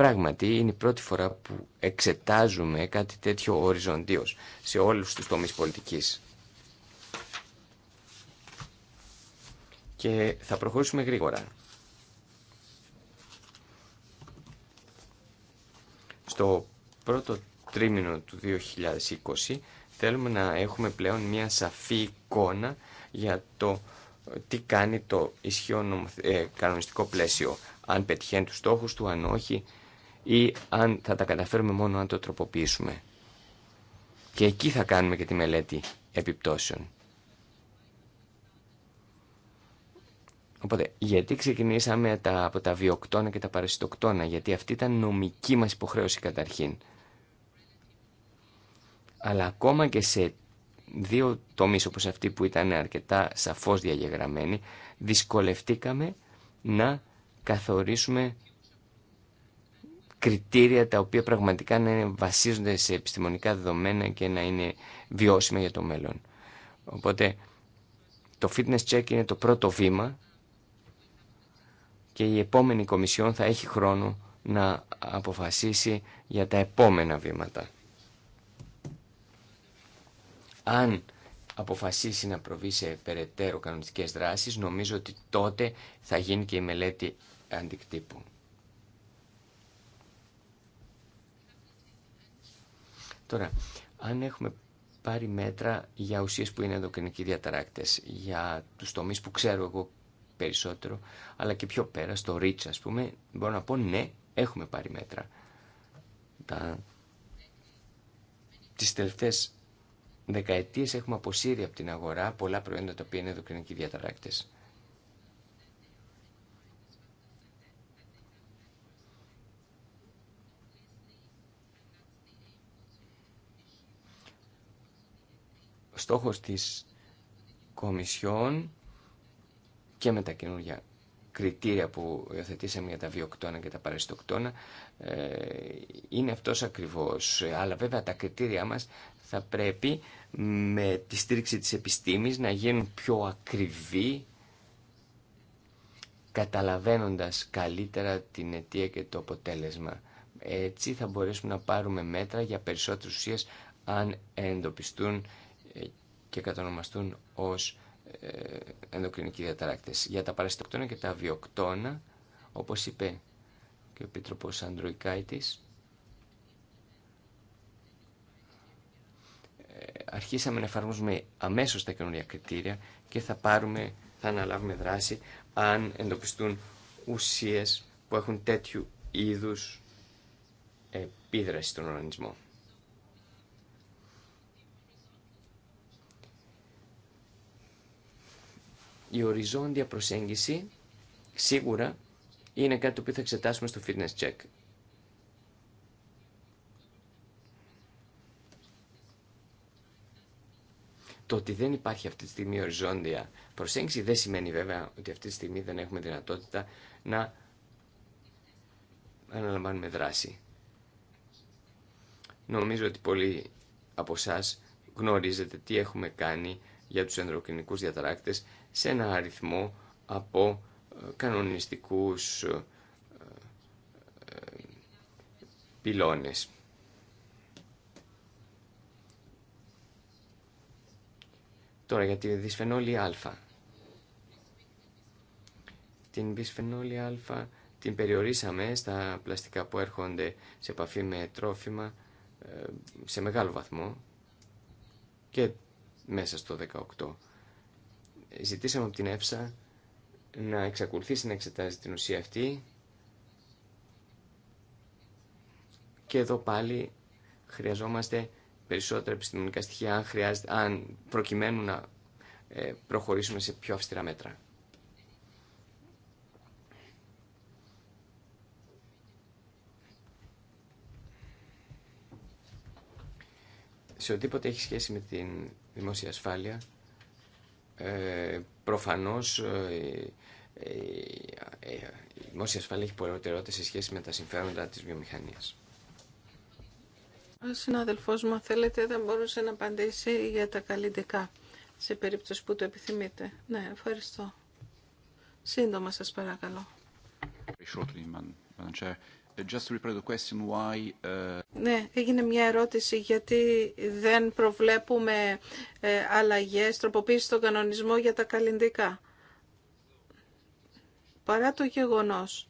Πράγματι, είναι η πρώτη φορά που εξετάζουμε κάτι τέτοιο οριζοντίως σε όλους τους τομείς πολιτικής. Και θα προχωρήσουμε γρήγορα. Στο πρώτο τρίμηνο του 2020 θέλουμε να έχουμε πλέον μια σαφή εικόνα για το τι κάνει το ισχυρό ε, κανονιστικό πλαίσιο. Αν πετυχαίνει τους στόχους του, αν όχι, ή αν θα τα καταφέρουμε μόνο αν το τροποποιήσουμε. Και εκεί θα κάνουμε και τη μελέτη επιπτώσεων. Οπότε, γιατί ξεκινήσαμε από τα βιοκτώνα και τα παρασιτοκτώνα, γιατί αυτή ήταν νομική μας υποχρέωση καταρχήν. Αλλά ακόμα και σε δύο τομείς όπως αυτή που ήταν αρκετά σαφώς διαγεγραμμένη δυσκολευτήκαμε να καθορίσουμε κριτήρια τα οποία πραγματικά να βασίζονται σε επιστημονικά δεδομένα και να είναι βιώσιμα για το μέλλον. Οπότε το fitness check είναι το πρώτο βήμα και η επόμενη κομισιόν θα έχει χρόνο να αποφασίσει για τα επόμενα βήματα. Αν αποφασίσει να προβεί σε περαιτέρω κανονιστικές δράσεις, νομίζω ότι τότε θα γίνει και η μελέτη αντικτύπου. Τώρα, αν έχουμε πάρει μέτρα για ουσίες που είναι ενδοκρινικοί διαταράκτες, για τους τομείς που ξέρω εγώ περισσότερο, αλλά και πιο πέρα, στο ρίτσα ας πούμε, μπορώ να πω ναι, έχουμε πάρει μέτρα. Τα... Τις τελευταίες δεκαετίες έχουμε αποσύρει από την αγορά πολλά προϊόντα τα οποία είναι ενδοκρινικοί διαταράκτες. στόχος της Κομισιόν και με τα καινούργια κριτήρια που υιοθετήσαμε για τα βιοκτώνα και τα παρεστοκτώνα ε, είναι αυτός ακριβώς. Αλλά βέβαια τα κριτήρια μας θα πρέπει με τη στήριξη της επιστήμης να γίνουν πιο ακριβή καταλαβαίνοντας καλύτερα την αιτία και το αποτέλεσμα. Έτσι θα μπορέσουμε να πάρουμε μέτρα για περισσότερες ουσίες αν εντοπιστούν και κατονομαστούν ως ε, ενδοκρινικοί διαταράκτες. Για τα παραστοκτόνα και τα βιοκτόνα, όπως είπε και ο πίτροπος Αντροϊκάητης, ε, αρχίσαμε να εφαρμόζουμε αμέσως τα καινούργια κριτήρια και θα, πάρουμε, θα αναλάβουμε δράση αν εντοπιστούν ουσίες που έχουν τέτοιου είδους επίδραση στον οργανισμό. Η οριζόντια προσέγγιση σίγουρα είναι κάτι το οποίο θα εξετάσουμε στο fitness check. Το ότι δεν υπάρχει αυτή τη στιγμή οριζόντια προσέγγιση δεν σημαίνει βέβαια ότι αυτή τη στιγμή δεν έχουμε δυνατότητα να αναλαμβάνουμε δράση. Νομίζω ότι πολλοί από εσά γνωρίζετε τι έχουμε κάνει για τους ενδοκρινικούς διαταράκτες σε ένα αριθμό από ε, κανονιστικούς ε, ε, πυλώνες. Τώρα για τη δυσφενόλη α. Την δυσφενόλη α την περιορίσαμε στα πλαστικά που έρχονται σε επαφή με τρόφιμα σε μεγάλο βαθμό και μέσα στο 18 ζητήσαμε από την ΕΦΣΑ να εξακολουθήσει να εξετάζει την ουσία αυτή και εδώ πάλι χρειαζόμαστε περισσότερα επιστημονικά στοιχεία αν, χρειάζεται, αν προκειμένου να ε, προχωρήσουμε σε πιο αυστηρά μέτρα. Σε οτιδήποτε έχει σχέση με την δημόσια ασφάλεια, ε, προφανώς ε, ε, η δημόσια ασφάλεια έχει προτεραιότητα σε σχέση με τα συμφέροντα της βιομηχανίας. Ο συνάδελφός μου, θέλετε, δεν μπορούσε να απαντήσει για τα καλλιντικά, σε περίπτωση που το επιθυμείτε. Ναι, ευχαριστώ. Σύντομα σας παρακαλώ. Uh, uh, ναι, έγινε μια ερώτηση γιατί δεν προβλέπουμε ε, αλλαγές, τροποποίηση στον κανονισμό για τα καλλιντικά. Παρά το γεγονός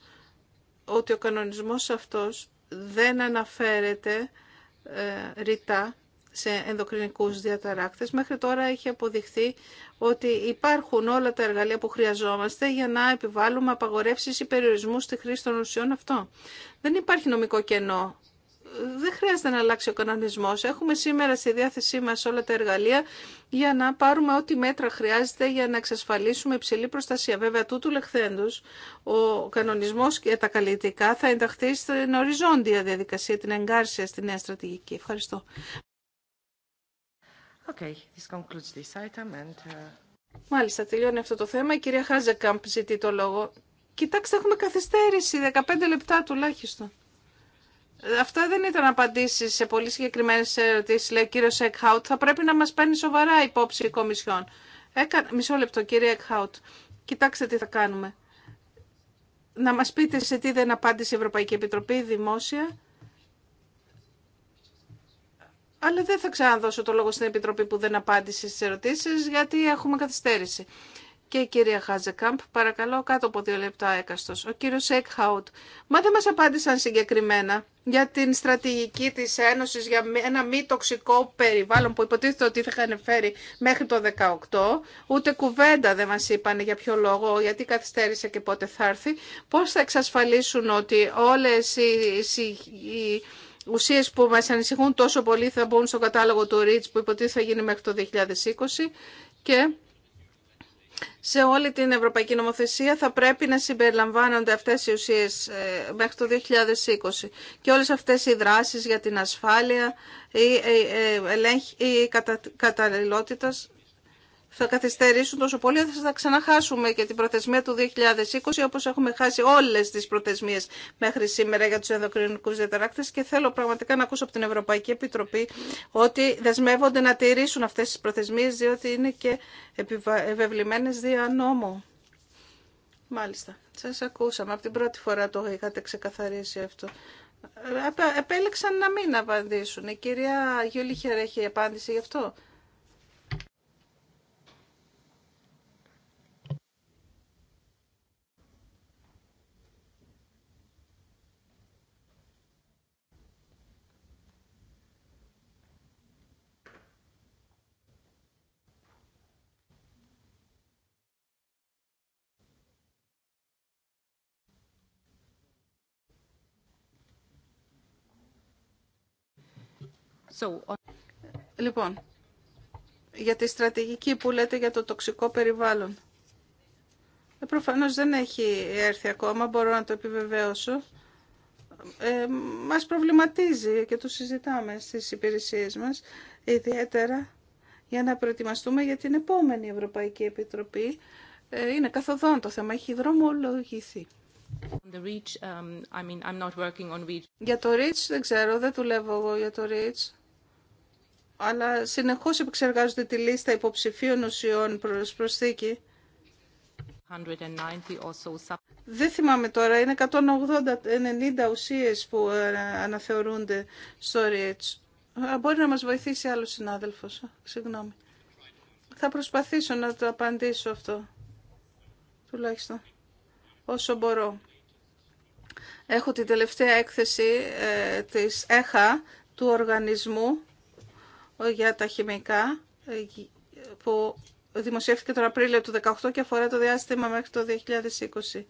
ότι ο κανονισμός αυτός δεν αναφέρεται ε, ρητά σε ενδοκρινικούς διαταράκτες. Μέχρι τώρα έχει αποδειχθεί ότι υπάρχουν όλα τα εργαλεία που χρειαζόμαστε για να επιβάλλουμε απαγορεύσεις ή περιορισμούς στη χρήση των ουσιών αυτών. Δεν υπάρχει νομικό κενό. Δεν χρειάζεται να αλλάξει ο κανονισμός. Έχουμε σήμερα στη διάθεσή μας όλα τα εργαλεία για να πάρουμε ό,τι μέτρα χρειάζεται για να εξασφαλίσουμε υψηλή προστασία. Βέβαια, τούτου λεχθέντος, ο κανονισμός και τα καλλιτικά θα ενταχθεί στην οριζόντια διαδικασία, την εγκάρσια στη νέα στρατηγική. Ευχαριστώ. Okay, this concludes this item and... Uh, Μάλιστα, τελειώνει αυτό το θέμα. Η κυρία Χάζεκαμπ ζητεί το λόγο. Κοιτάξτε, έχουμε καθυστέρηση, 15 λεπτά τουλάχιστον. Αυτά δεν ήταν απαντήσει σε πολύ συγκεκριμένε ερωτήσει, λέει ο κύριο Εκχάουτ. Θα πρέπει να μα παίρνει σοβαρά υπόψη η Κομισιόν. Έκα... Μισό λεπτό, κύριε Εκχάουτ. Κοιτάξτε τι θα κάνουμε. Να μα πείτε σε τι δεν απάντησε η Ευρωπαϊκή Επιτροπή δημόσια αλλά δεν θα ξαναδώσω το λόγο στην Επιτροπή που δεν απάντησε στις ερωτήσεις, γιατί έχουμε καθυστέρηση. Και η κυρία Χάζεκαμπ, παρακαλώ, κάτω από δύο λεπτά έκαστο. Ο κύριο Σέικχαουτ. μα δεν μα απάντησαν συγκεκριμένα για την στρατηγική τη Ένωση για ένα μη τοξικό περιβάλλον που υποτίθεται ότι θα είχαν φέρει μέχρι το 18. Ούτε κουβέντα δεν μα είπαν για ποιο λόγο, γιατί καθυστέρησε και πότε θα έρθει. Πώ θα εξασφαλίσουν ότι όλες οι ουσίες που μας ανησυχούν τόσο πολύ θα μπουν στο κατάλογο του REACH που υποτίθεται θα γίνει μέχρι το 2020 και σε όλη την Ευρωπαϊκή Νομοθεσία θα πρέπει να συμπεριλαμβάνονται αυτές οι ουσίες ε, μέχρι το 2020 και όλες αυτές οι δράσεις για την ασφάλεια ή η, η, ε, θα καθυστερήσουν τόσο πολύ, θα ξαναχάσουμε και την προθεσμία του 2020, όπως έχουμε χάσει όλες τις προθεσμίες μέχρι σήμερα για τους ενδοκρινικούς διαταράκτες και θέλω πραγματικά να ακούσω από την Ευρωπαϊκή Επιτροπή ότι δεσμεύονται να τηρήσουν αυτές τις προθεσμίες, διότι είναι και ευευλημένες δια νόμου. Μάλιστα. Σας ακούσαμε. Από την πρώτη φορά το είχατε ξεκαθαρίσει αυτό. Επέλεξαν να μην απαντήσουν. Η κυρία Γιούλη έχει απάντηση γι' αυτό. Λοιπόν, για τη στρατηγική που λέτε για το τοξικό περιβάλλον. Ε, προφανώς δεν έχει έρθει ακόμα, μπορώ να το επιβεβαίωσω. Ε, μας προβληματίζει και το συζητάμε στις υπηρεσίες μας, ιδιαίτερα για να προετοιμαστούμε για την επόμενη Ευρωπαϊκή Επιτροπή. Ε, είναι καθοδόν το θέμα, έχει δρομολογηθεί. Για το REACH δεν ξέρω, δεν δουλεύω εγώ για το REACH αλλά συνεχώς επεξεργάζονται τη λίστα υποψηφίων ουσιών προς προσθήκη. Δεν θυμάμαι τώρα, είναι 180-90 ουσίες που ε, αναθεωρούνται στο REACH. Ε, μπορεί να μας βοηθήσει άλλος συνάδελφος, συγγνώμη. Θα προσπαθήσω να το απαντήσω αυτό, τουλάχιστον, όσο μπορώ. Έχω την τελευταία έκθεση ε, της ΕΧΑ, του οργανισμού, για τα χημικά ε, που δημοσιεύτηκε τον Απρίλιο του 2018 και αφορά το διάστημα μέχρι το 2020.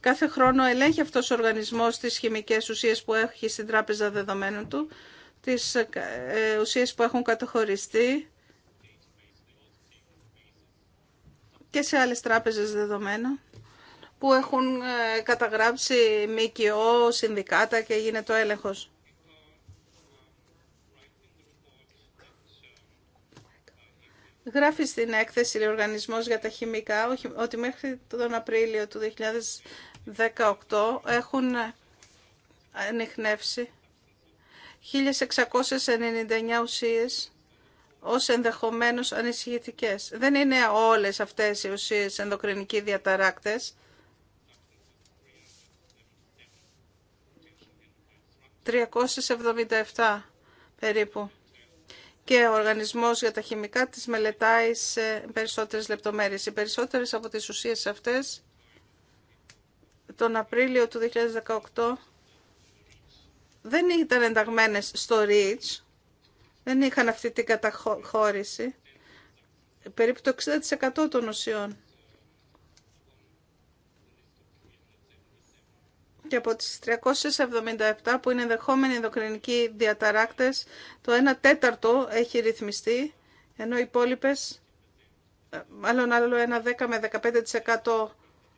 Κάθε χρόνο ελέγχει αυτός ο οργανισμός τις χημικές ουσίες που έχει στην τράπεζα δεδομένων του, τις ε, ε, ουσίες που έχουν κατοχωριστεί και σε άλλες τράπεζες δεδομένων που έχουν καταγράψει ΜΚΟ, συνδικάτα και γίνεται ο έλεγχος. Γράφει στην έκθεση ο Οργανισμός για τα Χημικά ότι μέχρι τον Απρίλιο του 2018 έχουν ανοιχνεύσει 1.699 ουσίες ως ενδεχομένως ανησυχητικές. Δεν είναι όλες αυτές οι ουσίες ενδοκρινικοί διαταράκτες. 377 περίπου και ο Οργανισμός για τα Χημικά τις μελετάει σε περισσότερες λεπτομέρειες. Οι περισσότερες από τις ουσίες αυτές τον Απρίλιο του 2018 δεν ήταν ενταγμένες στο REACH, δεν είχαν αυτή την καταχώρηση, περίπου το 60% των ουσιών. και από τις 377 που είναι ενδεχόμενοι ενδοκρινικοί διαταράκτες, το 1 τέταρτο έχει ρυθμιστεί, ενώ οι υπόλοιπε, ε, μάλλον άλλο ένα 10 με 15%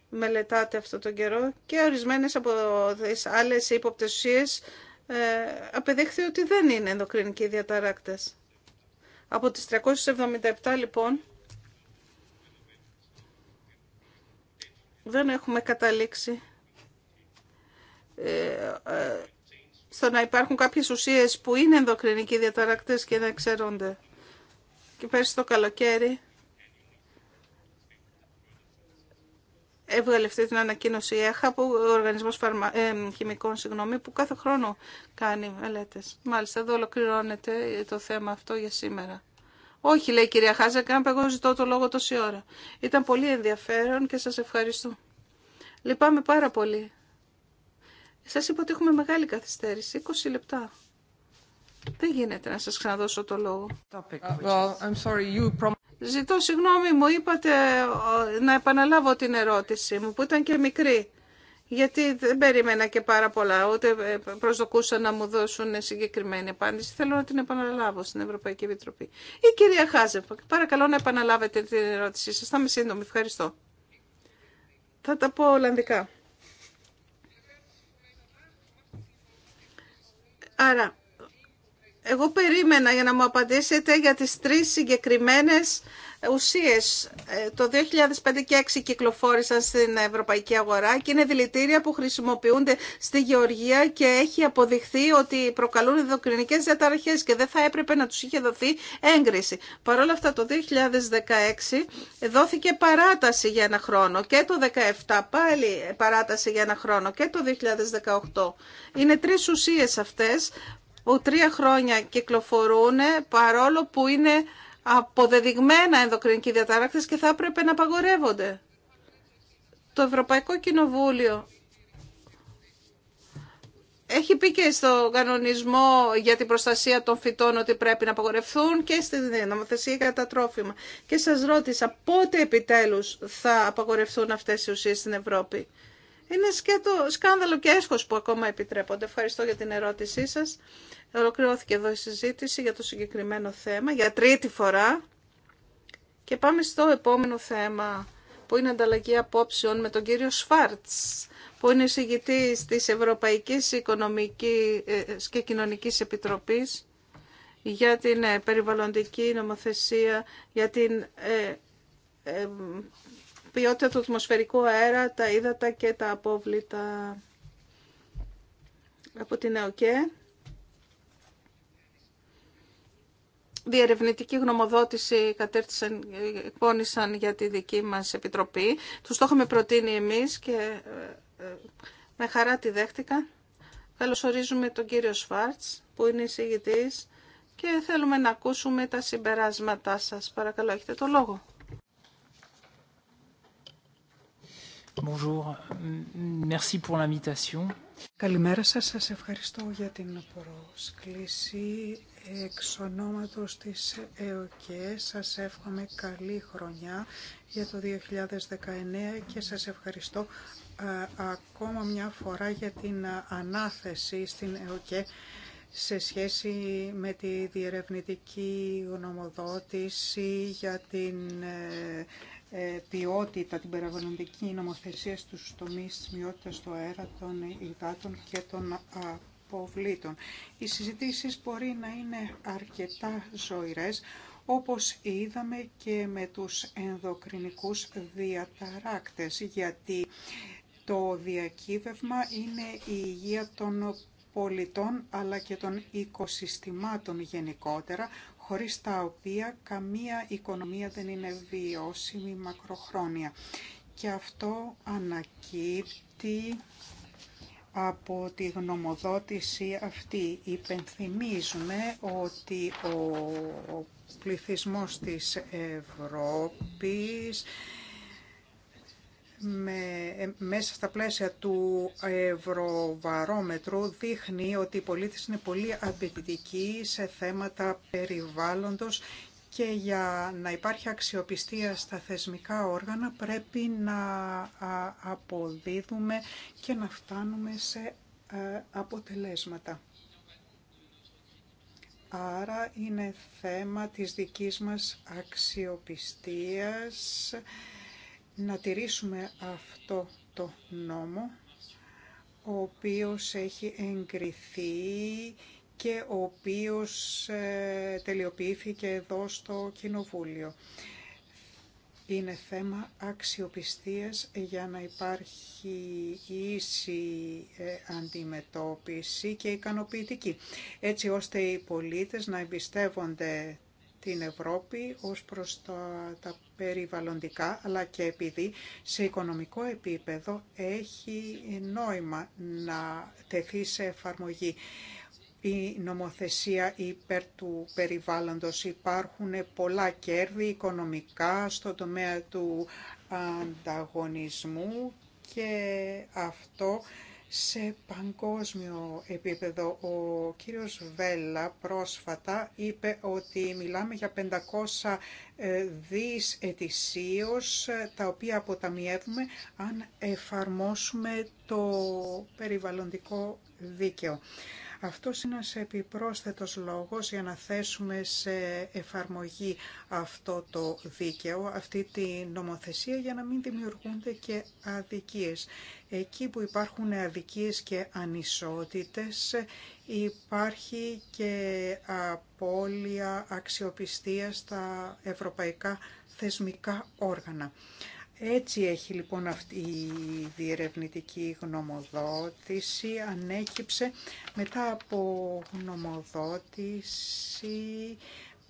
μελετάται αυτό τον καιρό και ορισμένες από τις άλλες ύποπτες ε, απεδείχθη ότι δεν είναι ενδοκρινικοί διαταράκτες. Από τις 377 λοιπόν δεν έχουμε καταλήξει στο να υπάρχουν κάποιες ουσίες που είναι ενδοκρινικοί διαταράκτες και δεν ξέρονται. Και πέρσι το καλοκαίρι έβγαλε αυτή την ανακοίνωση η ΕΧΑ, ο Οργανισμός Φαρμα... Ε, Χημικών, συγγνώμη, που κάθε χρόνο κάνει μελέτες. Μάλιστα, εδώ ολοκληρώνεται το θέμα αυτό για σήμερα. Όχι, λέει η κυρία Χάζα, κάνω εγώ ζητώ το λόγο τόση ώρα. Ήταν πολύ ενδιαφέρον και σας ευχαριστώ. Λυπάμαι πάρα πολύ σας είπα ότι έχουμε μεγάλη καθυστέρηση, 20 λεπτά. Δεν γίνεται να σας ξαναδώσω το λόγο. I'm sorry, you... Ζητώ συγγνώμη, μου είπατε ε, να επαναλάβω την ερώτηση μου, που ήταν και μικρή. Γιατί δεν περίμενα και πάρα πολλά, ούτε ε, προσδοκούσα να μου δώσουν συγκεκριμένη απάντηση. Θέλω να την επαναλάβω στην Ευρωπαϊκή Επιτροπή. Η κυρία Χάζευ, παρακαλώ να επαναλάβετε την ερώτησή σας. Θα είμαι σύντομη. Ευχαριστώ. Θα τα πω Ολλανδικά. Άρα, εγώ περίμενα για να μου απαντήσετε για τις τρεις συγκεκριμένες ουσίες ε, το 2005 και 2006 κυκλοφόρησαν στην ευρωπαϊκή αγορά και είναι δηλητήρια που χρησιμοποιούνται στη γεωργία και έχει αποδειχθεί ότι προκαλούν ενδοκρινικές διαταραχές και δεν θα έπρεπε να τους είχε δοθεί έγκριση. Παρ' όλα αυτά το 2016 δόθηκε παράταση για ένα χρόνο και το 2017 πάλι παράταση για ένα χρόνο και το 2018. Είναι τρεις ουσίες αυτές που τρία χρόνια κυκλοφορούν παρόλο που είναι αποδεδειγμένα ενδοκρινικοί διαταράκτες και θα έπρεπε να απαγορεύονται. Το Ευρωπαϊκό Κοινοβούλιο έχει πει και στο κανονισμό για την προστασία των φυτών ότι πρέπει να απαγορευθούν και στη νομοθεσία για τα τρόφιμα. Και σας ρώτησα πότε επιτέλους θα απαγορευθούν αυτές οι ουσίες στην Ευρώπη. Είναι σκέτο, σκάνδαλο και έσχος που ακόμα επιτρέπονται. Ευχαριστώ για την ερώτησή σας. Ολοκληρώθηκε εδώ η συζήτηση για το συγκεκριμένο θέμα για τρίτη φορά. Και πάμε στο επόμενο θέμα που είναι ανταλλαγή απόψεων με τον κύριο Σφάρτς που είναι εισηγητή της ευρωπαϊκή Οικονομικής ε, και Κοινωνικής Επιτροπής για την ε, περιβαλλοντική νομοθεσία, για την ε, ποιότητα του ατμοσφαιρικού αέρα, τα ύδατα και τα απόβλητα από την ΕΟΚΕ. διερευνητική γνωμοδότηση κατέρτισαν, εκπώνησαν για τη δική μας επιτροπή. Τους το είχαμε προτείνει εμείς και ε, ε, με χαρά τη δέχτηκα. Καλωσορίζουμε τον κύριο Σφάρτς που είναι εισηγητής και θέλουμε να ακούσουμε τα συμπεράσματά σας. Παρακαλώ, έχετε το λόγο. Καλημέρα σας, σας ευχαριστώ για την πρόσκληση. Εξ ονόματος της ΕΟΚΕ σας εύχομαι καλή χρονιά για το 2019 και σας ευχαριστώ ακόμα μια φορά για την ανάθεση στην ΕΟΚΕ σε σχέση με τη διερευνητική γνωμοδότηση για την ε, ε, ποιότητα την περιβαλλοντική νομοθεσία στους τομείς της μειότητας του αέρα, των υδάτων και των αποβλήτων. Οι συζητήσεις μπορεί να είναι αρκετά ζωηρές, όπως είδαμε και με τους ενδοκρινικούς διαταράκτες, γιατί το διακύβευμα είναι η υγεία των πολιτών αλλά και των οικοσυστημάτων γενικότερα, χωρίς τα οποία καμία οικονομία δεν είναι βιώσιμη μακροχρόνια. Και αυτό ανακύπτει από τη γνωμοδότηση αυτή. Υπενθυμίζουμε ότι ο πληθυσμός της Ευρώπης με, ε, μέσα στα πλαίσια του ευρωβαρόμετρου δείχνει ότι οι πολίτες είναι πολύ απαιτητικοί σε θέματα περιβάλλοντος και για να υπάρχει αξιοπιστία στα θεσμικά όργανα πρέπει να αποδίδουμε και να φτάνουμε σε ε, αποτελέσματα. Άρα είναι θέμα της δικής μας αξιοπιστίας να τηρήσουμε αυτό το νόμο, ο οποίος έχει εγκριθεί και ο οποίος ε, τελειοποιήθηκε εδώ στο Κοινοβούλιο. Είναι θέμα αξιοπιστίας για να υπάρχει ίση ε, αντιμετώπιση και ικανοποιητική, έτσι ώστε οι πολίτες να εμπιστεύονται την Ευρώπη ως προς τα, περιβαλλοντικά, αλλά και επειδή σε οικονομικό επίπεδο έχει νόημα να τεθεί σε εφαρμογή η νομοθεσία υπέρ του περιβάλλοντος. Υπάρχουν πολλά κέρδη οικονομικά στο τομέα του ανταγωνισμού και αυτό σε παγκόσμιο επίπεδο. Ο κύριος Βέλλα πρόσφατα είπε ότι μιλάμε για 500 ε, δις ετησίως, ε, τα οποία αποταμιεύουμε αν εφαρμόσουμε το περιβαλλοντικό δίκαιο. Αυτό είναι ένας επιπρόσθετος λόγος για να θέσουμε σε εφαρμογή αυτό το δίκαιο, αυτή τη νομοθεσία για να μην δημιουργούνται και αδικίες. Εκεί που υπάρχουν αδικίες και ανισότητες υπάρχει και απώλεια αξιοπιστίας στα ευρωπαϊκά θεσμικά όργανα. Έτσι έχει λοιπόν αυτή η διερευνητική γνωμοδότηση, ανέκυψε μετά από γνωμοδότηση,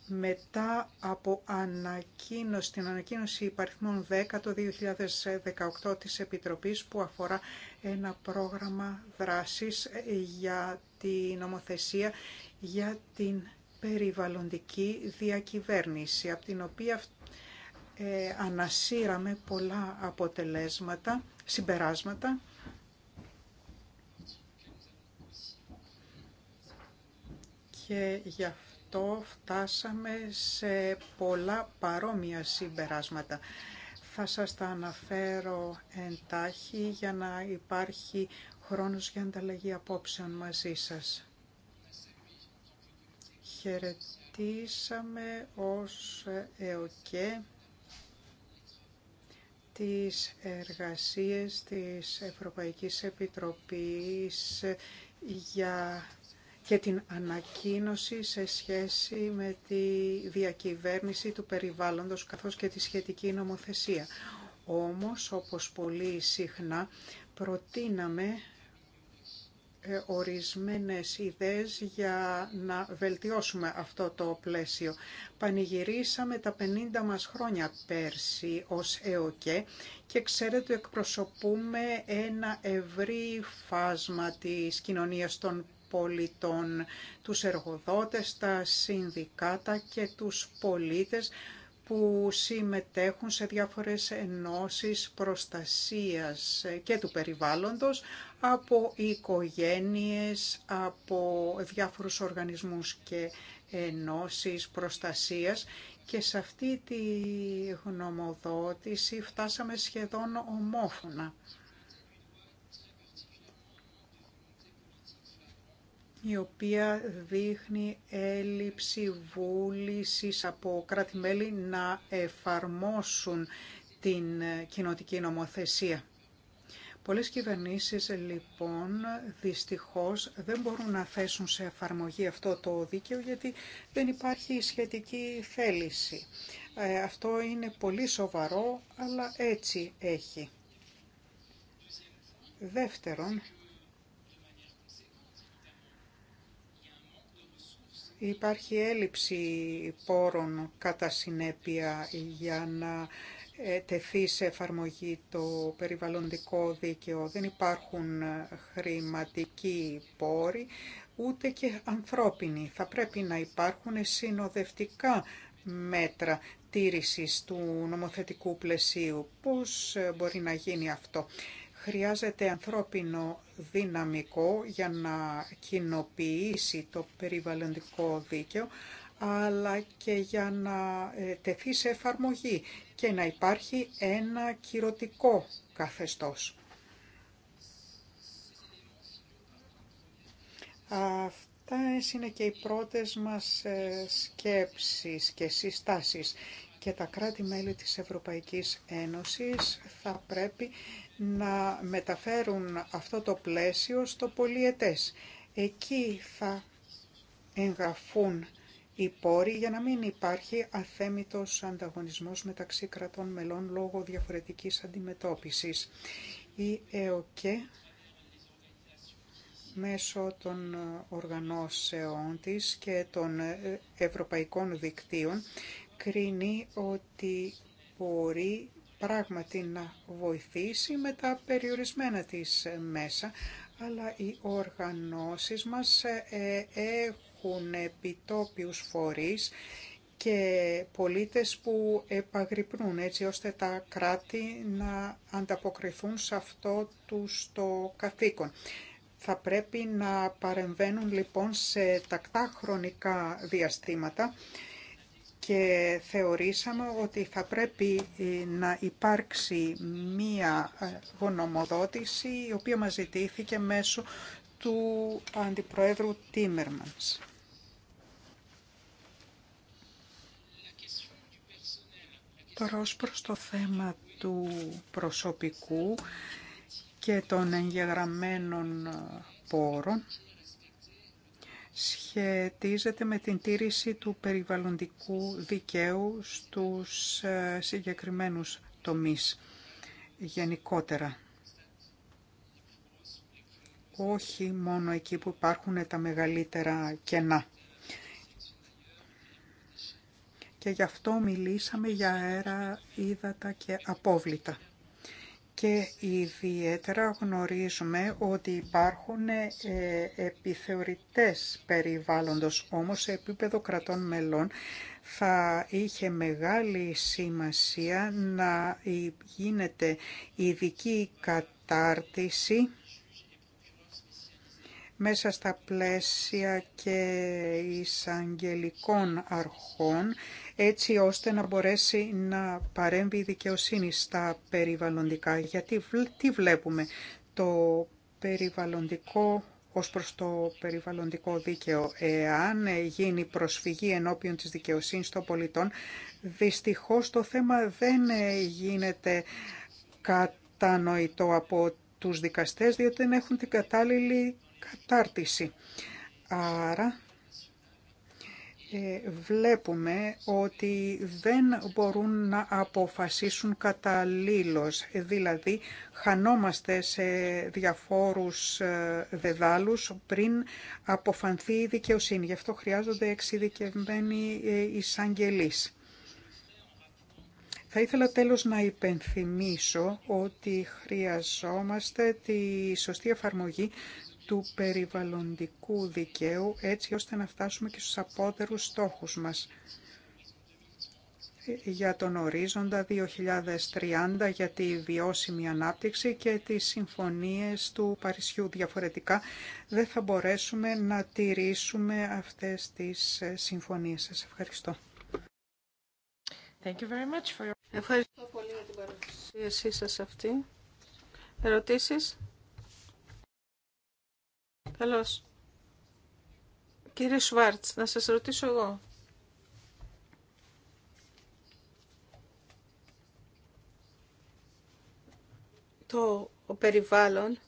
μετά από ανακοίνωση, την ανακοίνωση υπαριθμών 10 το 2018 της Επιτροπής που αφορά ένα πρόγραμμα δράσης για την νομοθεσία για την περιβαλλοντική διακυβέρνηση, από την οποία ε, ανασύραμε πολλά αποτελέσματα, συμπεράσματα και γι' αυτό φτάσαμε σε πολλά παρόμοια συμπεράσματα. Θα σας τα αναφέρω εντάχει για να υπάρχει χρόνος για ανταλλαγή απόψεων μαζί σας. Χαιρετήσαμε ως ΕΟΚΕ τις εργασίες της Ευρωπαϊκής Επιτροπής για και την ανακοίνωση σε σχέση με τη διακυβέρνηση του περιβάλλοντος καθώς και τη σχετική νομοθεσία. Όμως, όπως πολύ συχνά, προτείναμε ε, ορισμένες ιδέες για να βελτιώσουμε αυτό το πλαίσιο. Πανηγυρίσαμε τα 50 μας χρόνια πέρσι ως ΕΟΚΕ και ξέρετε εκπροσωπούμε ένα ευρύ φάσμα της κοινωνίας των πολιτών, τους εργοδότες, τα συνδικάτα και τους πολίτες που συμμετέχουν σε διάφορες ενώσεις προστασίας ε, και του περιβάλλοντος, από οικογένειες, από διάφορους οργανισμούς και ενώσεις προστασίας και σε αυτή τη γνωμοδότηση φτάσαμε σχεδόν ομόφωνα. η οποία δείχνει έλλειψη βούλησης από κράτη-μέλη να εφαρμόσουν την κοινοτική νομοθεσία. Πολλές κυβερνήσεις λοιπόν δυστυχώς δεν μπορούν να θέσουν σε εφαρμογή αυτό το δίκαιο γιατί δεν υπάρχει σχετική θέληση. Ε, αυτό είναι πολύ σοβαρό αλλά έτσι έχει. Δεύτερον, υπάρχει έλλειψη πόρων κατά συνέπεια για να ε, τεθεί σε εφαρμογή το περιβαλλοντικό δίκαιο. Δεν υπάρχουν ε, χρηματικοί πόροι, ούτε και ανθρώπινοι. Θα πρέπει να υπάρχουν συνοδευτικά μέτρα τήρησης του νομοθετικού πλαισίου. Πώς ε, μπορεί να γίνει αυτό. Χρειάζεται ανθρώπινο δυναμικό για να κοινοποιήσει το περιβαλλοντικό δίκαιο, αλλά και για να ε, τεθεί σε εφαρμογή και να υπάρχει ένα κυρωτικό καθεστώς. Αυτά είναι και οι πρώτες μας ε, σκέψεις και συστάσεις και τα κράτη-μέλη της Ευρωπαϊκής Ένωσης θα πρέπει να μεταφέρουν αυτό το πλαίσιο στο πολιετές. Εκεί θα εγγραφούν οι πόροι για να μην υπάρχει αθέμητος ανταγωνισμός μεταξύ κρατών μελών λόγω διαφορετικής αντιμετώπισης. Η ΕΟΚΕ μέσω των οργανώσεών της και των ευρωπαϊκών δικτύων κρίνει ότι μπορεί πράγματι να βοηθήσει με τα περιορισμένα της μέσα, αλλά οι οργανώσεις μας ε, έχουν έχουν επιτόπιους φορείς και πολίτες που επαγρυπνούν έτσι ώστε τα κράτη να ανταποκριθούν σε αυτό τους το καθήκον. Θα πρέπει να παρεμβαίνουν λοιπόν σε τακτά χρονικά διαστήματα και θεωρήσαμε ότι θα πρέπει ε, να υπάρξει μία ε, γονομοδότηση η οποία μας ζητήθηκε μέσω του Αντιπροέδρου Τίμερμανς. Τώρα ως προς το θέμα του προσωπικού και των εγγεγραμμένων πόρων σχετίζεται με την τήρηση του περιβαλλοντικού δικαίου στους ε, συγκεκριμένους τομείς γενικότερα. Όχι μόνο εκεί που υπάρχουν τα μεγαλύτερα κενά και γι' αυτό μιλήσαμε για αέρα, ύδατα και απόβλητα. Και ιδιαίτερα γνωρίζουμε ότι υπάρχουν ε, επιθεωρητές περιβάλλοντος, όμως σε επίπεδο κρατών μελών θα είχε μεγάλη σημασία να γίνεται ειδική κατάρτιση μέσα στα πλαίσια και εισαγγελικών αρχών έτσι ώστε να μπορέσει να παρέμβει η δικαιοσύνη στα περιβαλλοντικά. Γιατί τι βλέπουμε το περιβαλλοντικό ως προς το περιβαλλοντικό δίκαιο. Εάν γίνει προσφυγή ενώπιον της δικαιοσύνης των πολιτών, δυστυχώς το θέμα δεν γίνεται κατανοητό από τους δικαστές, διότι δεν έχουν την κατάλληλη κατάρτιση. Άρα ε, βλέπουμε ότι δεν μπορούν να αποφασίσουν καταλήλως. Δηλαδή, χανόμαστε σε διαφόρους ε, δεδάλους πριν αποφανθεί η δικαιοσύνη. Γι' αυτό χρειάζονται εξειδικευμένοι ε, εισαγγελείς. Θα ήθελα τέλος να υπενθυμίσω ότι χρειαζόμαστε τη σωστή εφαρμογή του περιβαλλοντικού δικαίου έτσι ώστε να φτάσουμε και στους απότερους στόχους μας για τον ορίζοντα 2030 για τη βιώσιμη ανάπτυξη και τις συμφωνίες του Παρισιού. Διαφορετικά δεν θα μπορέσουμε να τηρήσουμε αυτές τις ε, συμφωνίες. Σας ευχαριστώ. Thank you very much for Ευχαριστώ πολύ για την παρουσίασή σας αυτή. Ερωτήσεις? Καλώς. Κύριε Σουάρτς, να σας ρωτήσω εγώ. Το περιβάλλον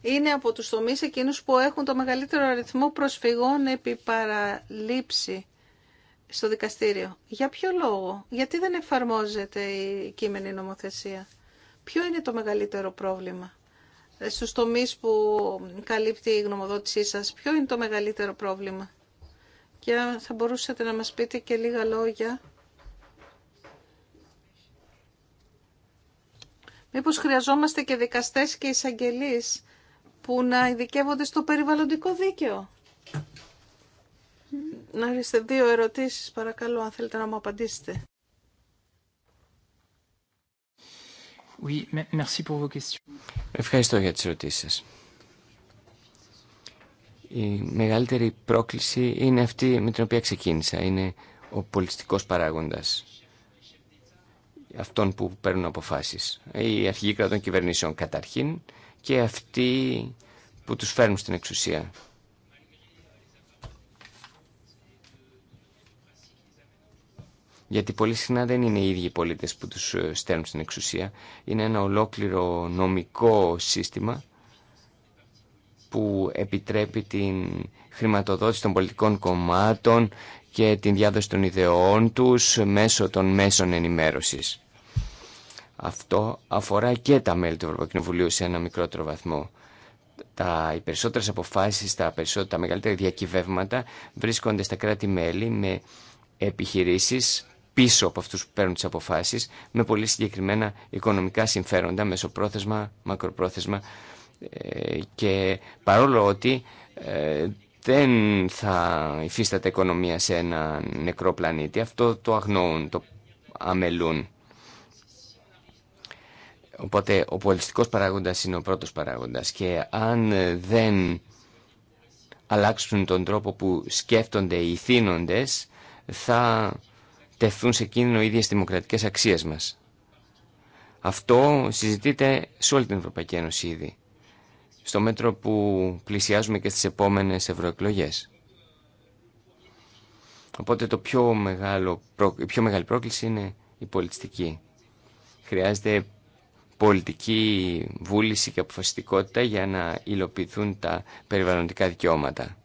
είναι από τους τομείς εκείνους που έχουν το μεγαλύτερο αριθμό προσφυγών επί παραλήψη στο δικαστήριο. Για ποιο λόγο, γιατί δεν εφαρμόζεται η κείμενη νομοθεσία. Ποιο είναι το μεγαλύτερο πρόβλημα στους τομείς που καλύπτει η γνωμοδότησή σας. Ποιο είναι το μεγαλύτερο πρόβλημα. Και θα μπορούσατε να μας πείτε και λίγα λόγια. Μήπως χρειαζόμαστε και δικαστές και εισαγγελείς που να ειδικεύονται στο περιβαλλοντικό δίκαιο. Να είστε δύο ερωτήσεις παρακαλώ αν θέλετε να μου απαντήσετε. Ευχαριστώ για τις ερωτήσεις σας. Η μεγαλύτερη πρόκληση είναι αυτή με την οποία ξεκίνησα. Είναι ο πολιτιστικός παράγοντας αυτών που παίρνουν αποφάσεις. Οι αρχηγοί κρατών κυβερνήσεων καταρχήν και αυτοί που τους φέρνουν στην εξουσία. γιατί πολύ συχνά δεν είναι οι ίδιοι οι πολίτες που τους ε, στέλνουν στην εξουσία. Είναι ένα ολόκληρο νομικό σύστημα που επιτρέπει την χρηματοδότηση των πολιτικών κομμάτων και την διάδοση των ιδεών τους μέσω των μέσων ενημέρωσης. Αυτό αφορά και τα μέλη του Ευρωπαϊκού Κοινοβουλίου σε ένα μικρότερο βαθμό. Τα, οι περισσότερες αποφάσεις, τα, περισσότερα, τα μεγαλύτερα διακυβεύματα βρίσκονται στα κράτη-μέλη με επιχειρήσεις πίσω από αυτούς που παίρνουν τις αποφάσεις με πολύ συγκεκριμένα οικονομικά συμφέροντα, μεσοπρόθεσμα, μακροπρόθεσμα ε, και παρόλο ότι ε, δεν θα υφίσταται οικονομία σε ένα νεκρό πλανήτη, αυτό το αγνοούν, το αμελούν. Οπότε ο πολιτιστικός παράγοντας είναι ο πρώτος παράγοντας και αν δεν αλλάξουν τον τρόπο που σκέφτονται οι θύνοντες θα τεθούν σε κίνδυνο οι ίδιες δημοκρατικές αξίες μας. Αυτό συζητείται σε όλη την Ευρωπαϊκή Ένωση ήδη, στο μέτρο που πλησιάζουμε και στις επόμενες ευρωεκλογέ. Οπότε το πιο μεγάλο, η πιο μεγάλη πρόκληση είναι η πολιτιστική. Χρειάζεται πολιτική βούληση και αποφασιστικότητα για να υλοποιηθούν τα περιβαλλοντικά δικαιώματα.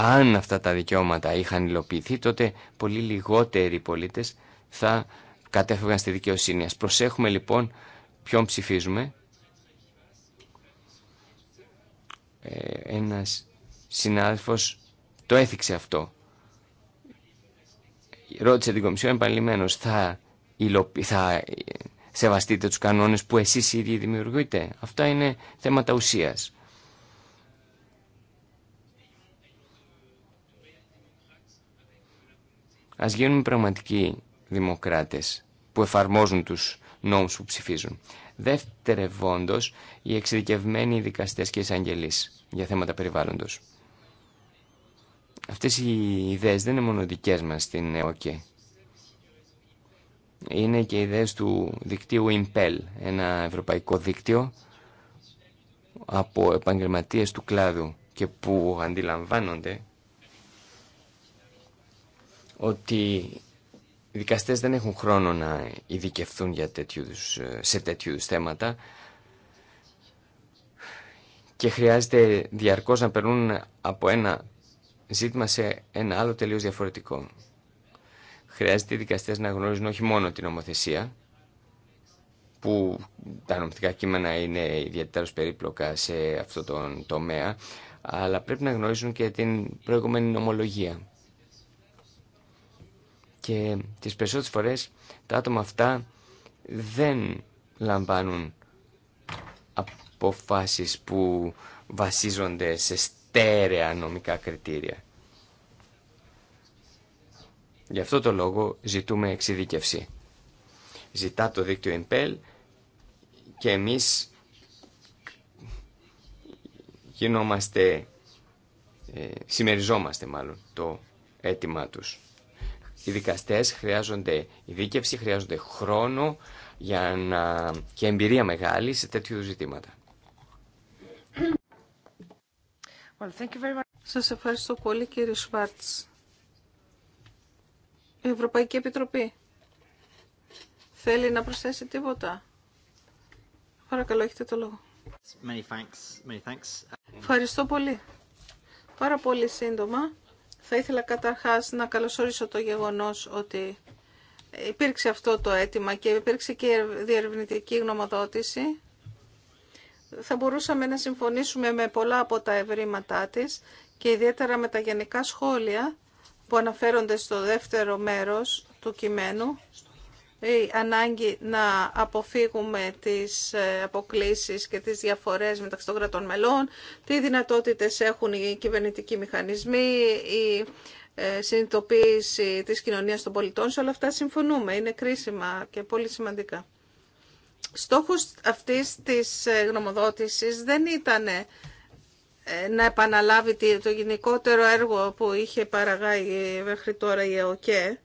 αν αυτά τα δικαιώματα είχαν υλοποιηθεί, τότε πολύ λιγότεροι πολίτες θα κατέφευγαν στη δικαιοσύνη. Ας προσέχουμε λοιπόν ποιον ψηφίζουμε. Ε, ένας συνάδελφος το έθιξε αυτό. Ρώτησε την Κομισιόν επανειλημμένως, θα, θα ε, σεβαστείτε τους κανόνες που εσείς οι ίδιοι δημιουργείτε. Αυτά είναι θέματα ουσίας. Ας γίνουν πραγματικοί δημοκράτες που εφαρμόζουν τους νόμους που ψηφίζουν. Δεύτερευόντως, οι εξειδικευμένοι δικαστές και εισαγγελείς για θέματα περιβάλλοντος. Αυτές οι ιδέες δεν είναι μόνο δικές μας στην ΕΟΚΕ. Είναι και ιδέες του δικτύου Impel, ένα ευρωπαϊκό δίκτυο από επαγγελματίες του κλάδου και που αντιλαμβάνονται ότι οι δικαστές δεν έχουν χρόνο να ειδικευθούν για τέτοιους, ε, σε τέτοιου θέματα και χρειάζεται διαρκώς να περνούν από ένα ζήτημα σε ένα άλλο τελείως διαφορετικό. Χρειάζεται οι δικαστές να γνωρίζουν όχι μόνο την νομοθεσία, που τα νομοθετικά κείμενα είναι ιδιαίτερα περίπλοκα σε αυτό το τομέα, αλλά πρέπει να γνωρίζουν και την προηγούμενη νομολογία και τις περισσότερες φορές τα άτομα αυτά δεν λαμβάνουν αποφάσεις που βασίζονται σε στέρεα νομικά κριτήρια. Γι' αυτό το λόγο ζητούμε εξειδίκευση. Ζητά το δίκτυο ΕΜΠΕΛ και εμείς γινόμαστε, ε, συμμεριζόμαστε μάλλον το αίτημά τους. Οι δικαστές χρειάζονται ειδίκευση, χρειάζονται χρόνο για να... και εμπειρία μεγάλη σε τέτοιου ζητήματα. Well, Σας ευχαριστώ πολύ κύριε Σβάρτς. Η Ευρωπαϊκή Επιτροπή θέλει να προσθέσει τίποτα. Παρακαλώ, έχετε το λόγο. Many thanks. Many thanks. Ευχαριστώ πολύ. Πάρα πολύ σύντομα. Θα ήθελα καταρχάς να καλωσορίσω το γεγονός ότι υπήρξε αυτό το αίτημα και υπήρξε και διερευνητική γνωμοδότηση. Θα μπορούσαμε να συμφωνήσουμε με πολλά από τα ευρήματά της και ιδιαίτερα με τα γενικά σχόλια που αναφέρονται στο δεύτερο μέρος του κειμένου η ανάγκη να αποφύγουμε τις ε, αποκλίσεις και τις διαφορές μεταξύ των κρατών μελών, τι δυνατότητες έχουν οι κυβερνητικοί μηχανισμοί, η ε, συνειδητοποίηση της κοινωνίας των πολιτών, σε όλα αυτά συμφωνούμε, είναι κρίσιμα και πολύ σημαντικά. Στόχος αυτής της ε, γνωμοδότησης δεν ήταν να επαναλάβει το γενικότερο έργο που είχε παραγάγει μέχρι τώρα η ΕΟΚΕ,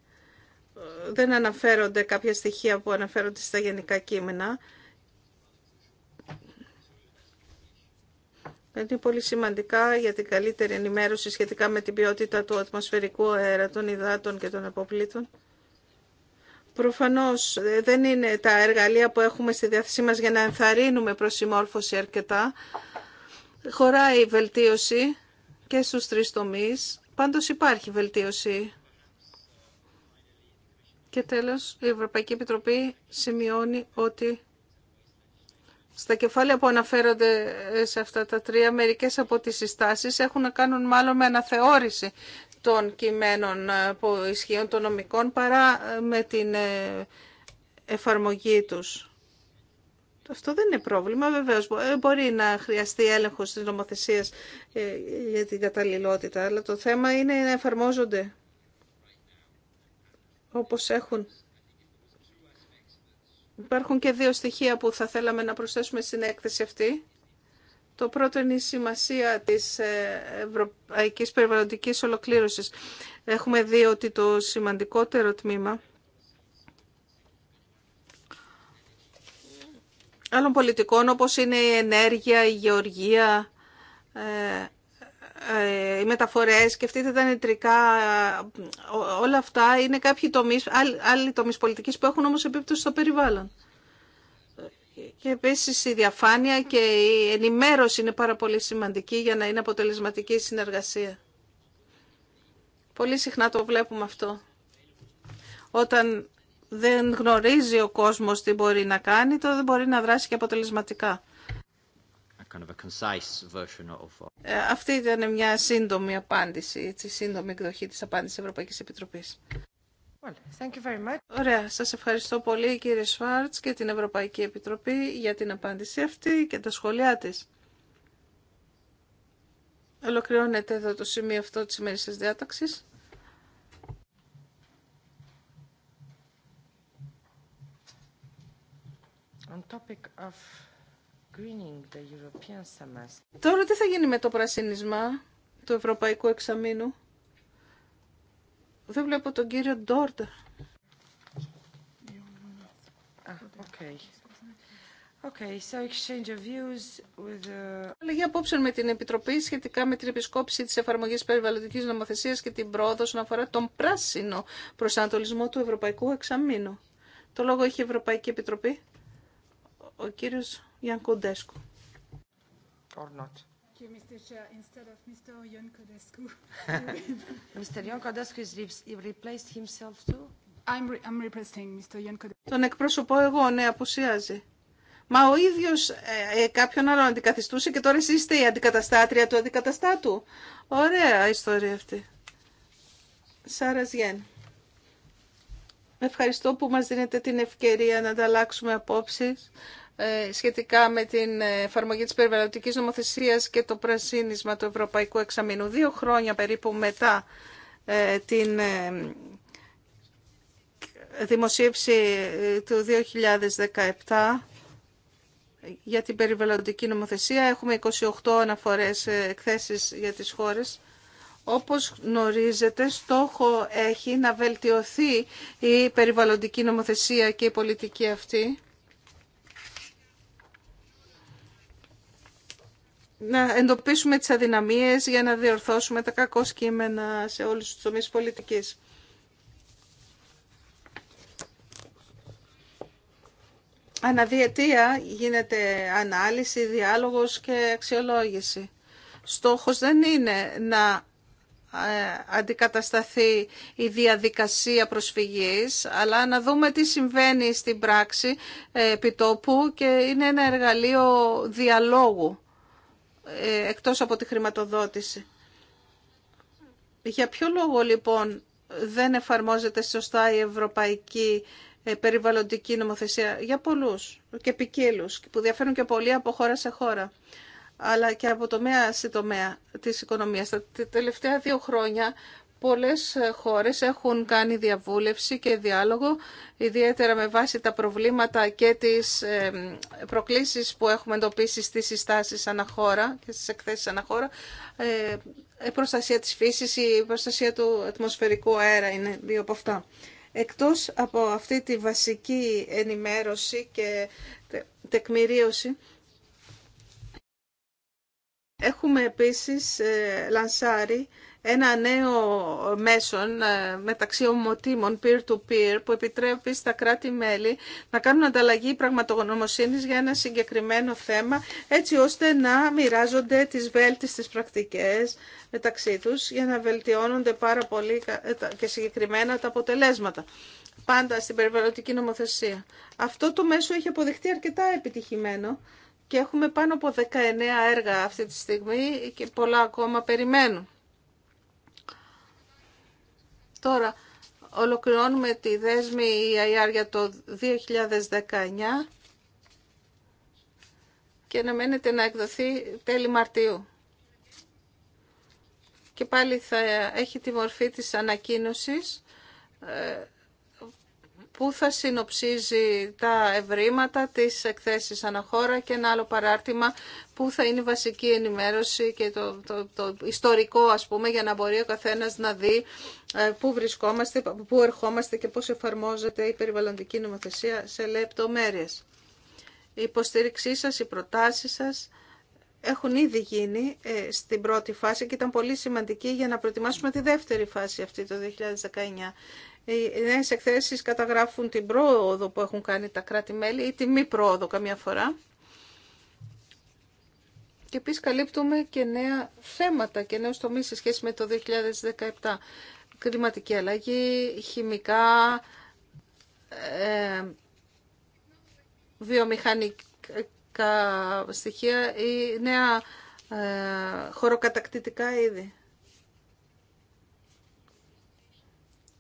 δεν αναφέρονται κάποια στοιχεία που αναφέρονται στα γενικά κείμενα. Είναι πολύ σημαντικά για την καλύτερη ενημέρωση σχετικά με την ποιότητα του ατμοσφαιρικού αέρα, των υδάτων και των αποπλήτων. Προφανώς ε, δεν είναι τα εργαλεία που έχουμε στη διάθεσή μας για να ενθαρρύνουμε προς συμμόρφωση αρκετά. Χωράει η βελτίωση και στους τρεις τομείς. Πάντως υπάρχει βελτίωση και τέλος, η Ευρωπαϊκή Επιτροπή σημειώνει ότι στα κεφάλαια που αναφέρονται σε αυτά τα τρία, μερικές από τις συστάσεις έχουν να κάνουν μάλλον με αναθεώρηση των κειμένων ε, που ισχύουν των νομικών παρά ε, με την ε, εφαρμογή τους. Αυτό δεν είναι πρόβλημα, βεβαίως. Μπορεί να χρειαστεί έλεγχος τη νομοθεσία για την καταλληλότητα, αλλά το θέμα είναι να εφαρμόζονται όπως έχουν. Υπάρχουν και δύο στοιχεία που θα θέλαμε να προσθέσουμε στην έκθεση αυτή. Το πρώτο είναι η σημασία της ε, ευρωπαϊκής περιβαλλοντικής ολοκλήρωσης. Έχουμε δει ότι το σημαντικότερο τμήμα άλλων πολιτικών όπως είναι η ενέργεια, η γεωργία, ε, ε, οι μεταφορές, αυτή τα νετρικά, όλα αυτά είναι κάποιοι τομείς, άλλοι τομείς πολιτικής που έχουν όμως επίπτωση στο περιβάλλον. Και επίση η διαφάνεια και η ενημέρωση είναι πάρα πολύ σημαντική για να είναι αποτελεσματική η συνεργασία. Πολύ συχνά το βλέπουμε αυτό. Όταν δεν γνωρίζει ο κόσμος τι μπορεί να κάνει, τότε δεν μπορεί να δράσει και αποτελεσματικά. Ε, αυτή ήταν μια σύντομη απάντηση, έτσι, σύντομη εκδοχή της απάντησης της Ευρωπαϊκής Επιτροπής. Ωραία, σας ευχαριστώ πολύ κύριε Σφάρτς και την Ευρωπαϊκή Επιτροπή για την απάντηση αυτή και τα σχόλιά της. Ολοκληρώνεται εδώ το σημείο αυτό της ημέρης της διάταξης. On topic Τώρα τι θα γίνει με το πρασίνισμα του Ευρωπαϊκού Εξαμήνου. Δεν βλέπω τον κύριο Ντόρτ. Λέγει ah, Okay, so exchange of views with uh, απόψε με την Επιτροπή σχετικά με την επισκόπηση της εφαρμογής περιβαλλοντικής νομοθεσίας και την πρόοδο να αφορά τον πράσινο προσανατολισμό του Ευρωπαϊκού Εξαμήνου. Το λόγο έχει η Ευρωπαϊκή Επιτροπή. Ο κύριος Jan Kodescu. Or not. Okay, Mr. Chair, instead of Mr. Jan Kodescu. Mr. Jan Kodescu is replaced himself too? I'm, re I'm replacing Mr. Jan Kodescu. Τον εκπρόσωπο εγώ, ναι, απουσιάζει. Μα ο ίδιος ε, ε, κάποιον άλλον αντικαθιστούσε και τώρα εσείς είστε η αντικαταστάτρια του αντικαταστάτου. Ωραία ιστορία αυτή. Σάρα Ζιέν. Ευχαριστώ που μας δίνετε την ευκαιρία να ανταλλάξουμε απόψεις ε, σχετικά με την εφαρμογή της περιβαλλοντικής νομοθεσίας και το πρασίνισμα του Ευρωπαϊκού Εξαμήνου. Δύο χρόνια περίπου μετά ε, την ε, δημοσίευση του 2017 για την περιβαλλοντική νομοθεσία έχουμε 28 αναφορές εκθέσεις για τις χώρες. Όπως γνωρίζετε, στόχο έχει να βελτιωθεί η περιβαλλοντική νομοθεσία και η πολιτική αυτή να εντοπίσουμε τις αδυναμίες για να διορθώσουμε τα κακό σκήμενα σε όλους τους τομείς πολιτικής. Αναδιαιτία γίνεται ανάλυση, διάλογος και αξιολόγηση. Στόχος δεν είναι να ε, αντικατασταθεί η διαδικασία προσφυγής, αλλά να δούμε τι συμβαίνει στην πράξη ε, επιτόπου και είναι ένα εργαλείο διαλόγου ε, εκτός από τη χρηματοδότηση. Για ποιο λόγο λοιπόν δεν εφαρμόζεται σωστά η ευρωπαϊκή ε, περιβαλλοντική νομοθεσία για πολλούς και ποικίλου που διαφέρουν και πολλοί από χώρα σε χώρα αλλά και από τομέα σε τομέα της οικονομίας. Τα τελευταία δύο χρόνια Πολλές ε, χώρες έχουν κάνει διαβούλευση και διάλογο, ιδιαίτερα με βάση τα προβλήματα και τις ε, προκλήσεις που έχουμε εντοπίσει στις συστάσεις αναχώρα και στις εκθέσεις αναχώρα. Ε, η προστασία της φύσης, η προστασία του ατμοσφαιρικού αέρα είναι δύο από αυτά. Εκτός από αυτή τη βασική ενημέρωση και τεκμηρίωση, έχουμε επίσης λανσάρει ένα νέο μέσον ε, μεταξύ ομοτήμων peer-to-peer που επιτρέπει στα κράτη-μέλη να κάνουν ανταλλαγή πραγματογνωμοσύνης για ένα συγκεκριμένο θέμα έτσι ώστε να μοιράζονται τις βέλτιστες πρακτικές μεταξύ τους για να βελτιώνονται πάρα πολύ ε, και συγκεκριμένα τα αποτελέσματα πάντα στην περιβαλλοντική νομοθεσία. Αυτό το μέσο έχει αποδειχτεί αρκετά επιτυχημένο και έχουμε πάνω από 19 έργα αυτή τη στιγμή και πολλά ακόμα περιμένουν. Τώρα ολοκληρώνουμε τη δέσμη EIR για το 2019 και αναμένεται να εκδοθεί τέλη Μαρτίου. Και πάλι θα έχει τη μορφή της ανακοίνωσης ε, που θα συνοψίζει τα ευρήματα της εκθεσεις αναχώρα και ένα άλλο παράρτημα που θα είναι η βασική ενημέρωση και το, το, ιστορικό ας πούμε για να μπορεί ο καθένας να δει ε, πού βρισκόμαστε, πού ερχόμαστε και πώς εφαρμόζεται η περιβαλλοντική νομοθεσία σε λεπτομέρειες. Η υποστήριξή σας, οι προτάσεις σας έχουν ήδη γίνει ε, στην πρώτη φάση και ήταν πολύ σημαντική για να προετοιμάσουμε τη δεύτερη φάση αυτή το 2019. Οι νέες εκθέσεις καταγράφουν την πρόοδο που έχουν κάνει τα κράτη-μέλη ή τη μη πρόοδο καμιά φορά. Και επίσης καλύπτουμε και νέα θέματα και νέους τομείς σε σχέση με το 2017. Κλιματική αλλαγή, χημικά, ε, βιομηχανικά στοιχεία ή νέα ε, χωροκατακτητικά είδη.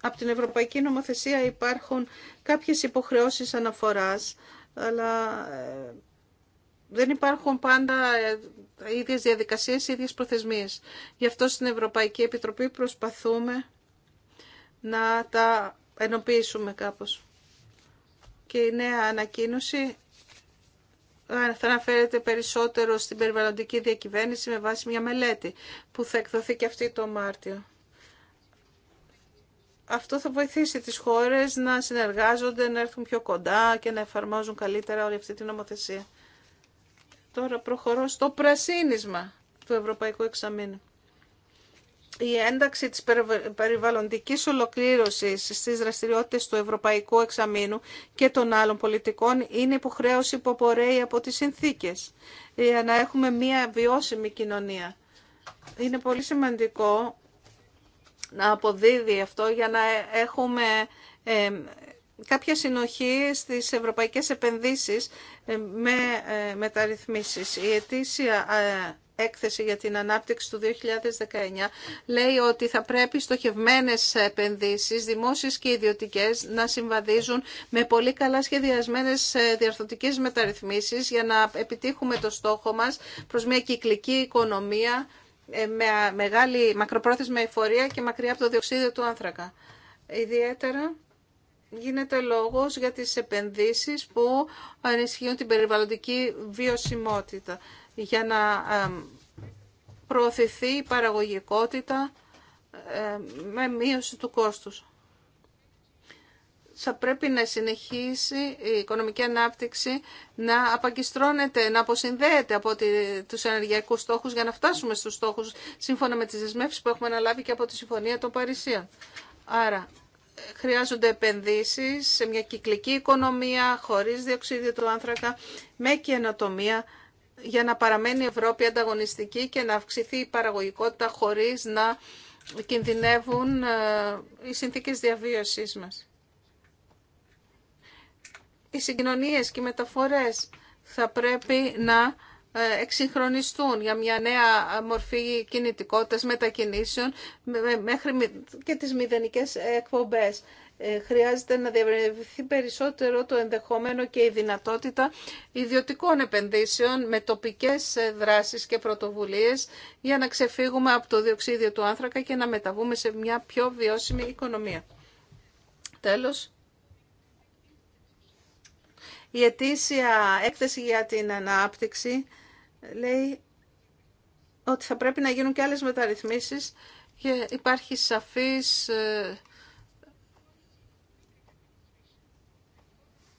από την Ευρωπαϊκή Νομοθεσία υπάρχουν κάποιες υποχρεώσεις αναφοράς, αλλά ε, δεν υπάρχουν πάντα ε, οι ίδιες διαδικασίες, οι ίδιες προθεσμίες. Γι' αυτό στην Ευρωπαϊκή Επιτροπή προσπαθούμε να τα ενοποιήσουμε κάπως. Και η νέα ανακοίνωση ε, θα αναφέρεται περισσότερο στην περιβαλλοντική διακυβέρνηση με βάση μια μελέτη που θα εκδοθεί και αυτή το Μάρτιο αυτό θα βοηθήσει τις χώρες να συνεργάζονται, να έρθουν πιο κοντά και να εφαρμόζουν καλύτερα όλη αυτή την νομοθεσία. Τώρα προχωρώ στο πρασίνισμα του Ευρωπαϊκού Εξαμήνου. Η ένταξη της περιβαλλοντικής ολοκλήρωσης στις δραστηριότητες του Ευρωπαϊκού Εξαμήνου και των άλλων πολιτικών είναι υποχρέωση που απορρέει από τις συνθήκες για να έχουμε μια βιώσιμη κοινωνία. Είναι πολύ σημαντικό να αποδίδει αυτό για να έχουμε κάποια συνοχή στις ευρωπαϊκές επενδύσεις με ε, μεταρρυθμίσεις. Η ετήσια ε, έκθεση για την ανάπτυξη του 2019 λέει ότι θα πρέπει στοχευμένες επενδύσεις, δημόσιες και ιδιωτικές, να συμβαδίζουν με πολύ καλά σχεδιασμένες ε, διαρθωτικές μεταρρυθμίσεις για να επιτύχουμε το στόχο μας προς μια κυκλική οικονομία ε, με μεγάλη μακροπρόθεσμη εφορία και μακριά από το διοξείδιο του άνθρακα. Ιδιαίτερα γίνεται λόγος για τις επενδύσεις που ενισχύουν την περιβαλλοντική βιωσιμότητα για να προωθηθεί η παραγωγικότητα με μείωση του κόστους θα πρέπει να συνεχίσει η οικονομική ανάπτυξη να απαγκιστρώνεται, να αποσυνδέεται από τους ενεργειακούς στόχους για να φτάσουμε στους στόχους σύμφωνα με τις δεσμεύσει που έχουμε αναλάβει και από τη Συμφωνία των Παρισίων. Άρα χρειάζονται επενδύσεις σε μια κυκλική οικονομία χωρίς διοξίδιο του άνθρακα με καινοτομία για να παραμένει η Ευρώπη ανταγωνιστική και να αυξηθεί η παραγωγικότητα χωρίς να κινδυνεύουν ε, οι συνθήκες διαβίωσής μας οι συγκοινωνίες και οι μεταφορές θα πρέπει να ε, εξυγχρονιστούν για μια νέα μορφή κινητικότητας μετακινήσεων μέχρι και τις μηδενικές εκπομπές. Ε, χρειάζεται να διευρυνθεί περισσότερο το ενδεχόμενο και η δυνατότητα ιδιωτικών επενδύσεων με τοπικές ε, δράσεις και πρωτοβουλίες για να ξεφύγουμε από το διοξίδιο του άνθρακα και να μεταβούμε σε μια πιο βιώσιμη οικονομία. Τέλος, η ετήσια έκθεση για την ανάπτυξη λέει ότι θα πρέπει να γίνουν και άλλες μεταρρυθμίσεις και υπάρχει σαφής ε,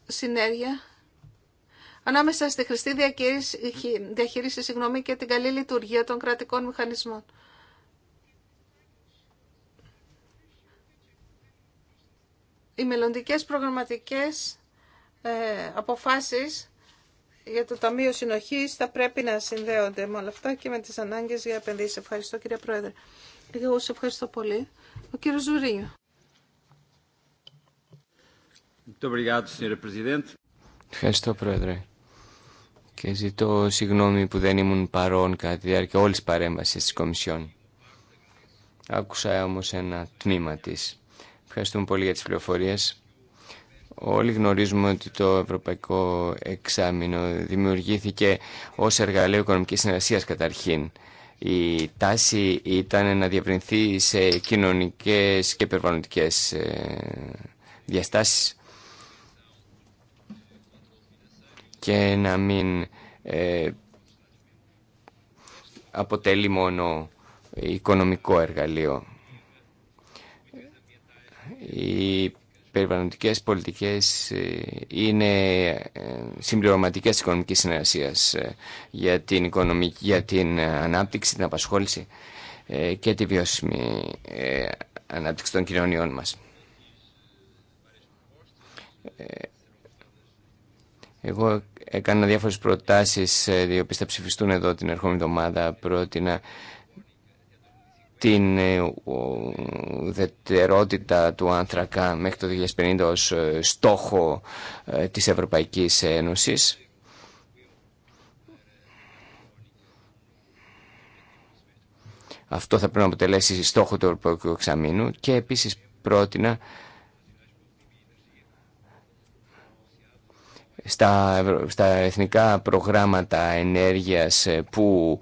συνέργεια ανάμεσα στη χρηστή διαχείριση, συγγνώμη, και την καλή λειτουργία των κρατικών μηχανισμών. Οι μελλοντικές προγραμματικές ε, αποφάσεις για το Ταμείο Συνοχής θα πρέπει να συνδέονται με όλα αυτά και με τις ανάγκες για επενδύσεις. Ευχαριστώ κύριε Πρόεδρε. Εγώ σε ευχαριστώ πολύ. Ο κύριος Ζουρίου. Ευχαριστώ Πρόεδρε. Και ζητώ συγγνώμη που δεν ήμουν παρόν κατά τη διάρκεια όλης της παρέμβασης της Κομισιόν. Άκουσα όμως ένα τμήμα της. Ευχαριστούμε πολύ για τις πληροφορίες. Όλοι γνωρίζουμε ότι το Ευρωπαϊκό Εξάμεινο δημιουργήθηκε ως εργαλείο οικονομικής συνεργασίας καταρχήν. Η τάση ήταν να διευρυνθεί σε κοινωνικές και περιβαλλοντικές ε, διαστάσεις και να μην ε, αποτελεί μόνο οικονομικό εργαλείο περιβαλλοντικές πολιτικές ε, είναι ε, συμπληρωματικές της οικονομικής συνεργασίας ε, για την, για την ανάπτυξη, την απασχόληση και τη βιώσιμη ανάπτυξη των κοινωνιών μας. Εγώ έκανα διάφορες προτάσεις οι οποίες θα ψηφιστούν εδώ την ερχόμενη εβδομάδα. Πρότεινα την ε, δετερότητα του άνθρακα μέχρι το 2050 ως ε, στόχο ε, της Ευρωπαϊκής Ένωσης. Αυτό θα πρέπει να αποτελέσει στόχο του Ευρωπαϊκού Εξαμήνου και επίσης πρότεινα στα, στα εθνικά προγράμματα ενέργειας που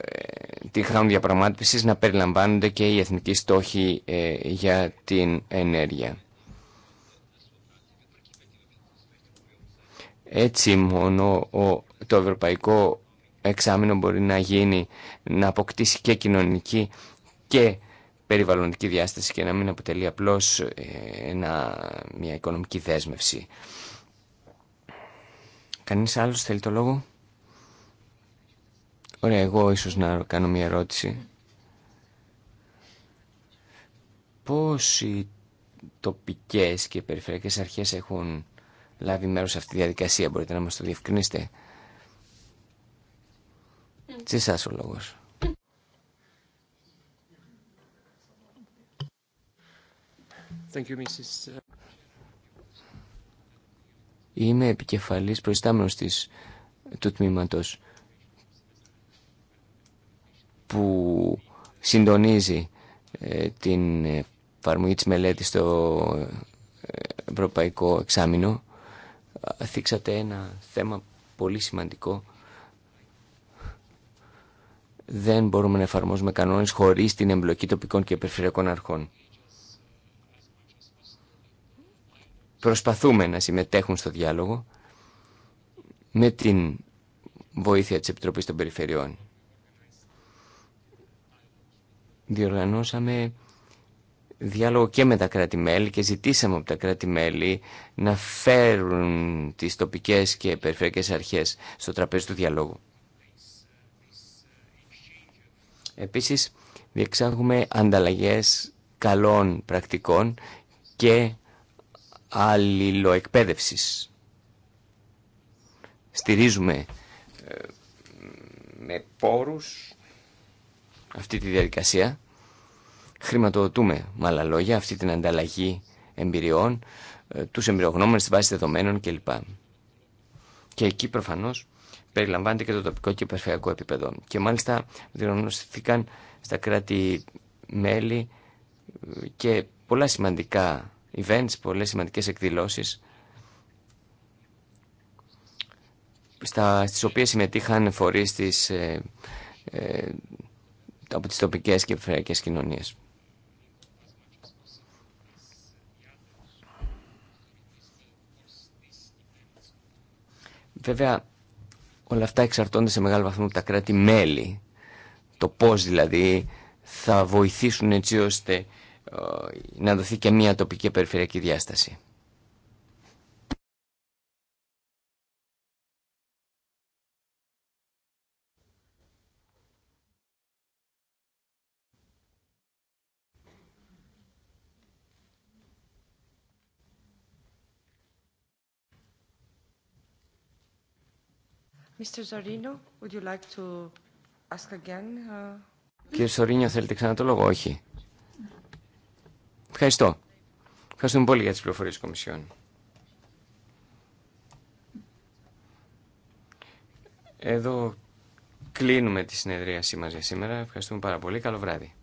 ε, τη χάνουν διαπραγμάτευση να περιλαμβάνονται και οι εθνικοί στόχοι ε, για την ενέργεια. Έτσι μόνο το ευρωπαϊκό εξάμεινο μπορεί να γίνει, να αποκτήσει και κοινωνική και περιβαλλοντική διάσταση και να μην αποτελεί απλώς ε, μια οικονομική δέσμευση. Κανείς άλλος θέλει το λόγο. Ωραία, εγώ ίσως να κάνω μια ερώτηση. Πώς οι τοπικές και περιφερειακές αρχές έχουν λάβει μέρος σε αυτή τη διαδικασία, μπορείτε να μας το διευκρινίσετε. Mm. Σε σας ο λόγος. Thank you, Mrs. Είμαι επικεφαλής προϊστάμενος της, του τμήματος που συντονίζει ε, την εφαρμογή της μελέτης στο ε, Ευρωπαϊκό Εξάμεινο. Ε, θίξατε ένα θέμα πολύ σημαντικό. Δεν μπορούμε να εφαρμόζουμε κανόνες χωρίς την εμπλοκή τοπικών και περιφερειακών αρχών. Προσπαθούμε να συμμετέχουν στο διάλογο με την βοήθεια της Επιτροπής των Περιφερειών διοργανώσαμε διάλογο και με τα κράτη-μέλη και ζητήσαμε από τα κράτη-μέλη να φέρουν τις τοπικές και περιφερειακές αρχές στο τραπέζι του διαλόγου. Επίσης, διεξάγουμε ανταλλαγές καλών πρακτικών και αλληλοεκπαίδευσης. Στηρίζουμε ε, με πόρους αυτή τη διαδικασία. Χρηματοδοτούμε, με άλλα λόγια, αυτή την ανταλλαγή εμπειριών, ε, τους εμπειρογνώμενες στη βάση δεδομένων κλπ. Και εκεί προφανώ περιλαμβάνεται και το τοπικό και περιφερειακό επίπεδο. Και μάλιστα διοργανώθηκαν στα κράτη-μέλη ε, και πολλά σημαντικά events, πολλές σημαντικέ εκδηλώσεις στι στις οποίες συμμετείχαν φορείς της ε, από τις τοπικές και περιφερειακές κοινωνίες. Βέβαια, όλα αυτά εξαρτώνται σε μεγάλο βαθμό από τα κράτη-μέλη. Το πώς δηλαδή θα βοηθήσουν έτσι ώστε ε, να δοθεί και μια τοπική περιφερειακή διάσταση. Uh? Κύριε Σορίνιο, θέλετε ξανά το λόγο, όχι. Ευχαριστώ. Ευχαριστούμε πολύ για τις πληροφορίες της Κομισιόν. Εδώ κλείνουμε τη συνεδρίασή μας για σήμερα. Ευχαριστούμε πάρα πολύ. Καλό βράδυ.